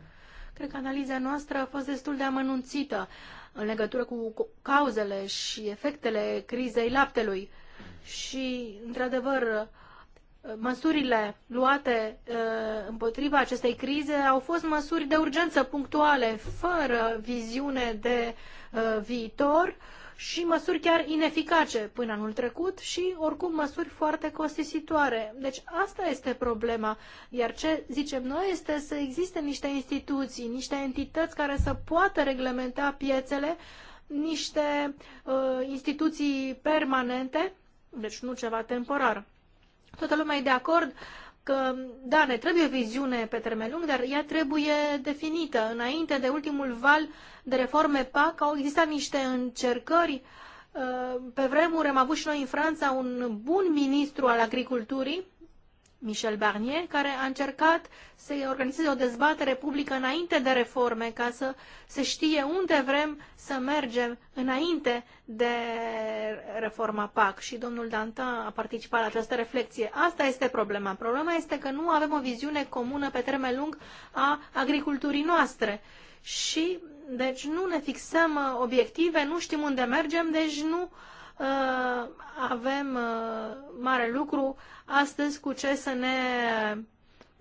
D: Cred că analiza noastră a fost destul de amănunțită în legătură cu cauzele și efectele crizei laptelui. Și, într-adevăr, măsurile luate uh, împotriva acestei crize au fost măsuri de urgență punctuale, fără viziune de uh, viitor și măsuri chiar ineficace până anul trecut și oricum măsuri foarte costisitoare. Deci asta este problema. Iar ce zicem noi este să existe niște instituții, niște entități care să poată reglementa piețele, niște uh, instituții permanente, deci nu ceva temporar. Toată lumea e de acord că, da, ne trebuie viziune pe termen lung, dar ea trebuie definită. Înainte de ultimul val de reforme PAC au existat niște încercări. Uh, pe vremuri am avut și noi în Franța un bun ministru al agriculturii, Michel Barnier, care a încercat să organizeze o dezbatere publică înainte de reforme, ca să se știe unde vrem să mergem înainte de reforma PAC. Și domnul Danta a participat la această reflexie. Asta este problema. Problema este că nu avem o viziune comună pe termen lung a agriculturii noastre. Și, deci, nu ne fixăm uh, obiective, nu știm unde mergem, deci nu uh, Uh, avem uh, mare lucru astăzi cu ce să ne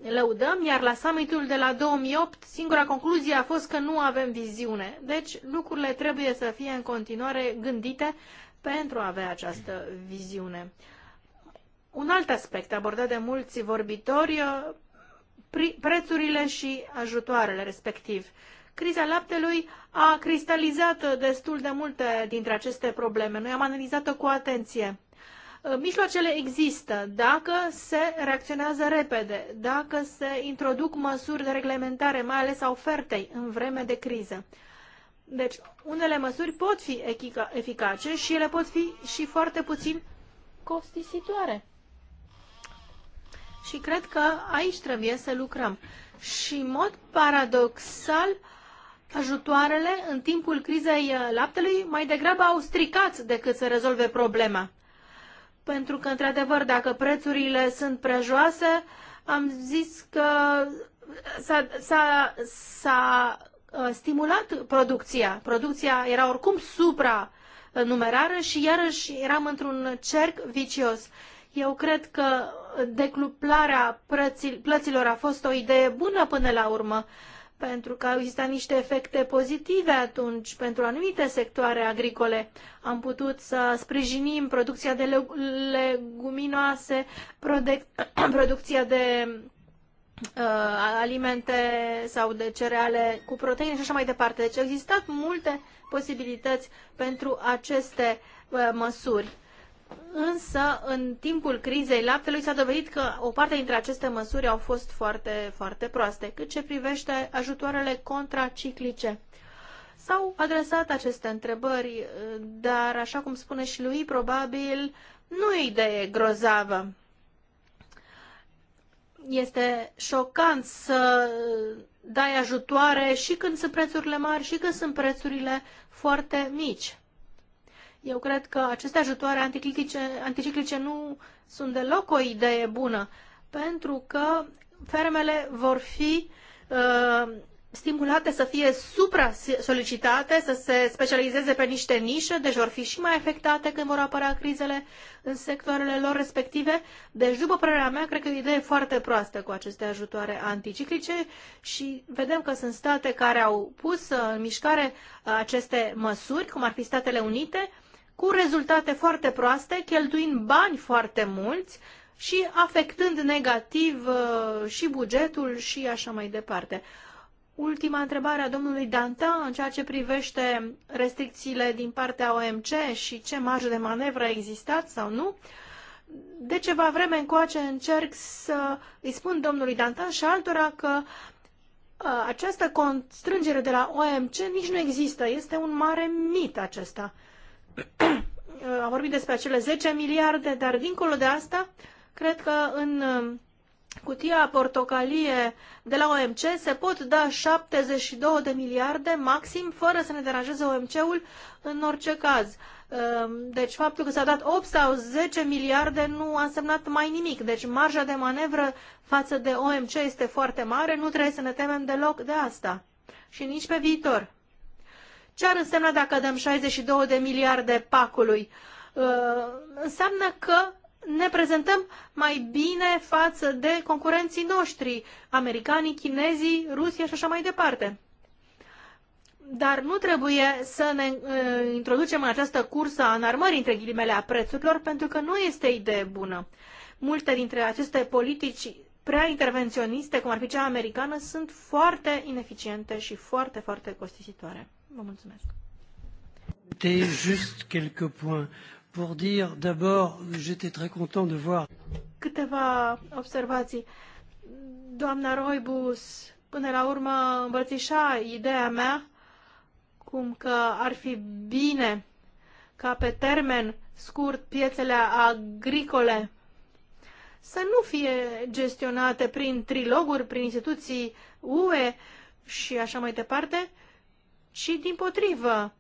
D: lăudăm, iar la summitul de la 2008 singura concluzie a fost că nu avem viziune. Deci lucrurile trebuie să fie în continuare gândite pentru a avea această viziune. Un alt aspect abordat de mulți vorbitori, uh, prețurile și ajutoarele respectiv criza laptelui a cristalizat destul de multe dintre aceste probleme. Noi am analizat-o cu atenție. Mijloacele există dacă se reacționează repede, dacă se introduc măsuri de reglementare, mai ales a ofertei în vreme de criză. Deci, unele măsuri pot fi eficace și ele pot fi și foarte puțin costisitoare. Și cred că aici trebuie să lucrăm. Și în mod paradoxal, ajutoarele în timpul crizei uh, laptelui mai degrabă au stricat decât să rezolve problema. Pentru că, într-adevăr, dacă prețurile sunt prea joase, am zis că s-a, uh, stimulat producția. Producția era oricum supra-numerară și iarăși eram într-un cerc vicios. Eu cred că decluplarea plăților a fost o idee bună până la urmă pentru că au existat niște efecte pozitive atunci pentru anumite sectoare agricole. Am putut să sprijinim producția de leguminoase, producția de uh, alimente sau de cereale cu proteine și așa mai departe. Deci au existat multe posibilități pentru aceste uh, măsuri. Însă, în timpul crizei laptelui s-a dovedit că o parte dintre aceste măsuri au fost foarte, foarte proaste. Cât ce privește ajutoarele contraciclice, s-au adresat aceste întrebări, dar, așa cum spune și lui, probabil nu e idee grozavă. Este șocant să dai ajutoare și când sunt prețurile mari și când sunt prețurile foarte mici. Eu cred că aceste ajutoare anticiclice, nu sunt deloc o idee bună, pentru că fermele vor fi uh, stimulate să fie supra-solicitate, să se specializeze pe niște nișe, deci vor fi și mai afectate când vor apărea crizele în sectoarele lor respective. Deci, după părerea mea, cred că e o idee foarte proastă cu aceste ajutoare anticiclice și vedem că sunt state care au pus în mișcare aceste măsuri, cum ar fi Statele Unite, cu rezultate foarte proaste, cheltuind bani foarte mulți și afectând negativ uh, și bugetul și așa mai departe. Ultima întrebare a domnului Danta în ceea ce privește restricțiile din partea OMC și ce marjă de manevră a existat sau nu. De ceva vreme încoace încerc să îi spun domnului Danta și altora că uh, această constrângere de la OMC nici nu există. Este un mare mit acesta. Am vorbit despre acele 10 miliarde, dar dincolo de asta, cred că în um, cutia portocalie de la OMC se pot da 72 de miliarde maxim, fără să ne deranjeze OMC-ul în orice caz. Um, deci faptul că s-a dat 8 sau 10 miliarde nu a însemnat mai nimic. Deci marja de manevră față de OMC este foarte mare, nu trebuie să ne temem deloc de asta. Și nici pe viitor. Ce ar însemna dacă dăm 62 de miliarde pacului? Uh, înseamnă că ne prezentăm mai bine față de concurenții noștri, americanii, chinezii, Rusia și așa mai departe. Dar nu trebuie să ne uh, introducem în această cursă a înarmării, între ghilimele, a prețurilor, pentru că nu este idee bună. Multe dintre aceste politici prea intervenționiste, cum ar fi cea americană, sunt foarte ineficiente și foarte, foarte costisitoare. Vă mulțumesc.
B: De just quelques points pour dire d'abord j'étais très content de voir
D: câteva observații. Doamna Roibus, până la urmă îmbrățișa ideea mea cum că ar fi bine ca pe termen scurt piețele agricole să nu fie gestionate prin triloguri, prin instituții UE și așa mai departe, ci din potrivă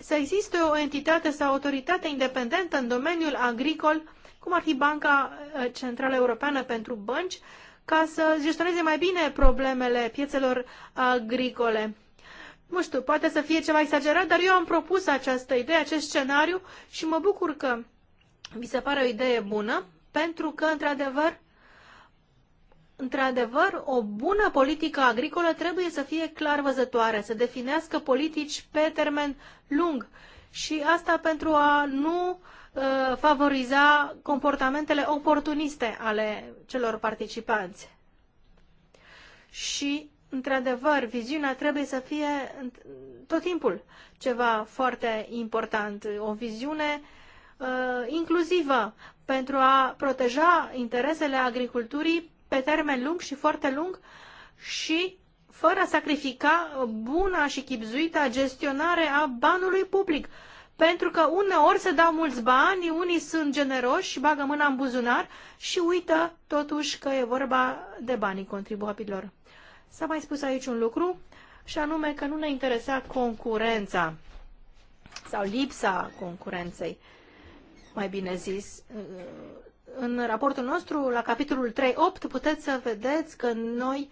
D: să existe o entitate sau autoritate independentă în domeniul agricol, cum ar fi Banca eh, Centrală Europeană pentru Bănci, ca să gestioneze mai bine problemele piețelor agricole. Nu știu, poate să fie ceva exagerat, dar eu am propus această idee, acest scenariu și mă bucur că vi se pare o idee bună, pentru că, într-adevăr, într-adevăr, o bună politică agricolă trebuie să fie clar văzătoare, să definească politici pe termen lung și asta pentru a nu uh, favoriza comportamentele oportuniste ale celor participanți. Și, într-adevăr, viziunea trebuie să fie tot timpul ceva foarte important, o viziune uh, inclusivă pentru a proteja interesele agriculturii pe termen lung și foarte lung și fără a sacrifica buna și chipzuita gestionare a banului public. Pentru că uneori se dau mulți bani, unii sunt generoși și bagă mâna în buzunar și uită totuși că e vorba de banii contribuabililor. S-a mai spus aici un lucru și anume că nu ne interesa concurența sau lipsa concurenței, mai bine zis, în raportul nostru, la capitolul 3.8, puteți să vedeți că noi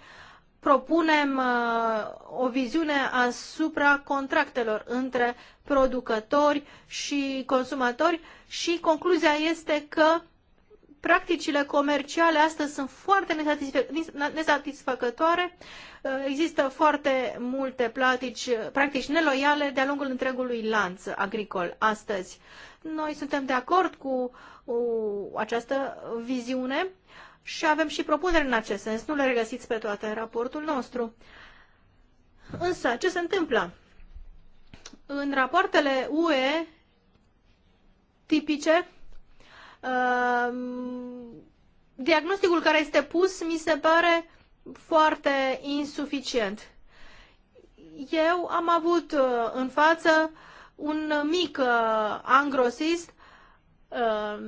D: propunem uh, o viziune asupra contractelor între producători și consumatori și concluzia este că practicile comerciale astăzi sunt foarte nesatisfăcătoare. Uh, există foarte multe platici, practici neloiale de-a lungul întregului lanț agricol astăzi. Noi suntem de acord cu această viziune și avem și propuneri în acest sens. Nu le regăsiți pe toate în raportul nostru. Însă, ce se întâmplă? În rapoartele UE tipice, uh, diagnosticul care este pus mi se pare foarte insuficient. Eu am avut uh, în față uh, un mic uh, angrosist uh,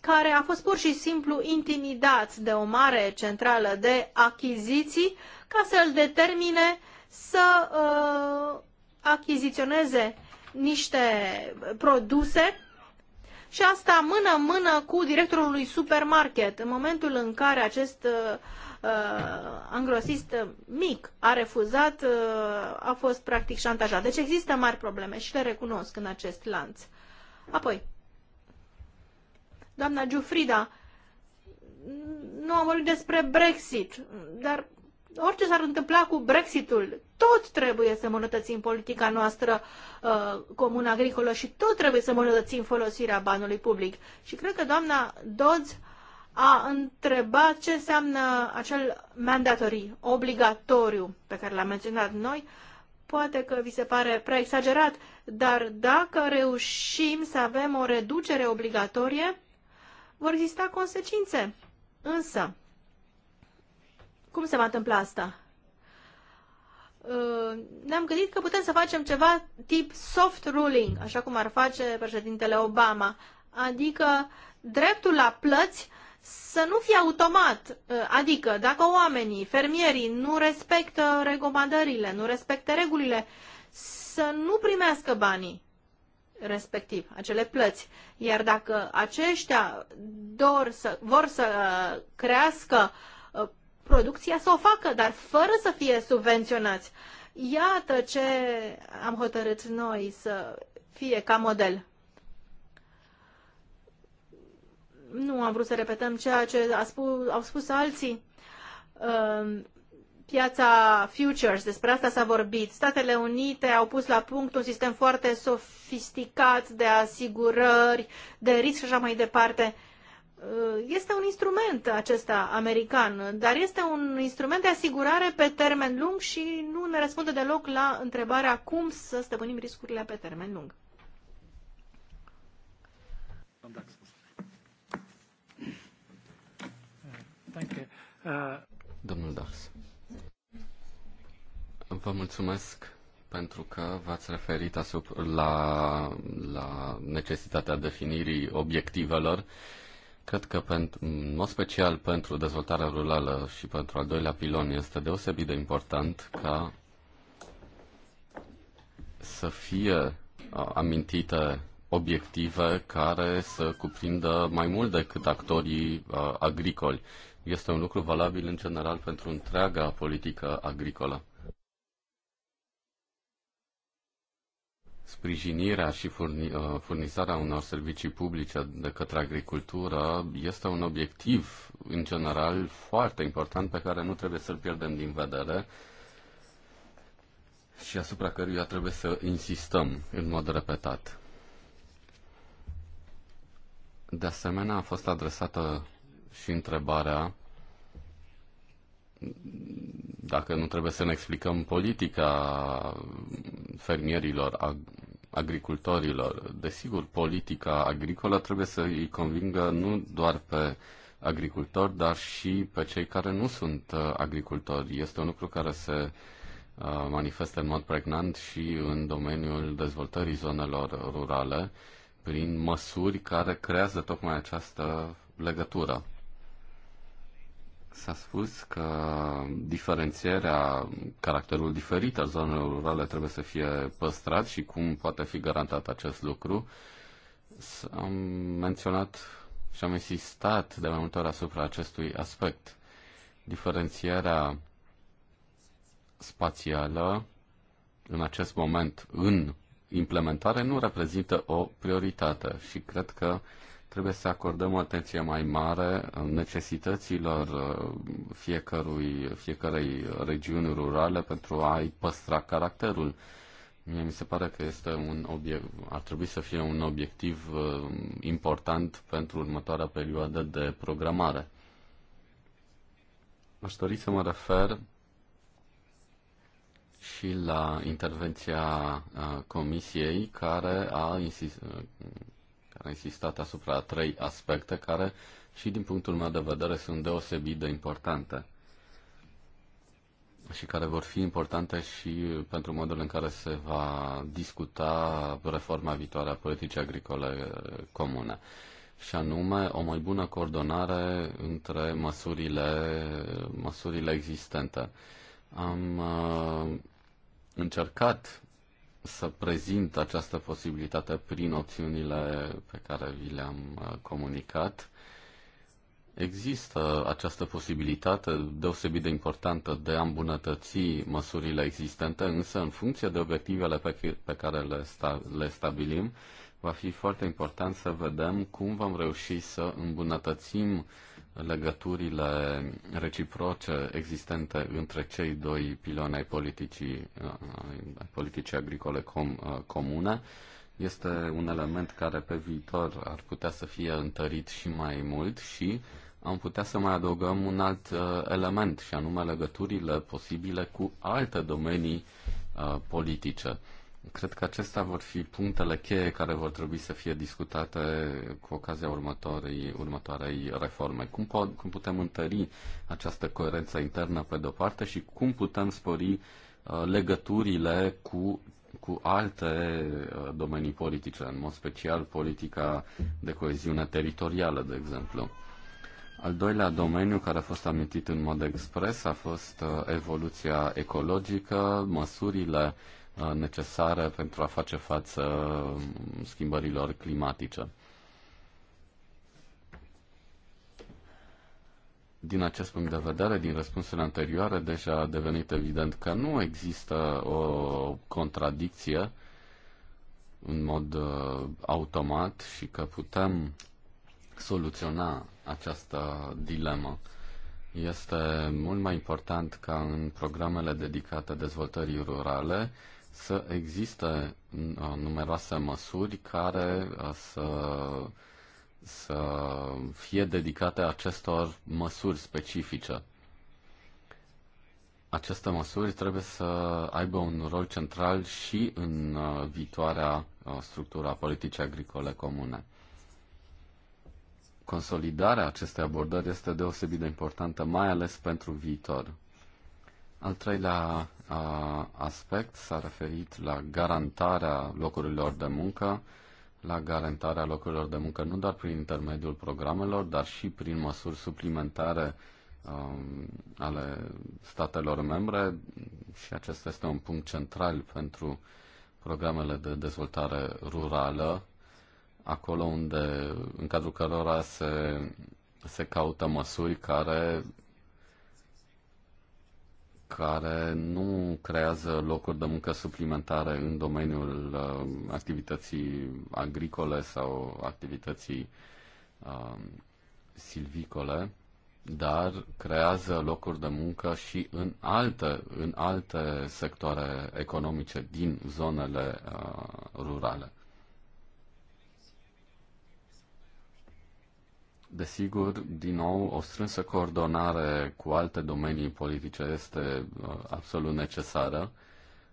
D: care a fost pur și simplu intimidat de o mare centrală de achiziții ca să îl determine să uh, achiziționeze niște produse și asta mână-mână cu directorul unui supermarket. În momentul în care acest uh, angrosist uh, uh, mic a refuzat, uh, a fost practic șantajat. Deci există mari probleme și le recunosc în acest lanț. Apoi, doamna Giufrida, nu am vorbit despre Brexit, dar orice s-ar întâmpla cu Brexitul, tot trebuie să îmbunătățim politica noastră uh, comună agricolă și tot trebuie să îmbunătățim folosirea banului public. Și cred că doamna Dodds a întreba ce înseamnă acel mandatory, obligatoriu, pe care l-am menționat noi. Poate că vi se pare prea exagerat, dar dacă reușim să avem o reducere obligatorie, vor exista consecințe. Însă, cum se va întâmpla asta? Uh, ne-am gândit că putem să facem ceva tip soft ruling, așa cum ar face președintele Obama, adică dreptul la plăți uh, să nu fie automat. Uh, adică, dacă oamenii, fermierii, nu respectă recomandările, nu respectă regulile, să nu primească banii respectiv, acele plăți. Iar dacă aceștia dor să, vor să uh, crească uh, producția, să o facă, dar fără să fie subvenționați. Iată ce am hotărât noi să fie ca model. nu am vrut să repetăm ceea ce a spus, au spus alții. Um, piața futures, despre asta s-a vorbit. Statele Unite au pus la punct un sistem foarte sofisticat de asigurări, de risc și așa mai departe. Uh, este un instrument acesta american, dar este un instrument de asigurare pe termen lung și nu ne răspunde deloc la întrebarea cum să stăpânim riscurile pe termen lung. Contact.
A: Domnul Dax, vă mulțumesc pentru că v-ați referit asupra, la, la necesitatea definirii obiectivelor. Cred că, pentru, în mod special pentru dezvoltarea rurală și pentru al doilea pilon, este deosebit de important ca să fie amintite obiective care să cuprindă mai mult decât actorii agricoli este un lucru valabil în general pentru întreaga politică agricolă. Sprijinirea și uh, furnizarea unor servicii publice de către agricultură este un obiectiv, în general, foarte important pe care nu trebuie să-l pierdem din vedere și asupra căruia trebuie să insistăm în mod repetat. De asemenea, a fost adresată și întrebarea dacă nu trebuie să ne explicăm politica fermierilor, agricultorilor. Desigur, politica agricolă trebuie să îi convingă nu doar pe agricultori, dar și pe cei care nu sunt uh, agricultori. Este un lucru care se uh, manifestă în mod pregnant și în domeniul dezvoltării zonelor rurale prin măsuri care creează tocmai această legătură. S-a spus că diferențierea, caracterul diferit al zonelor rurale trebuie să fie păstrat și cum poate fi garantat acest lucru. Am menționat și am insistat de mai multe ori asupra acestui aspect. Diferențierea spațială în acest moment în implementare nu reprezintă o prioritate și cred că uh, Trebuie să acordăm o atenție mai mare uh, necesităților uh, fiecărui, fiecarei regiuni rurale pentru a-i păstra caracterul. Mie mi se pare că este un obiect, ar trebui să fie un obiectiv uh, important pentru următoarea perioadă de programare. Aș dori să mă refer și la intervenția Comisiei care a, insistat a insistat asupra a trei aspecte care, și din punctul meu de vedere, sunt deosebit de importante și care vor fi importante și pentru modul în care se va discuta reforma viitoare a politicii agricole eh, comune și anume o mai bună coordonare între măsurile, măsurile existente. Am uh, încercat să prezint această posibilitate prin opțiunile pe care vi le-am uh, comunicat. Există această posibilitate deosebit de importantă de a îmbunătăți măsurile existente, însă în funcție de obiectivele pe, pe care le, sta, le stabilim, va fi foarte important să vedem cum vom reuși să îmbunătățim legăturile reciproce existente între cei doi piloni ai politicii, uh, ai politicii agricole com, uh, comune este un element care pe viitor ar putea să fie întărit și mai mult și am putea să mai adăugăm un alt uh, element și anume legăturile posibile cu alte domenii politice. Cred că acestea vor fi punctele cheie care vor trebui să fie discutate cu ocazia următoarei, următoarei reforme. Cum, po- cum putem întări această coerență internă pe de-o parte și cum putem spori uh, legăturile cu, cu alte uh, domenii politice, în mod special politica de coeziune teritorială, de exemplu. Al doilea domeniu care a fost amintit în mod expres a fost uh, evoluția ecologică, măsurile uh, Uh, necesară pentru a face față um, schimbărilor climatice. Din acest punct de vedere, din răspunsurile anterioare, deja a devenit evident că nu există o contradicție în mod uh, automat și că putem soluționa această dilemă. Este mult mai important ca în programele dedicate dezvoltării rurale să existe uh, numeroase măsuri care uh, să, să fie dedicate acestor măsuri specifice. Aceste măsuri trebuie să aibă un rol central și în uh, viitoarea a politicii agricole comune. Consolidarea acestei abordări este deosebit de importantă, mai ales pentru viitor. Al treilea aspect s-a referit la garantarea locurilor de muncă, la garantarea locurilor de muncă nu doar prin intermediul programelor, dar și prin măsuri suplimentare um, ale statelor membre și acesta este un punct central pentru programele de dezvoltare rurală, acolo unde, în cadrul cărora se, se caută măsuri care care nu creează locuri de muncă suplimentare în domeniul uh, activității agricole sau activității uh, silvicole, dar creează locuri de muncă și în alte, în alte sectoare economice din zonele uh, rurale. Desigur, din nou, o strânsă coordonare cu alte domenii politice este uh, absolut necesară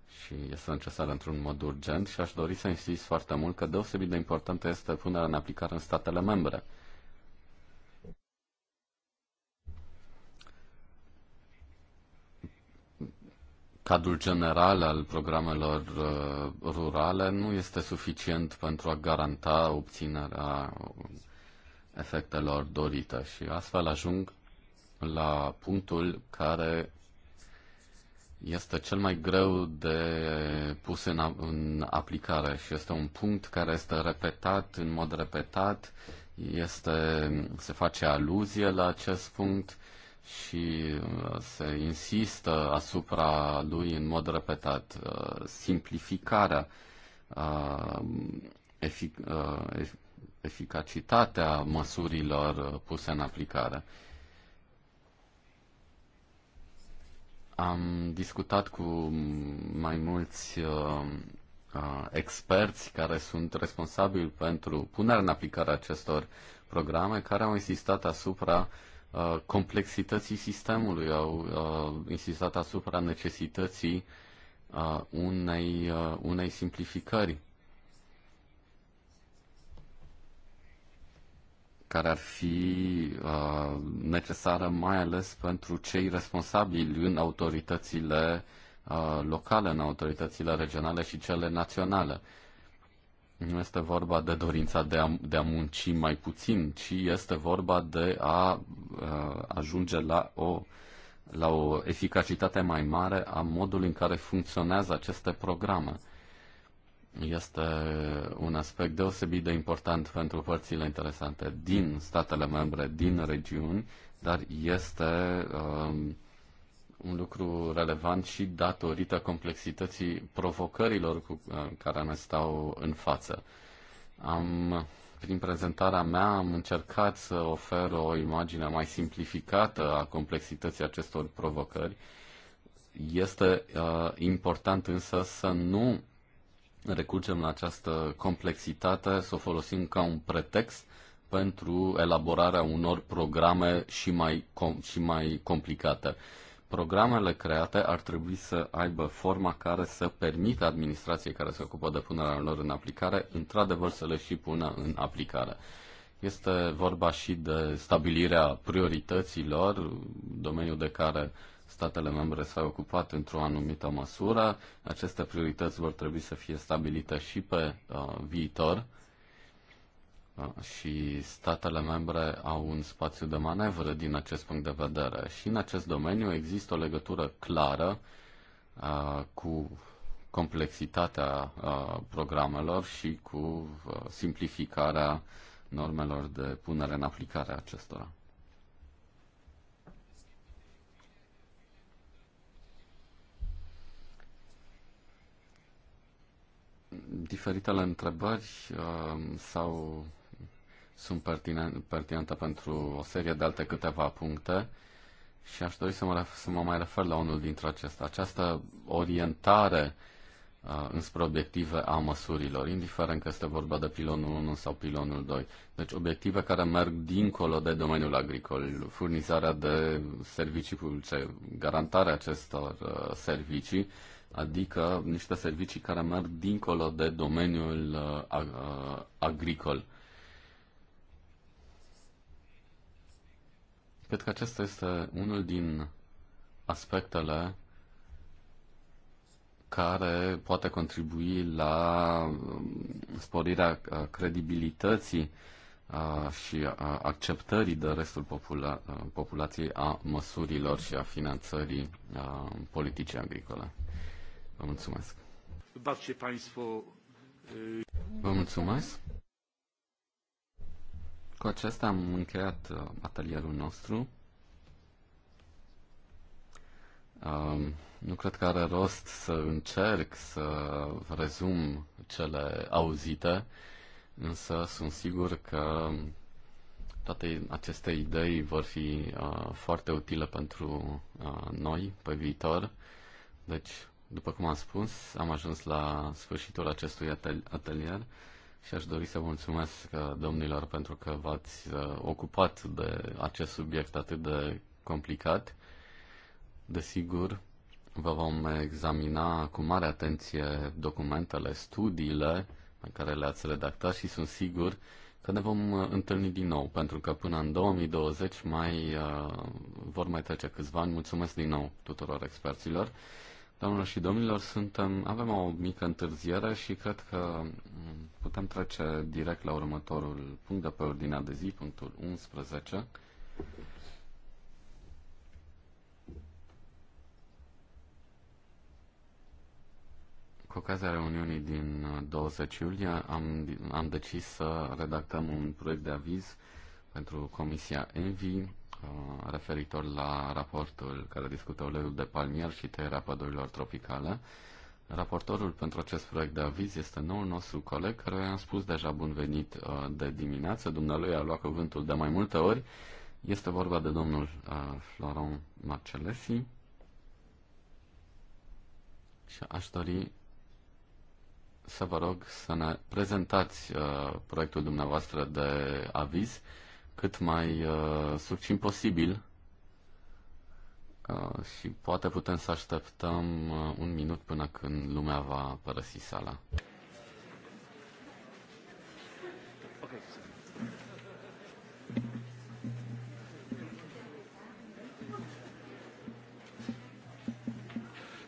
A: și este necesară într-un mod urgent și aș dori să insist foarte mult că deosebit de importantă este punerea în aplicare în statele membre. cadrul general al programelor uh, rurale nu este suficient pentru a garanta obținerea efectelor dorite și astfel ajung la punctul care este cel mai greu de pus în, în aplicare și este un punct care este repetat în mod repetat, este, se face aluzie la acest punct și uh, se insistă asupra lui în mod repetat. Uh, simplificarea, uh, efic eficacitatea măsurilor puse în aplicare. Am discutat cu mai mulți uh, uh experți care sunt responsabili pentru punerea în aplicare acestor programe care au insistat asupra uh, complexității sistemului, au uh, insistat asupra necesității uh, unei, uh, unei simplificări care ar fi uh, necesară mai ales pentru cei responsabili în autoritățile uh, locale, în autoritățile regionale și cele naționale. Nu este vorba de dorința de a, de a munci mai puțin, ci este vorba de a uh, ajunge la o, la o eficacitate mai mare a modului în care funcționează aceste programe este un aspect deosebit de important pentru părțile interesante din statele membre, din regiuni, dar este um, un lucru relevant și datorită complexității provocărilor cu, uh, care ne stau în față. Am, prin prezentarea mea am încercat să ofer o imagine mai simplificată a complexității acestor provocări. Este uh, important însă să nu recurgem la această complexitate, să o folosim ca un pretext pentru elaborarea unor programe și mai, com- și mai complicate. Programele create ar trebui să aibă forma care să permită administrației care se ocupă de punerea lor în aplicare, într-adevăr să le și pună în aplicare. Este vorba și de stabilirea priorităților, domeniul de care uh, statele membre s-au ocupat într-o anumită măsură. Aceste priorități vor trebui să fie stabilite și pe uh, viitor uh, și statele membre au un spațiu de manevră din acest punct de vedere. Și în acest domeniu există o legătură clară uh, cu complexitatea uh, programelor și cu uh, simplificarea normelor de punere în aplicare a acestora. diferitele întrebări uh, sau sunt pertinente pentru o serie de alte câteva puncte și aș dori să mă, să mă mai refer la unul dintre acestea. Această orientare uh, înspre obiective a măsurilor, indiferent că este vorba de pilonul 1 sau pilonul 2. Deci obiective care merg dincolo de domeniul agricol, furnizarea de servicii publice, garantarea acestor uh, servicii adică niște servicii care merg dincolo de domeniul uh, uh, agricol. Cred că acesta este unul din aspectele care poate contribui la um, sporirea uh, credibilității și acceptării de restul popula- populației a măsurilor și a finanțării politicii agricole. Vă mulțumesc.
B: Vă mulțumesc.
A: Cu acesta am încheiat uh, atelierul nostru. Um, nu cred că are rost să încerc să rezum cele auzite, însă sunt sigur că toate aceste idei vor fi uh, foarte utile pentru uh, noi pe viitor. Deci după cum am spus, am ajuns la sfârșitul acestui atelier și aș dori să vă mulțumesc uh, domnilor pentru că v-ați uh, ocupat de acest subiect atât de complicat. Desigur, vă vom examina cu mare atenție documentele, studiile pe care le-ați redactat și sunt sigur că ne vom uh, întâlni din nou, pentru că până în 2020 mai uh, vor mai trece câțiva ani. Mulțumesc din nou tuturor experților. Doamnelor și domnilor, suntem, avem o mică întârziere și cred că mm, putem trece direct la următorul punct de pe ordinea de zi, punctul 11. Cu ocazia reuniunii din 20 iulie am, am decis să redactăm un proiect de aviz pentru Comisia Envi Uh, referitor la raportul care discută uleiul de palmier și tăierea pădurilor tropicale. Raportorul pentru acest proiect de aviz este noul nostru coleg care am spus deja bun venit uh, de dimineață. Dumnealui a luat cuvântul de mai multe ori. Este vorba de domnul uh, Floron Marcelesi și aș dori să vă rog să ne prezentați proiectul dumneavoastră de aviz cât mai uh, succint posibil uh, și poate putem să așteptăm uh, un minut până când lumea va părăsi sala.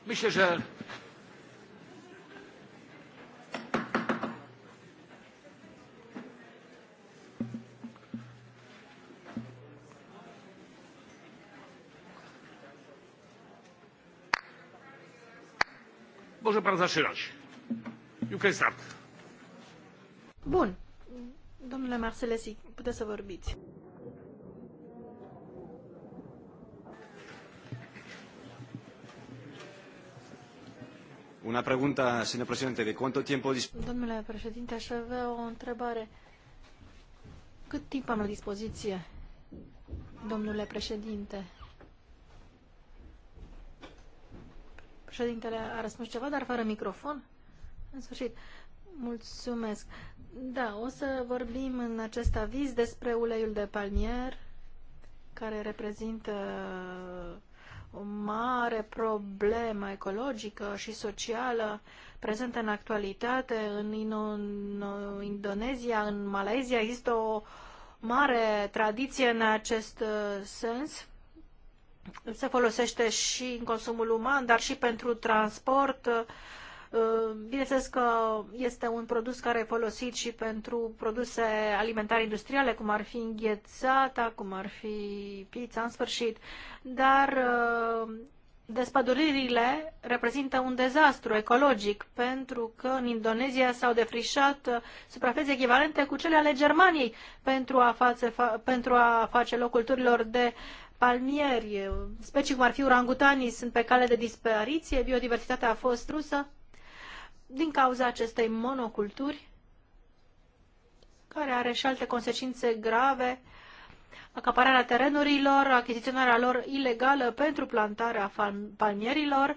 B: Myślę, że Może pan zaczynać. You can start.
D: Bun. Domnule Marcelesi, puteți să vorbiți.
A: Una pregunta, señor presidente, de cuánto tiempo
D: Domnule președinte, aș avea o întrebare. Cât timp am la dispoziție, domnule președinte? Președintele a răspuns ceva, dar fără microfon. În sfârșit, mulțumesc. Da, o să vorbim în acest aviz despre uleiul de palmier, care reprezintă uh, o mare problemă ecologică și socială prezentă în actualitate. În Indonezia, în Malezia, există o mare tradiție în acest uh, sens se folosește și în consumul uman, dar și pentru transport. Uh, bineînțeles că este un produs care e folosit și pentru produse alimentare industriale, cum ar fi înghețata, cum ar fi pizza, în sfârșit. Dar uh, despăduririle reprezintă un dezastru ecologic, pentru că în Indonezia s-au defrișat uh, suprafețe echivalente cu cele ale Germaniei pentru a, face, pentru a face loc culturilor de uh, palmieri, specii cum ar fi urangutanii, sunt pe cale de dispariție, biodiversitatea a fost rusă din cauza acestei monoculturi, care are și alte consecințe grave, acapararea terenurilor, achiziționarea lor ilegală pentru plantarea palmierilor,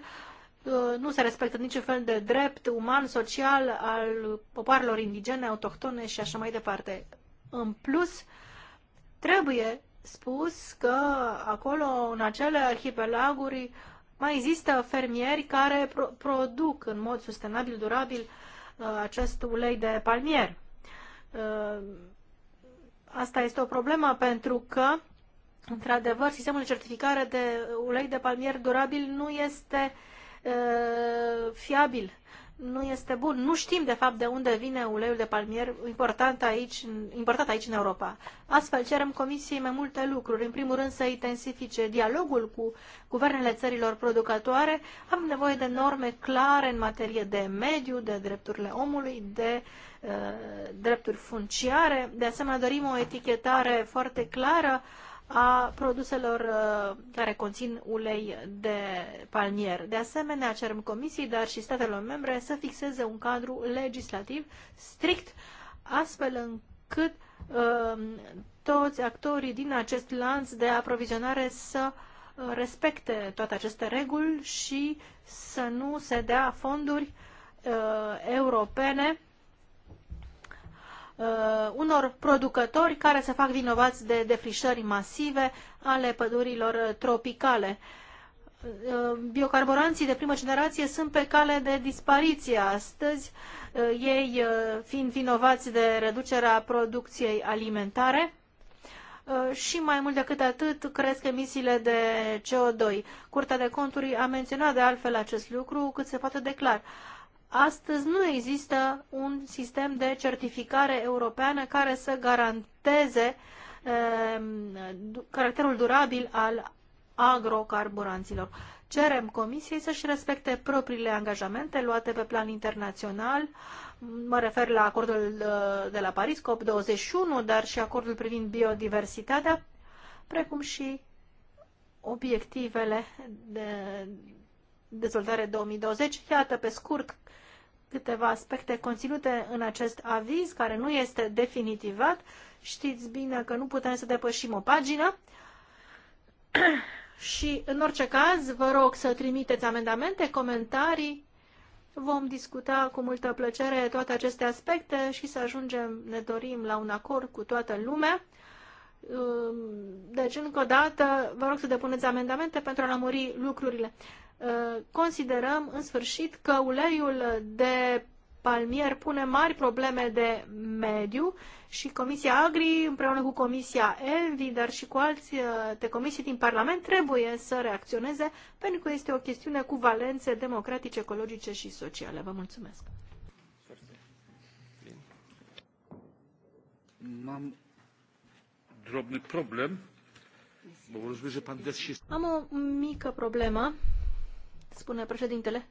D: uh, nu se respectă niciun fel de drept uman, social al popoarelor indigene, autohtone și așa mai departe. În plus, trebuie spus că acolo, în acele arhipelaguri, mai există fermieri care pro produc în mod sustenabil, durabil, uh, acest ulei de palmier. Uh, asta este o problemă pentru că, într-adevăr, sistemul de certificare de ulei de palmier durabil nu este uh, fiabil nu este bun. Nu știm, de fapt, de unde vine uleiul de palmier important aici, importat aici în Europa. Astfel, cerem Comisiei mai multe lucruri. În primul rând, să intensifice dialogul cu guvernele țărilor producătoare. Am nevoie de norme clare în materie de mediu, de drepturile omului, de uh, drepturi funciare. De asemenea, dorim o etichetare foarte clară uh, a produselor uh, care conțin ulei de palmier. De asemenea, cerem comisiei, dar și statelor membre să fixeze un cadru legislativ strict, astfel încât um, toți actorii din acest lanț de aprovizionare să uh, respecte toate aceste reguli și să nu se dea fonduri uh, europene uh, unor producători care se fac vinovați de defrișări masive ale pădurilor uh, tropicale. Uh, biocarburanții de primă generație sunt pe cale de dispariție astăzi, uh, ei fiind vinovați de reducerea producției alimentare și mai mult decât atât cresc emisiile de CO2. Curtea de conturi a menționat de altfel acest lucru cât se poate declar. clar Astăzi nu există un sistem de certificare europeană care să garanteze ehm, caracterul durabil al agrocarburanților. Cerem Comisiei să-și respecte propriile angajamente luate pe plan internațional. Mă refer la acordul eh, de la Paris, COP21, dar și acordul privind biodiversitatea, precum și obiectivele de dezvoltare 2020. Iată, pe scurt, câteva aspecte conținute în acest aviz, care nu este definitivat. Știți bine că nu putem să depășim o pagină. Și, în orice caz, vă rog să trimiteți amendamente, comentarii. Vom discuta cu multă plăcere toate aceste aspecte și să ajungem, ne dorim, la un acord cu toată lumea. Deci, încă o dată, vă rog să depuneți amendamente pentru a lămuri lucrurile. Uh, considerăm în sfârșit că uleiul de palmier pune mari probleme de mediu și Comisia Agri împreună cu Comisia Envi, dar și cu alte uh, comisii din Parlament trebuie să reacționeze pentru că este o chestiune cu valențe democratice, ecologice și sociale. Vă mulțumesc!
B: Mam drobny problem,
A: bo rozumiem, że pan Des się...
D: Am o mică problemă spune președintele.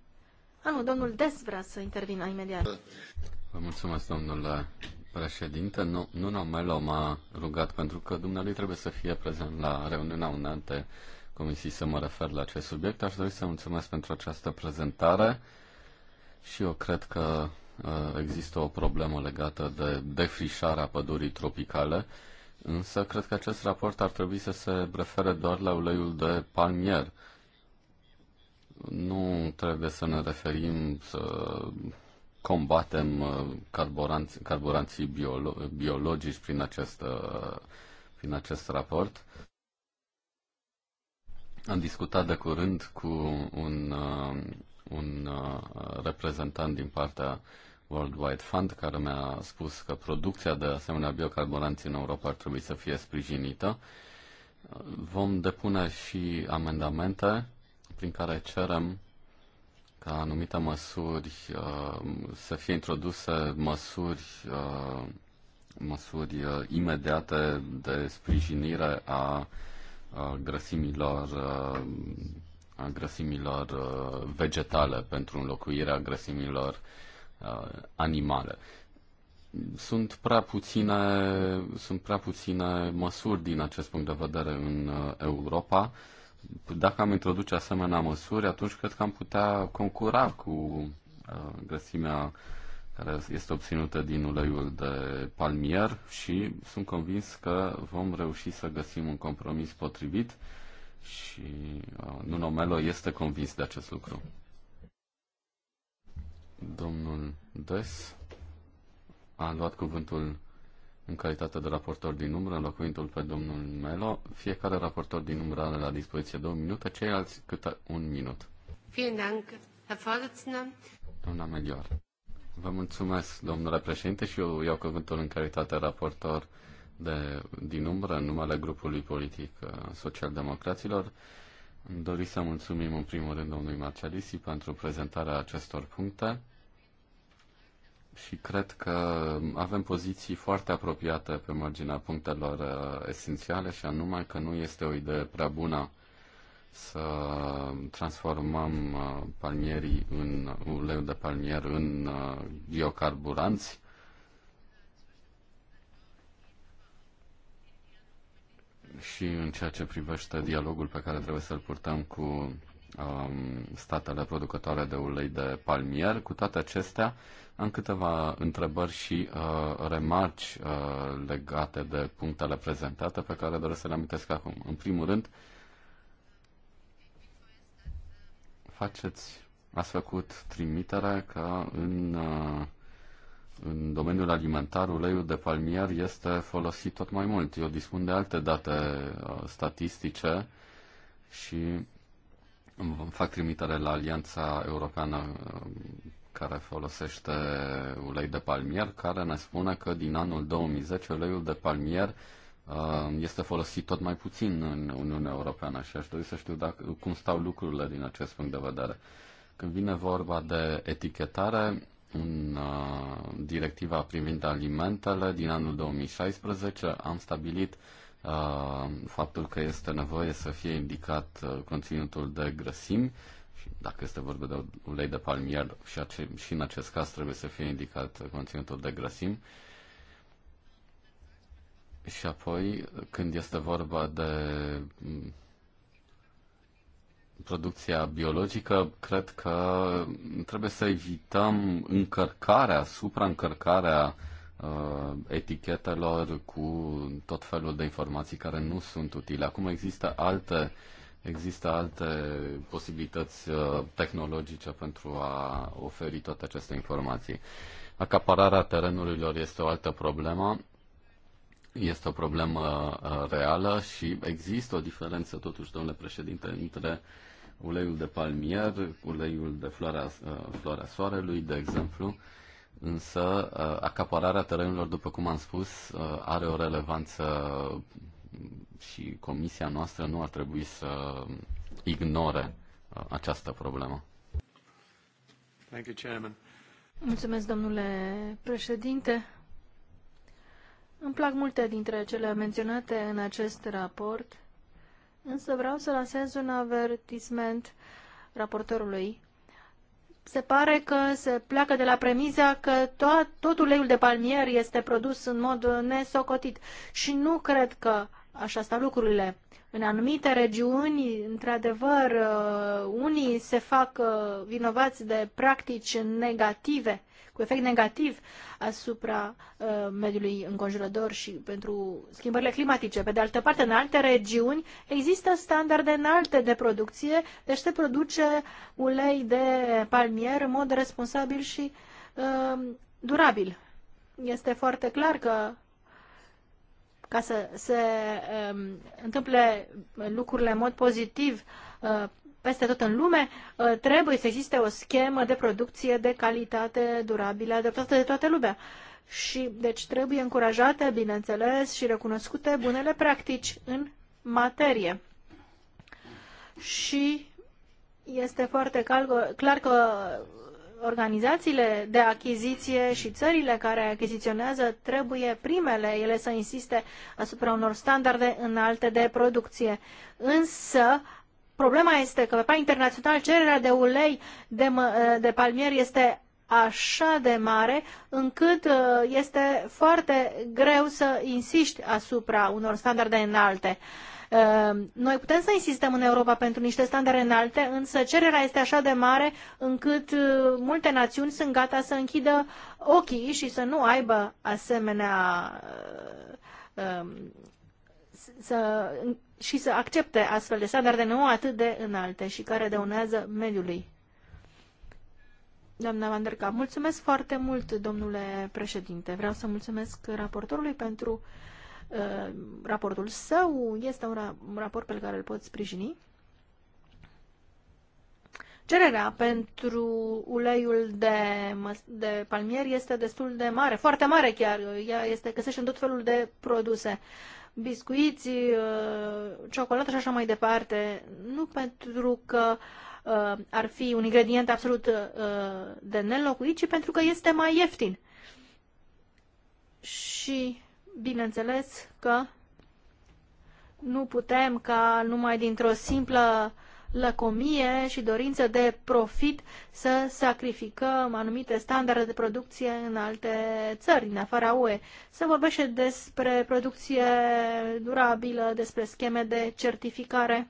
D: A, nu, domnul Des vrea să intervină imediat.
A: Vă mulțumesc, domnule președinte. Nu, nu Melo m-a rugat pentru că dumnealui trebuie să fie prezent la reuniunea unante comisii să mă refer la acest subiect. Aș dori să mulțumesc pentru această prezentare și eu cred că uh, există o problemă legată de defrișarea pădurii tropicale, însă cred că acest raport ar trebui să se refere doar la uleiul de palmier nu trebuie să ne referim să combatem uh, carburanți, carburanții biolo, biologici prin acest, uh, prin acest raport. Am discutat de curând cu un, uh, un reprezentant din partea World Wide Fund care mi-a spus că producția de asemenea biocarburanți în Europa ar trebui să fie sprijinită. Vom depune și amendamente prin care cerem ca anumite măsuri uh, să fie introduse măsuri uh, măsuri uh, imediate de sprijinire a grăsimilor a grăsimilor vegetale pentru înlocuirea grăsimilor animale. Sunt prea puține, sunt prea puține măsuri din acest punct de vedere în Europa dacă am introduce asemenea măsuri, atunci cred că am putea concura cu uh, grăsimea care este obținută din uleiul de palmier și sunt convins că vom reuși să găsim un compromis potrivit și uh, Nuno Melo este convins de acest lucru. Domnul Des a luat cuvântul în calitate de raportor din umbră, înlocuindu-l pe domnul Melo. Fiecare raportor din umbră are la dispoziție două minute, ceilalți câte un minut. Doamna Melior. Vă mulțumesc, domnule președinte, și eu iau cuvântul în calitate raportor de, din umbră, în numele grupului politic uh, social-democraților. Doriți să mulțumim în primul rând domnului Marcialisi pentru prezentarea acestor puncte și cred că avem poziții foarte apropiate pe marginea punctelor uh, esențiale și anume că nu este o idee prea bună să transformăm uh, palmierii în uleiul de palmier în uh, biocarburanți. Și în ceea ce privește dialogul pe care trebuie să-l purtăm cu um, statele producătoare de ulei de palmier, cu toate acestea, am câteva întrebări și uh, remarci uh, legate de punctele prezentate pe care doresc să le amintesc acum. În primul rând, faceți, ați făcut trimitere că în, uh, în domeniul alimentar uleiul de palmier este folosit tot mai mult. Eu dispun de alte date uh, statistice și fac trimitere la Alianța Europeană uh, care folosește ulei de palmier, care ne spune că din anul 2010 uleiul de palmier uh, este folosit tot mai puțin în Uniunea Europeană și aș dori să știu dacă, cum stau lucrurile din acest punct de vedere. Când vine vorba de etichetare, în uh, directiva privind alimentele din anul 2016 am stabilit uh, faptul că este nevoie să fie indicat conținutul de grăsimi și dacă este vorba de ulei de palmier și, ace- și în acest caz trebuie să fie indicat conținutul de grăsim Și apoi, când este vorba de mm, producția biologică, cred că trebuie să evităm încărcarea, supraîncărcarea uh, etichetelor cu tot felul de informații care nu sunt utile. Acum există alte uh, Există alte posibilități uh, tehnologice pentru a oferi toate aceste informații. Acapararea terenurilor este o altă problemă, este o problemă uh, reală și există o diferență totuși, domnule președinte, între uleiul de palmier, uleiul de floarea, uh, floarea soarelui, de exemplu, însă acapararea terenurilor, după cum am spus, are o relevanță și comisia noastră nu ar trebui să ignore uh, această problemă.
B: Thank you, Chairman.
D: Mulțumesc, domnule președinte. Îmi plac multe dintre cele menționate în acest raport, însă vreau să lansez un avertisment raportorului. Se pare că se pleacă de la premiza că tot, tot uleiul de palmier este produs în mod nesocotit și nu cred că așa stau lucrurile. În anumite regiuni, într-adevăr, uh, unii se fac uh, vinovați de practici negative, cu efect negativ asupra uh, mediului înconjurător și pentru schimbările climatice. Pe de altă parte, în alte regiuni există standarde înalte de producție, deci se produce ulei de palmier în mod responsabil și durabil. Este foarte clar că ca să se um, întâmple lucrurile în mod pozitiv uh, peste tot în lume, uh, trebuie să existe o schemă de producție de calitate durabilă adoptată de toată lumea. Și deci trebuie încurajate, bineînțeles, și recunoscute bunele practici în materie. Și este foarte clar că organizațiile de achiziție și țările care achiziționează trebuie primele ele să insiste asupra unor standarde înalte de producție. Însă, problema este că pe plan internațional cererea de ulei de, de palmier este așa de mare încât uh, este foarte greu să insiști asupra unor standarde înalte. Ehm, noi putem să insistăm în Europa pentru niște standarde înalte, însă cererea este așa de mare încât eh, multe națiuni sunt gata să închidă ochii și să nu aibă asemenea eh, ehm, să, și să accepte astfel de standarde nu atât de înalte și care dăunează mediului. Doamna Van der Kamp, mulțumesc foarte mult, domnule președinte. Vreau să mulțumesc raportorului pentru Uh, raportul său. Este un raport pe care îl pot sprijini. Cererea pentru uleiul de, de palmier este destul de mare, foarte mare chiar. Ea este găsește în tot felul de produse. Biscuiți, uh, ciocolată și așa mai departe. Nu pentru că uh, ar fi un ingredient absolut de nelocuit, ci pentru că este mai ieftin. Și Bineînțeles că nu putem ca numai dintr-o simplă lăcomie și dorință de profit să sacrificăm anumite standarde de producție în alte țări, în afara UE. Se vorbește despre producție durabilă, despre scheme de certificare,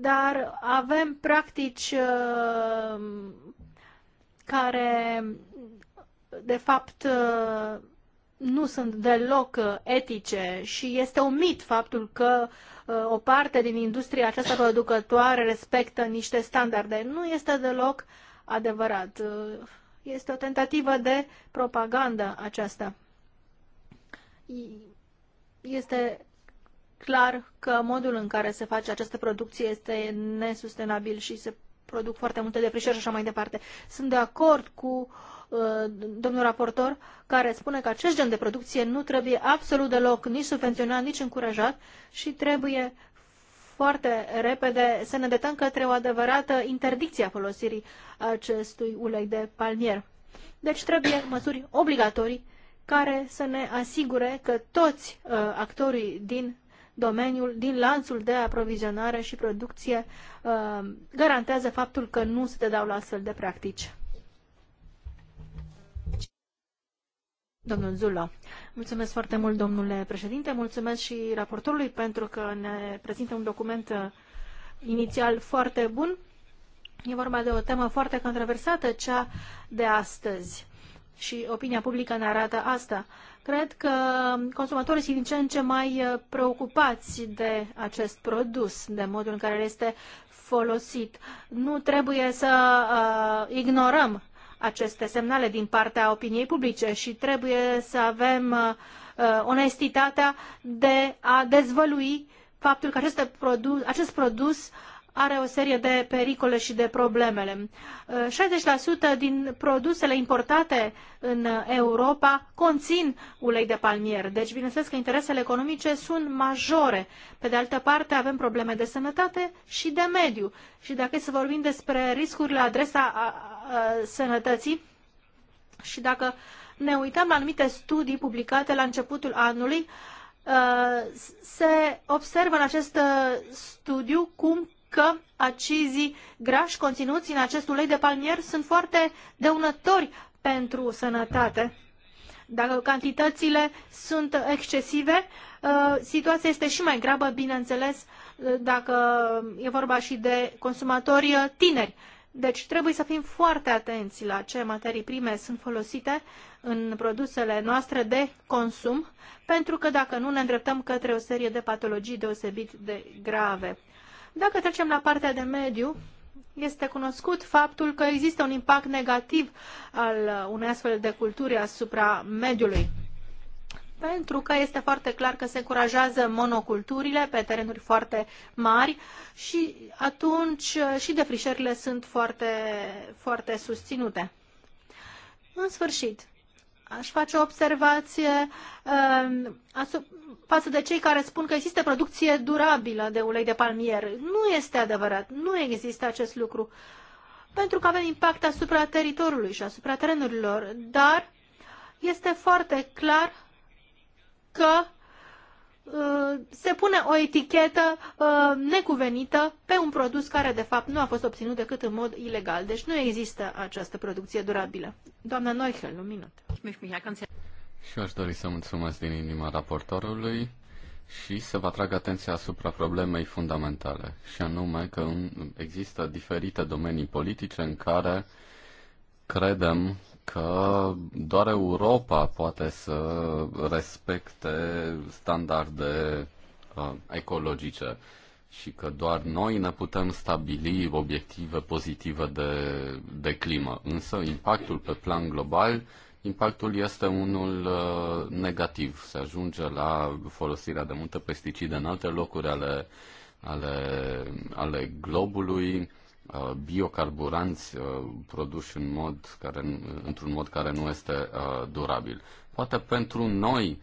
D: dar avem practici uh, care, de fapt, uh, nu sunt deloc uh, etice și este un mit faptul că uh, o parte din industria aceasta producătoare respectă niște standarde. Nu este deloc adevărat. Uh, este o tentativă de propagandă aceasta. Este clar că modul în care se face această producție este nesustenabil și se produc foarte multe deprișări și așa mai departe. Sunt de acord cu uh, Uh, domnul raportor, care spune că acest gen de producție nu trebuie absolut deloc nici subvenționat, nici încurajat și trebuie foarte repede să ne detăm către o adevărată interdicție a folosirii acestui ulei de palmier. Deci trebuie măsuri obligatorii care să ne asigure că toți uh, actorii din domeniul, din lanțul de aprovizionare și producție uh, garantează faptul că nu se dau la astfel de practici. Domnul Zulo. Mulțumesc foarte mult, domnule președinte. Mulțumesc și raportorului pentru că ne prezintă un document uh, inițial foarte bun. E vorba de o temă foarte controversată, cea de astăzi. Și opinia publică ne arată asta. Cred că consumatorii sunt din ce în ce mai uh, preocupați de acest produs, de modul în care este folosit. Nu trebuie să uh, ignorăm aceste semnale din partea opiniei publice și trebuie să avem uh, onestitatea de a dezvălui faptul că aceste acest produs are o serie de pericole și de probleme. 60% din produsele importate în Europa conțin ulei de palmier, deci bineînțeles că interesele economice sunt majore. Pe de altă parte avem probleme de sănătate și de mediu. Și dacă e să vorbim despre riscurile la adresa a, a, sănătății și dacă ne uităm la anumite studii publicate la începutul anului, uh, se observă în acest uh, studiu cum că acizii grași conținuți în acest ulei de palmier sunt foarte dăunători pentru sănătate. Dacă cantitățile sunt excesive, uh, situația este și mai grabă, bineînțeles, uh, dacă e vorba și de consumatori uh, tineri. Deci trebuie să fim foarte atenți la ce materii prime sunt folosite în produsele noastre de consum, pentru că dacă nu ne îndreptăm către o serie de patologii deosebit de grave. Dacă trecem la partea de mediu, este cunoscut faptul că există un impact negativ al unei astfel de culturi asupra mediului. Pentru că este foarte clar că se încurajează monoculturile pe terenuri foarte mari și atunci și defrișările sunt foarte, foarte susținute. În sfârșit, aș face o observație um, față de cei care spun că există producție durabilă de ulei de palmier. Nu este adevărat, nu există acest lucru, pentru că avem impact asupra teritoriului și asupra terenurilor, dar este foarte clar că Uh, se pune o etichetă uh, necuvenită pe un produs care de fapt nu a fost obținut decât în mod ilegal. Deci nu există această producție durabilă. Doamna Neuchel, un minut.
A: Și aș dori să mulțumesc din inima raportorului și să vă atrag atenția asupra problemei fundamentale, și anume că există diferite domenii politice în care credem că doar Europa poate să respecte standarde uh, ecologice și că doar noi ne putem stabili obiective pozitive de, de climă. Însă impactul pe plan global, impactul este unul uh, negativ. Se ajunge la folosirea de multe pesticide în alte locuri ale, ale, ale globului Uh, biocarburanți uh, produși în mod care, într-un mod care nu este uh, durabil. Poate pentru noi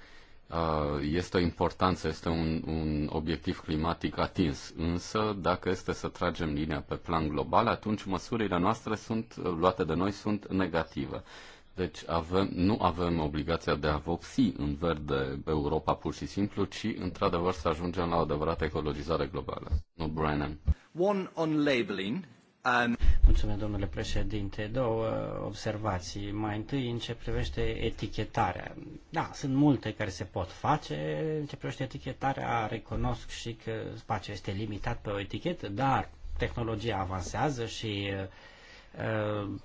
A: este o importanță, este un, un obiectiv climatic atins, însă dacă este să tragem linia pe plan global, atunci măsurile noastre sunt, luate de noi sunt negative. Deci avem, nu avem obligația de a vopsi în verde Europa pur și simplu, ci într-adevăr să ajungem la o adevărată ecologizare globală. Nu Brian.
C: One on labeling. Um, Mulțumesc, domnule președinte. Două observații. Mai întâi, în ce privește etichetarea. Da, sunt multe care se pot face. În ce privește etichetarea, recunosc și că spațiul este limitat pe o etichetă, dar tehnologia avansează și uh, uh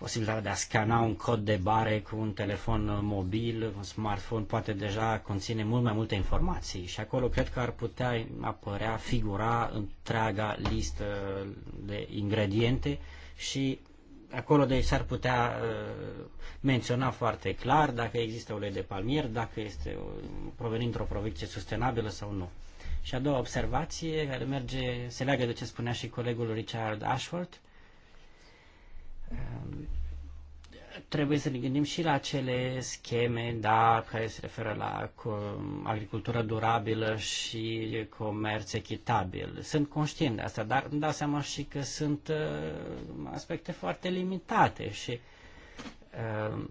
C: posibilitatea de a scana un cod de bare cu un telefon mobil, un smartphone, poate deja conține mult mai multe informații și acolo cred că ar putea apărea, figura întreaga listă de ingrediente și acolo deci s-ar putea uh, menționa foarte clar dacă există ulei de palmier, dacă este uh, provenind într-o producție sustenabilă sau nu. Și a doua observație care merge, se leagă de ce spunea și colegul Richard Ashworth, trebuie să ne gândim și la acele scheme, da, care se referă la agricultură durabilă și comerț echitabil. Sunt conștient de asta, dar îmi dau seama și că sunt uh, aspecte foarte limitate și uh,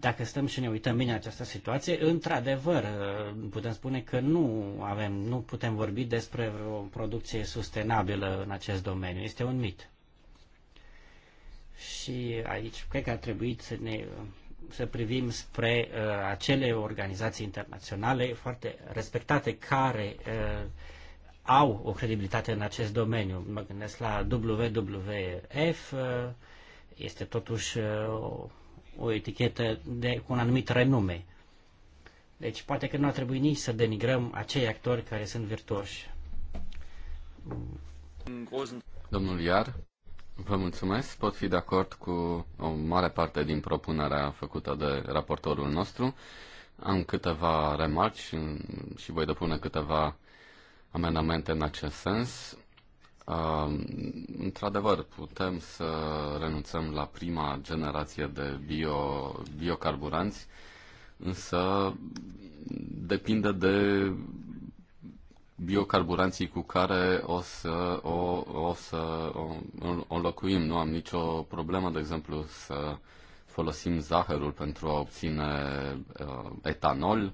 C: dacă stăm și ne uităm bine această situație, într-adevăr uh, putem spune că nu avem, nu putem vorbi despre o producție sustenabilă în acest domeniu. Este un mit. Și aici cred că ar trebui să ne să privim spre uh, acele organizații internaționale foarte respectate care uh, au o credibilitate în acest domeniu. Mă gândesc la WWF, uh, este totuși uh, o etichetă de, cu un anumit renume. Deci poate că nu ar trebui nici să denigrăm acei actori care sunt virtuoși.
A: Domnul Iar. Vă mulțumesc. Pot fi de acord cu o mare parte din propunerea făcută de raportorul nostru. Am câteva remarci și voi depune câteva amendamente în acest sens. Uh, într-adevăr, putem să renunțăm la prima generație de bio, biocarburanți, însă depinde de biocarburanții cu care o să o, o să o locuim Nu am nicio problemă, de exemplu, să folosim zahărul pentru a obține uh, etanol,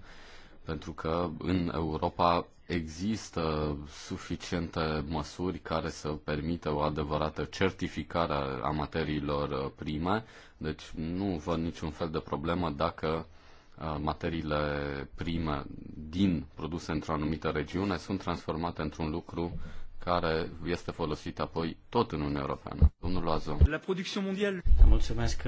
A: pentru că în Europa există suficiente măsuri care să permită o adevărată certificare a materiilor uh, prime, deci nu văd niciun fel de problemă dacă Uh, materiile prime din produse într-o anumită regiune sunt transformate într-un lucru care este folosit apoi tot în Uniunea Europeană. Domnul Loazo.
B: La producție
C: mondială. Mulțumesc,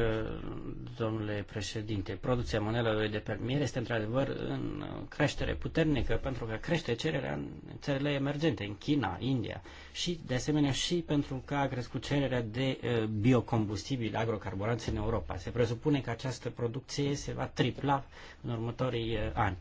C: domnule președinte. Producția monelelor de permiere este într-adevăr în creștere puternică pentru că crește cererea în țările emergente, în China, India și, de asemenea, și pentru că a crescut cererea de biocombustibili, agrocarburanți în Europa. Se presupune că această producție se va tripla în următorii ani.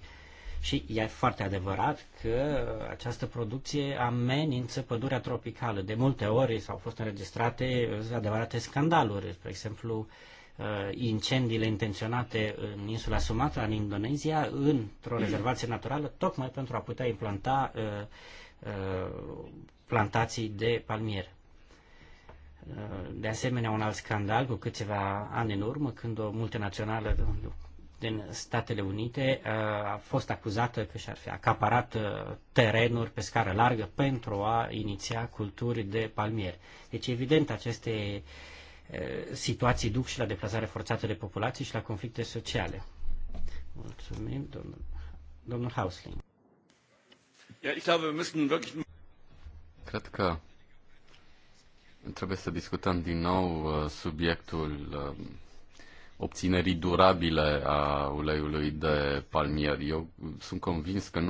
C: Și e foarte adevărat că această producție amenință pădurea tropicală. De multe ori s-au fost înregistrate adevărate scandaluri, spre exemplu uh, incendiile intenționate în insula Sumatra, în Indonezia, într-o rezervație naturală, tocmai pentru a putea implanta uh, uh, plantații de palmier. De asemenea, un alt scandal cu câțiva ani în urmă, când o multinațională din Statele Unite a fost acuzată că și-ar fi acaparat terenuri pe scară largă pentru a iniția culturi de palmieri. Deci, evident, aceste situații duc și la deplasare forțată de populații și la conflicte sociale. Mulțumim, domnul, domnul Hausling.
A: Cred că trebuie să discutăm din nou uh, subiectul uh, obținerii durabile a uleiului de palmier. Eu sunt convins că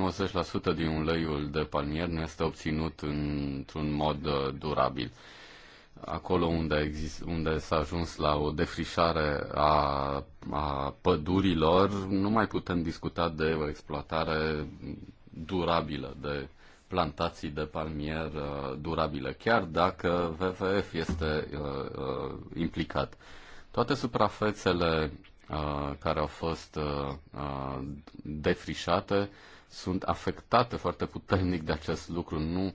A: 90% din uleiul de palmier nu este obținut într-un mod uh, durabil. Acolo unde, exist, unde s-a ajuns la o defrișare a, a pădurilor, nu mai putem discuta de o exploatare durabilă, de plantații de palmier uh, durabile, chiar dacă WWF este uh, implicat. Toate suprafețele uh, care au fost uh, uh, defrișate sunt afectate foarte puternic de acest lucru. Nu,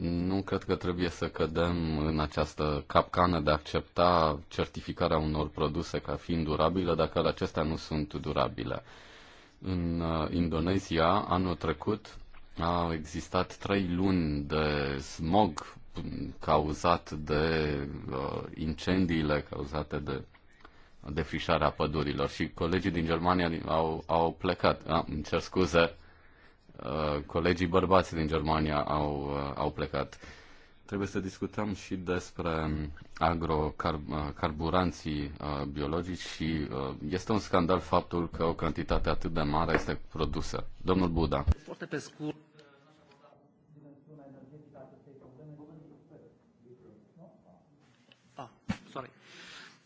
A: nu cred că trebuie să cădem în această capcană de a accepta certificarea unor produse ca fiind durabile dacă acestea nu sunt durabile. În uh, Indonezia, anul trecut, au existat trei luni de smog cauzat de uh, incendiile cauzate de defrișarea pădurilor și colegii din Germania au, au plecat. Ah, îmi cer scuze, uh, colegii bărbați din Germania au, uh, au plecat. Trebuie să discutăm și despre um, agrocarburanții uh, uh, biologici și uh, este un scandal faptul că o cantitate atât de mare este produsă. Domnul Buda.
B: Foarte pe scurt,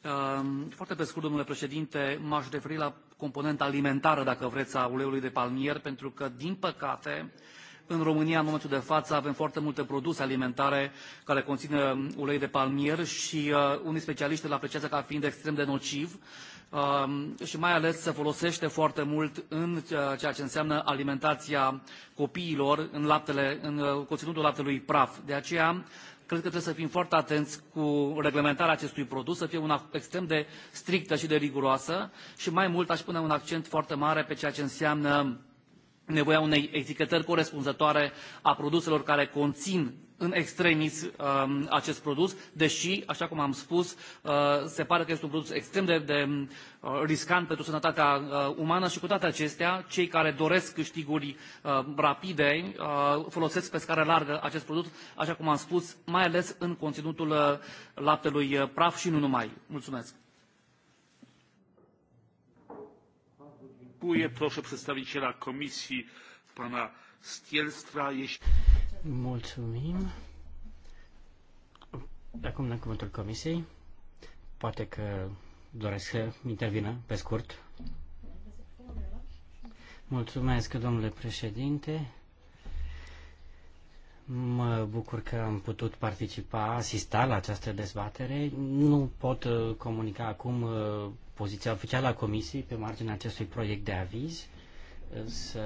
B: Ehm, foarte pe scurt, domnule președinte, m-aș referi la componenta alimentară, dacă vreți, a uleiului de palmier, pentru că, din păcate, în România, în momentul de față, avem foarte multe produse alimentare care conțin uh, ulei de palmier și uh, unii specialiști îl apreciază ca fiind extrem de nociv uh, și mai ales se folosește foarte mult în uh, ceea ce înseamnă alimentația copiilor în laptele, în uh, conținutul laptelui praf. De aceea, cred că trebuie să fim foarte atenți cu reglementarea acestui produs, să fie una extrem de strictă și de riguroasă și mai mult aș pune un accent foarte mare pe ceea ce înseamnă nevoia unei etichetări corespunzătoare a produselor care conțin în extremis um, acest produs, deși, așa cum am spus, uh, se pare că este un produs extrem de, de uh, riscant pentru sănătatea uh, umană și cu toate acestea, cei care doresc câștiguri uh, rapide uh, folosesc pe scară largă acest produs, așa cum am spus, mai ales în conținutul uh, laptelui praf și nu numai. Mulțumesc! dziękuję. Proszę przedstawiciela komisji, pana Stielstra. Jeśli...
C: Mulțumim. Acum la cuvântul comisiei. Poate că doresc să intervină pe scurt. Mulțumesc, domnule președinte. Mă bucur că am putut participa, asista la această dezbatere. Nu pot uh, comunica acum uh, poziția oficială a Comisiei pe marginea acestui proiect de aviz, însă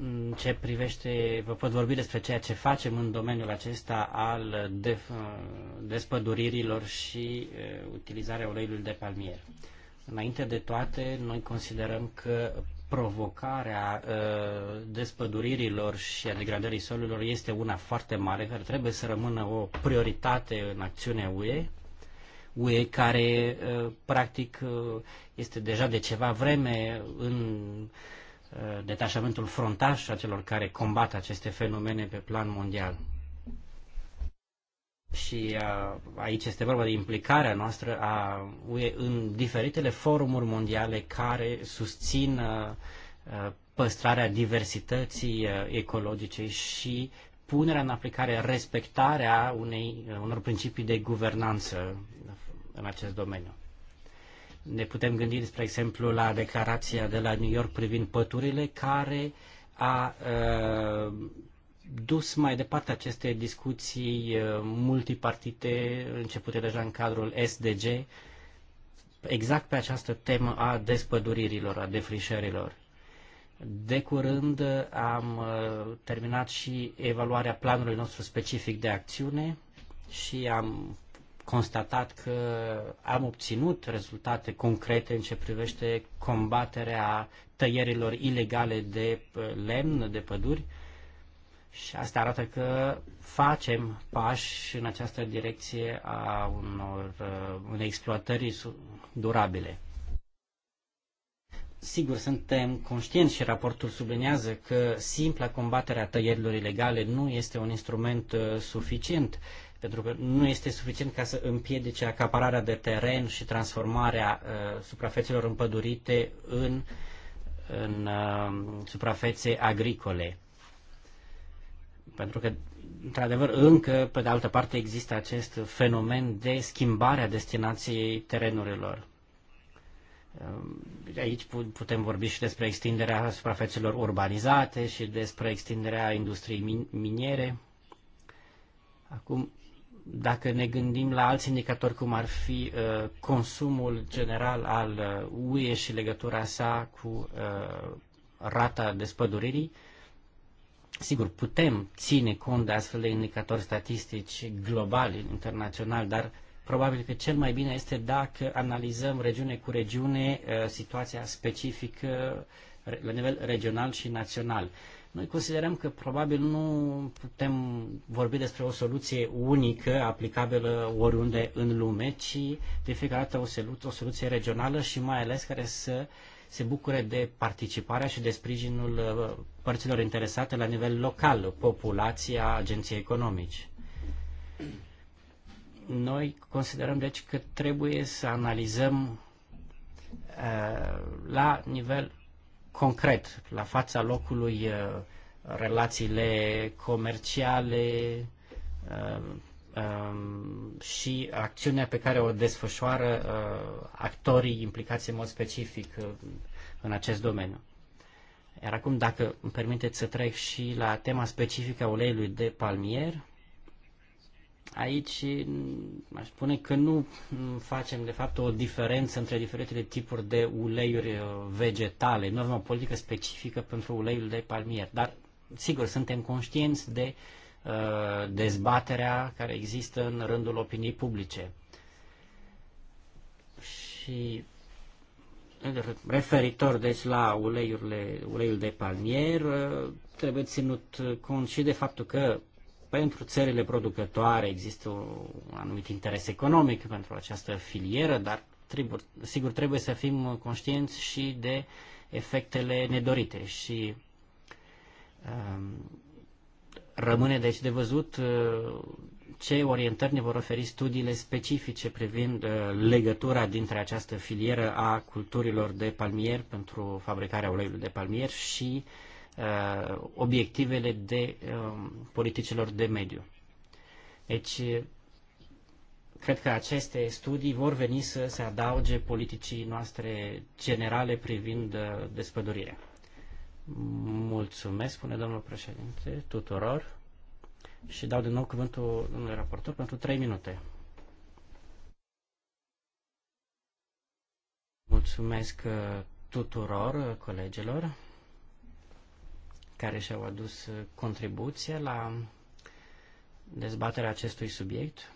C: în ce privește, vă pot vorbi despre ceea ce facem în domeniul acesta al despăduririlor și utilizarea uleiului de palmier. Înainte de toate, noi considerăm că provocarea uh, despăduririlor și a degradării solurilor este una foarte mare, care trebuie să rămână o prioritate în acțiunea UE UE care uh, practic uh, este deja de ceva vreme în uh, detașamentul frontaș a celor care combat aceste fenomene pe plan mondial. Și aici este vorba de implicarea noastră a UE în diferitele forumuri mondiale care susțin păstrarea diversității ecologice și punerea în aplicare, respectarea unei, unor principii de guvernanță în acest domeniu. Ne putem gândi, spre exemplu, la declarația de la New York privind păturile, care a uh, dus mai departe aceste discuții multipartite începute deja în cadrul SDG, exact pe această temă a despăduririlor, a defrișărilor. De curând am terminat și evaluarea planului nostru specific de acțiune și am constatat că am obținut rezultate concrete în ce privește combaterea tăierilor ilegale de uh, lemn, de păduri și asta arată că facem pași în această direcție a unor, uh, unei exploatări durabile. Sigur, suntem conștienți și raportul sublinează că simpla combaterea tăierilor ilegale nu este un instrument uh, suficient pentru că nu este suficient ca să împiedice acapararea de teren și transformarea uh, suprafețelor împădurite în, în uh, suprafețe agricole. Pentru că, într-adevăr, încă, pe de altă parte, există acest fenomen de schimbare a destinației terenurilor. Uh, aici putem vorbi și despre extinderea suprafețelor urbanizate și despre extinderea industriei miniere. Acum, dacă ne gândim la alți indicatori, cum ar fi uh, consumul general al UE uh, și legătura sa cu uh, rata despăduririi, sigur, putem ține cont de astfel de indicatori statistici globali, internaționali, dar probabil că cel mai bine este dacă analizăm regiune cu regiune uh, situația specifică la nivel regional și național. Uh, noi considerăm că probabil nu putem vorbi despre o soluție unică, aplicabilă oriunde în lume, ci de fiecare dată o, solu- o soluție regională și mai ales care să se bucure de participarea și de sprijinul uh, părților interesate la nivel local, populația, agenții economici. Noi considerăm deci că trebuie să analizăm uh, la nivel concret, la fața locului, uh, relațiile comerciale uh, um, și acțiunea pe care o desfășoară uh, actorii implicați în mod specific în acest domeniu. Iar acum, dacă îmi permiteți să trec și la tema specifică a uleiului de palmier, aici aș spune că nu facem de fapt o diferență între diferitele tipuri de uleiuri uh, vegetale. Nu avem o politică specifică pentru uleiul de palmier, dar sigur suntem conștienți de uh, dezbaterea care există în rândul opiniei publice. Și referitor deci la uleiurile, uleiul de palmier, uh, trebuie ținut cont și de faptul că pentru țările producătoare există un anumit interes economic pentru această filieră, dar trebuie, sigur trebuie să fim conștienți și de efectele nedorite și um, rămâne deci de văzut uh, ce orientări ne vor oferi studiile specifice privind uh, legătura dintre această filieră a culturilor de palmier pentru fabricarea uleiului de palmier și uh, Uh, obiectivele de um, politicilor de mediu. Deci, cred că aceste studii vor veni să se adauge politicii noastre generale privind uh, despădurirea. Mulțumesc, spune domnul președinte, tuturor și dau din nou cuvântul domnului raportor pentru 3 minute. Mulțumesc uh, tuturor colegilor care și-au adus uh, contribuție la dezbaterea acestui subiect.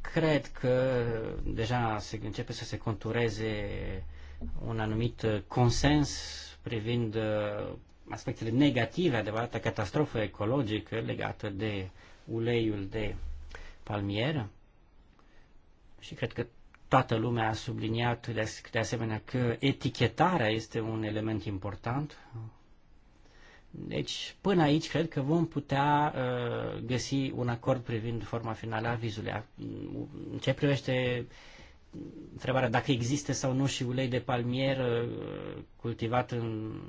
C: Cred că deja se începe să se contureze un anumit uh, consens privind uh, aspectele negative, adevărată catastrofă ecologică legată de uleiul de palmier și cred că Toată lumea a subliniat de asemenea că etichetarea este un element important. Deci, până aici, cred că vom putea uh, găsi un acord privind forma finală a vizului. În ce privește întrebarea dacă există sau nu și ulei de palmier uh, cultivat în,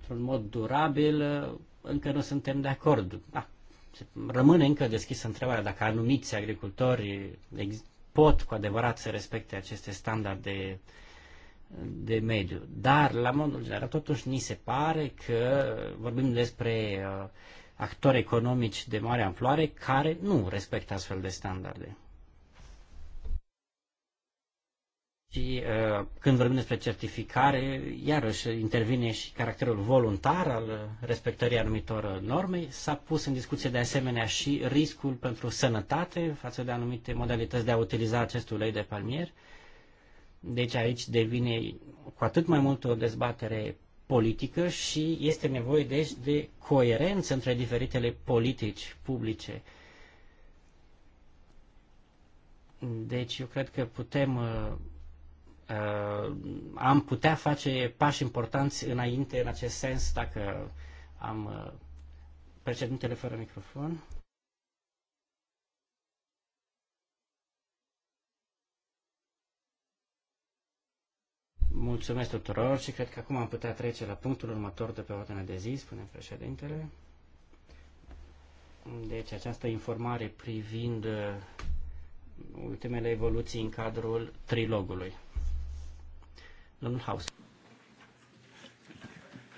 C: într-un mod durabil, uh, încă nu suntem de acord. Da. Rămâne încă deschisă întrebarea dacă anumiți agricultori pot cu adevărat să respecte aceste standarde de mediu. Dar, la modul general, totuși ni se pare că vorbim despre uh, actori economici de mare amploare care nu respectă astfel de standarde. Și uh, când vorbim despre certificare, iarăși intervine și caracterul voluntar al respectării anumitor norme. S-a pus în discuție de asemenea și riscul pentru sănătate față de anumite modalități de a utiliza acest ulei de palmier. Deci aici devine cu atât mai mult o dezbatere politică și este nevoie deci de coerență între diferitele politici publice. Deci eu cred că putem uh, Uh, am putea face pași importanți înainte în acest sens dacă am uh, președintele fără microfon. Mulțumesc tuturor și cred că acum am putea trece la punctul următor de pe ordine de zi, spune președintele. Deci această informare privind uh, ultimele evoluții în cadrul trilogului.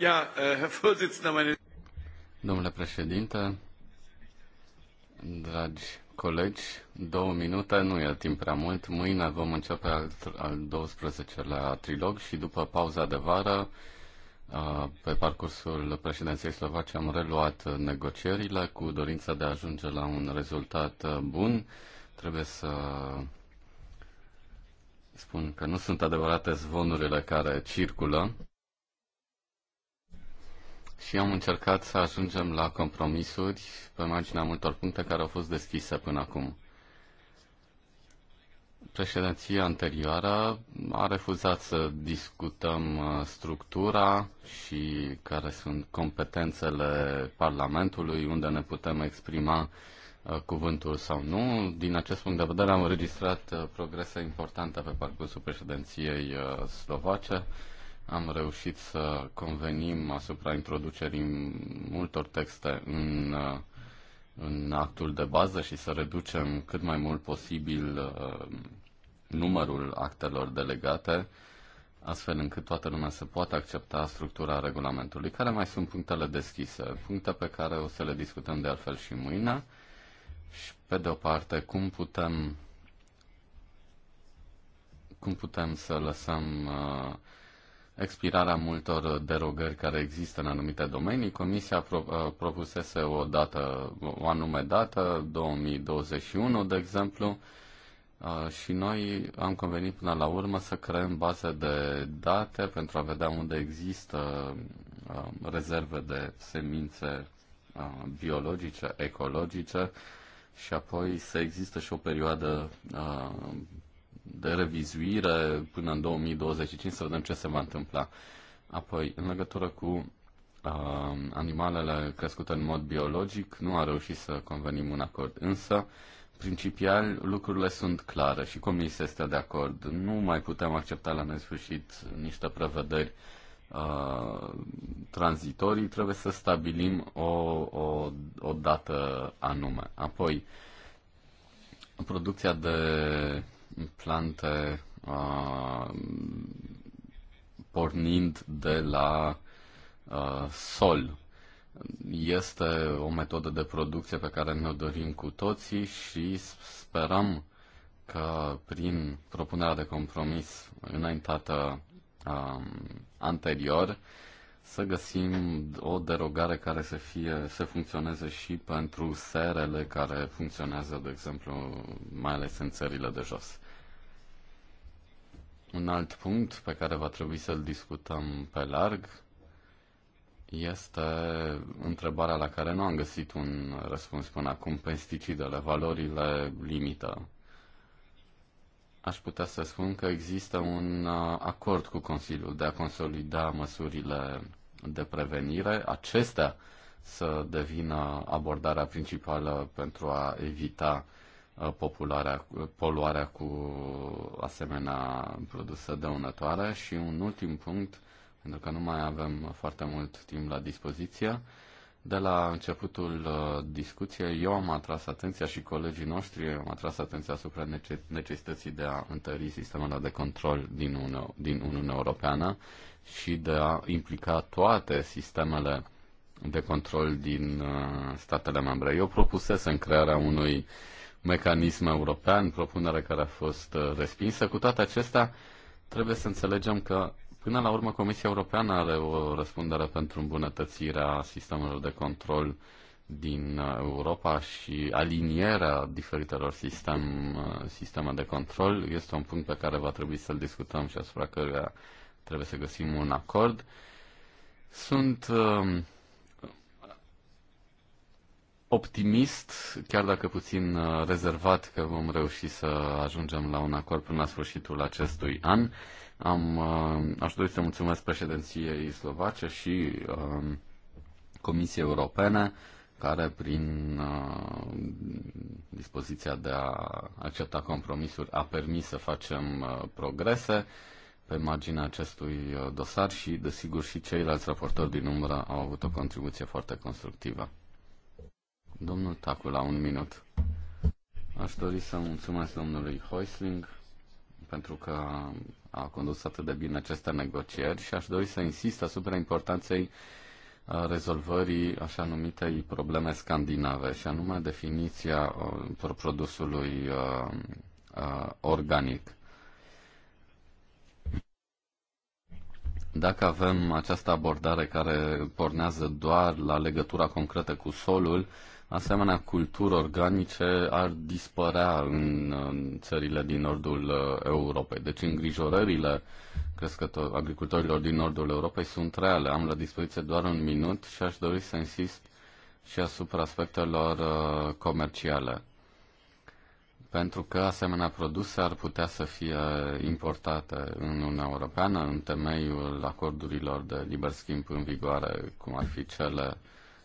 B: Eh,
A: Domnule președinte, dragi colegi, două minute nu e timp prea mult. Mâine vom începe al, al 12-lea trilog și după pauza de vară, pe parcursul președinției slovace, am reluat negocierile cu dorința de a ajunge la un rezultat eh, bun. Trebuie să spun că nu sunt adevărate zvonurile care circulă și am încercat să ajungem la compromisuri pe marginea multor puncte care au fost deschise până acum. Președinția anterioară a refuzat să discutăm uh, structura și care sunt competențele Parlamentului, unde ne putem exprima uh, Uh, cuvântul sau nu. Din acest punct de vedere am înregistrat uh, progrese importante pe parcursul președinției uh, slovace. Am reușit să convenim asupra introducerii multor texte în, în actul de bază și să reducem cât mai mult posibil numărul actelor delegate, astfel încât toată lumea să poată accepta structura regulamentului. Care mai sunt punctele deschise? Puncte pe care o să le discutăm de altfel și mâine și pe de o parte, cum putem cum putem să lăsăm uh, expirarea multor derogări care există în anumite domenii. Comisia pro, uh, propusese o dată, o anume dată, 2021, de exemplu, uh, și noi am convenit până la urmă să creăm baze de date pentru a vedea unde există uh, rezerve de semințe uh, biologice, ecologice, uh, și apoi să există și o perioadă de revizuire până în 2025 să vedem ce se va întâmpla. Apoi, în legătură cu animalele crescute în mod biologic, nu a reușit să convenim un acord, însă principial lucrurile sunt clare și comisia este de acord. Nu mai putem accepta la nesfârșit niște prevederi uh, tranzitorii, trebuie să stabilim o, o, o dată anume. Apoi, producția de plante a, pornind de la a, sol. Este o metodă de producție pe care ne-o dorim cu toții și sperăm că prin propunerea de compromis înaintată anterior, să găsim o derogare care să, fie, să funcționeze și pentru serele care funcționează, de exemplu, mai ales în țările de jos. Un alt punct pe care va trebui să-l discutăm pe larg este întrebarea la care nu am găsit un răspuns până acum, pesticidele, valorile limită aș putea să spun că există un uh, acord cu Consiliul de a consolida măsurile de prevenire, acestea să devină abordarea principală pentru a evita uh, popularea, uh, poluarea cu asemenea produse dăunătoare și un ultim punct, pentru că nu mai avem foarte mult timp la dispoziție, de la începutul uh, discuției, eu am atras atenția și colegii noștri am atras atenția asupra necesității de a întări sistemul de control din, Uni- din Uniunea Europeană și de a implica toate sistemele de control din uh, statele membre. Eu propusesem crearea unui mecanism european, propunere care a fost uh, respinsă. Cu toate acestea, trebuie să înțelegem că Până la urmă, Comisia Europeană are o răspundere pentru îmbunătățirea sistemelor de control din uh, Europa și alinierea diferitelor sistem, uh, sisteme de control este un punct pe care va trebui să-l discutăm și asupra căruia trebuie să găsim un acord. Sunt uh, optimist, chiar dacă puțin uh, rezervat, că vom reuși să ajungem la un acord până la sfârșitul acestui an. Uh, am, uh, aș dori să mulțumesc președinției slovace și um, Comisiei Europene care prin uh, dispoziția de a accepta compromisuri a permis să facem uh, progrese pe marginea acestui uh, dosar și, desigur, și ceilalți raportori din umbră au avut o contribuție foarte constructivă. Domnul Tacu, la un minut. Aș dori să mulțumesc domnului Hoisling pentru că a condus atât de bine aceste negocieri și aș dori să insist asupra importanței uh, rezolvării așa numitei probleme scandinave și anume definiția uh, produsului uh, organic. Dacă avem această abordare care pornează doar la legătura concretă cu solul, asemenea culturi organice ar dispărea în, în țările din nordul uh, Europei. Deci îngrijorările crescător, agricultorilor din nordul Europei sunt reale. Am la dispoziție doar un minut și aș dori să insist și asupra aspectelor uh, comerciale. Pentru că asemenea produse ar putea să fie importate în Uniunea Europeană în temeiul acordurilor de liber schimb în vigoare, cum ar fi cele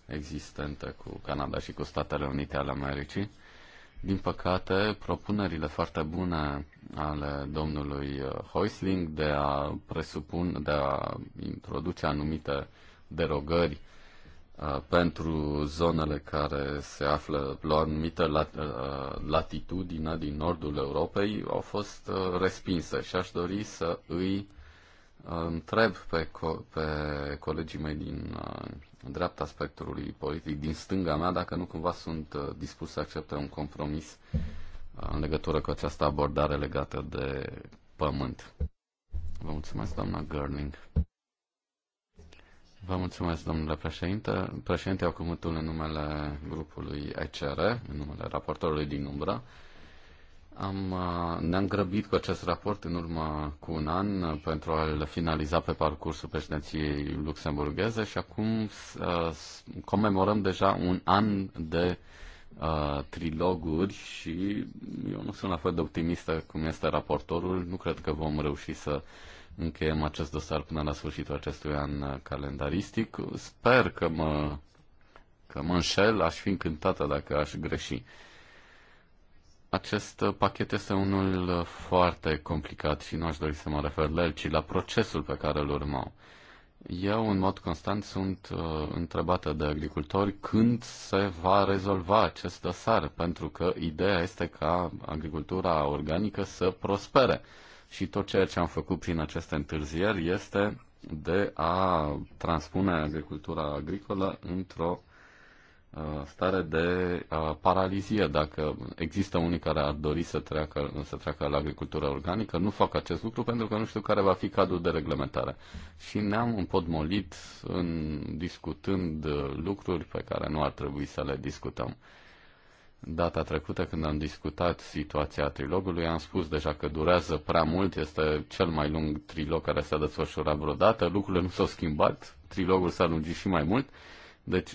A: existente cu Canada și cu Statele Unite ale Americii. Din păcate, propunerile foarte bune ale domnului Hoisling uh, de a presupun, de a introduce anumite derogări uh, pentru zonele care se află la o anumită uh, latitudine din nordul Europei au fost respinse și aș dori să îi întreb pe, co- pe colegii mei din dreapta spectrului politic, din stânga mea, dacă nu cumva sunt uh, dispus să accepte un compromis uh, în legătură cu această abordare legată de pământ. Vă mulțumesc, doamna Gerling. Vă mulțumesc, domnule președinte. Președinte, au cuvântul în numele grupului ECR, în numele raportorului din umbra. Am, uh, ne-am grăbit cu acest raport în urmă cu un an uh, pentru a-l finaliza pe parcursul președinției luxemburgheze și acum uh, comemorăm deja un an de uh, triloguri și eu nu sunt la fel de optimistă cum este raportorul. Nu cred că vom reuși să încheiem acest dosar până la sfârșitul acestui an uh, calendaristic. Sper că mă, că mă înșel, aș fi încântată dacă aș greși. Acest pachet este unul foarte complicat și nu aș dori să mă refer la el, ci la procesul pe care îl urmau. Eu, în mod constant, sunt uh, întrebată de agricultori când se va rezolva acest dosar, pentru că ideea este ca agricultura organică să prospere. Și tot ceea ce am făcut prin aceste întârzieri este de a transpune agricultura agricolă într-o Uh, stare de uh, paralizie. Dacă există unii care ar dori să treacă, să treacă la agricultura organică, nu fac acest lucru pentru că nu știu care va fi cadrul de reglementare. Și ne-am împodmolit în discutând lucruri pe care nu ar trebui să le discutăm. Data trecută, când am discutat situația trilogului, am spus deja că durează prea mult, este cel mai lung trilog care s-a desfășurat vreodată, lucrurile nu s-au schimbat, trilogul s-a lungit și mai mult, deci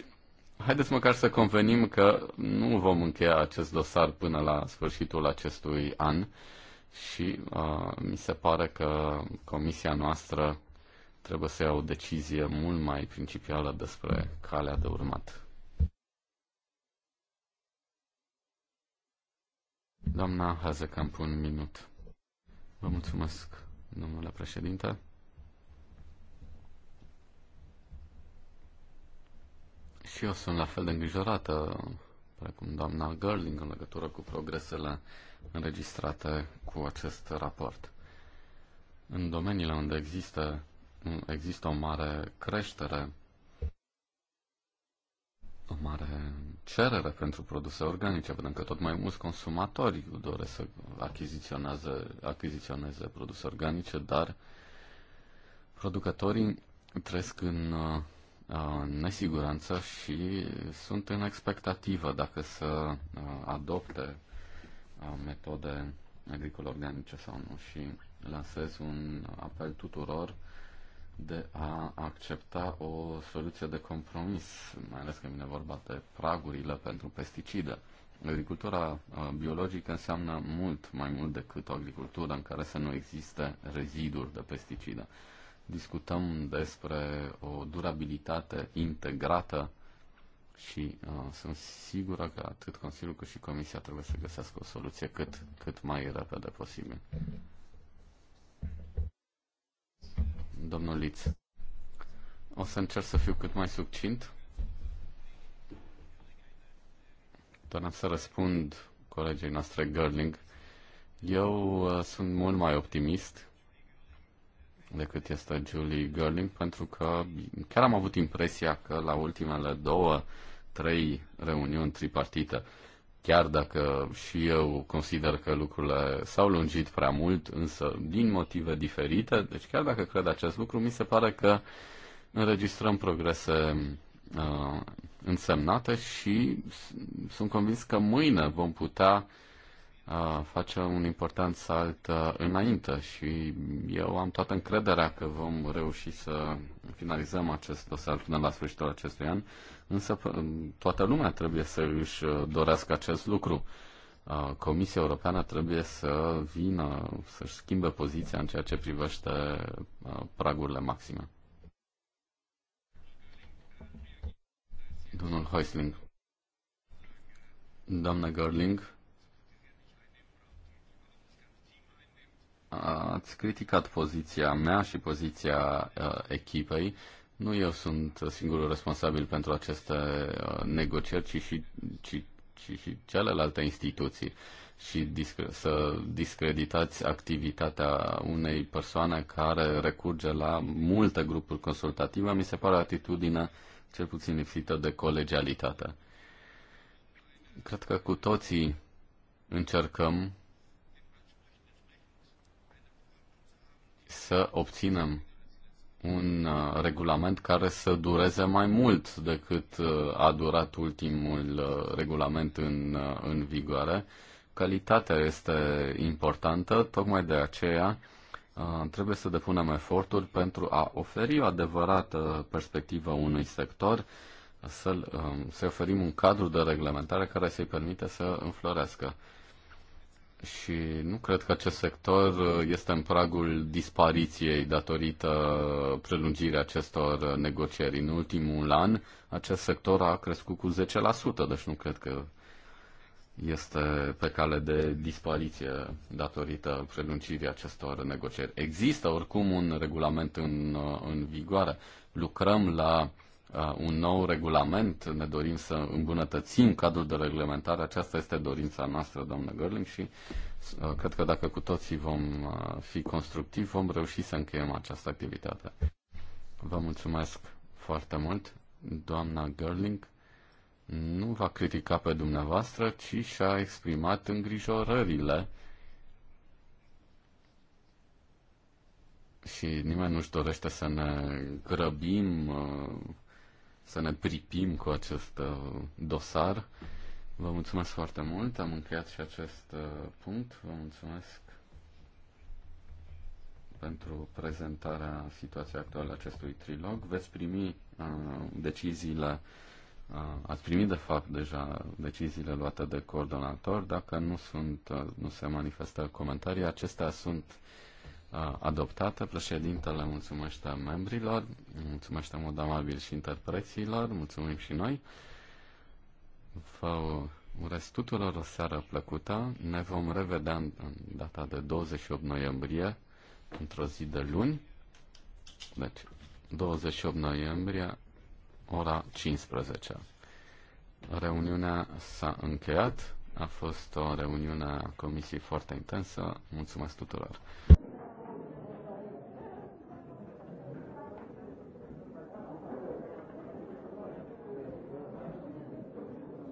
A: Haideți măcar să convenim că nu vom încheia acest dosar până la sfârșitul acestui an și uh, mi se pare că comisia noastră trebuie să ia o decizie mult mai principială despre calea de urmat. Doamna Hazekamp, un minut. Vă mulțumesc, domnule președinte. Și eu sunt la fel de îngrijorată, precum doamna Gerling, în legătură cu progresele înregistrate cu acest raport. În domeniile unde există, există o mare creștere, o mare cerere pentru produse organice, vedem că tot mai mulți consumatori doresc să achiziționeze, achiziționeze produse organice, dar producătorii trăiesc în uh, Uh, nesiguranță și sunt în expectativă dacă să uh, adopte uh, metode agricole organice sau nu și lansez un apel tuturor de a accepta o soluție de compromis, mai ales când vine vorba de pragurile pentru pesticide. Agricultura biologică înseamnă mult mai mult decât o agricultură în care să nu existe reziduri de pesticide discutăm despre o durabilitate integrată și uh, sunt sigură că atât Consiliul cât și Comisia trebuie să găsească o soluție cât, cât mai repede posibil. Domnul Liț, o să încerc să fiu cât mai succint. Doream să răspund colegii noastre Gerling. Eu uh, sunt mult mai optimist decât este Julie Gerling, pentru că chiar am avut impresia că la ultimele două, trei reuniuni tripartite, chiar dacă și eu consider că lucrurile s-au lungit prea mult, însă din motive diferite, deci chiar dacă cred acest lucru, mi se pare că înregistrăm progrese uh, însemnate și sunt convins că mâine vom putea uh, face un important salt înainte și eu am toată încrederea că vom reuși să finalizăm acest dosar până la sfârșitul acestui an, însă toată lumea trebuie să își dorească acest lucru. Comisia Europeană trebuie să vină, să-și schimbe poziția în ceea ce privește pragurile maxime. Domnul Heusling. Doamna Görling, ați criticat poziția mea și poziția uh, echipei. Nu eu sunt singurul responsabil pentru aceste uh, negocieri, ci și, ci, ci și celelalte instituții și discre- să discreditați activitatea unei persoane care recurge la multe grupuri consultative, mi se pare o atitudine cel puțin lipsită de colegialitate. Cred că cu toții încercăm să obținem un uh, regulament care să dureze mai mult decât uh, a durat ultimul uh, regulament în, în vigoare. Calitatea este importantă, tocmai de aceea trebuie să depunem eforturi pentru a oferi o adevărată perspectivă unui sector, să, um, să oferim un cadru de reglementare care să-i permite să înflorească și nu cred că acest sector uh, este în pragul dispariției datorită prelungirii acestor uh, negocieri. În ultimul an, acest sector a crescut cu 10%, deci nu cred că este pe cale de dispariție datorită prelungirii acestor negocieri. Există oricum un regulament în, uh, în vigoare. Lucrăm la Uh, un nou regulament, ne dorim să îmbunătățim cadrul de reglementare, aceasta este dorința noastră, doamnă Görling, și uh, cred că dacă cu toții vom uh, fi constructivi, vom reuși să încheiem această activitate. Vă mulțumesc foarte mult, doamna Görling nu va critica pe dumneavoastră, ci și-a exprimat îngrijorările și nimeni nu-și dorește să ne grăbim să ne pripim cu acest uh, dosar. Vă mulțumesc foarte mult, am încheiat și acest uh, punct. Vă mulțumesc pentru prezentarea situației actuale acestui trilog. Veți primi uh, deciziile, ați primit de fapt deja deciziile luate de coordonator. Dacă nu, sunt, nu se manifestă comentarii, acestea sunt adoptată. Președintele mulțumește membrilor, mulțumește mod amabil și interpreților, mulțumim și noi. Vă urez tuturor o seară plăcută. Ne vom revedea în data de 28 noiembrie, într-o zi de luni. Deci, 28 noiembrie, ora 15. Reuniunea s-a încheiat. A fost o reuniune a comisiei foarte intensă. Mulțumesc tuturor!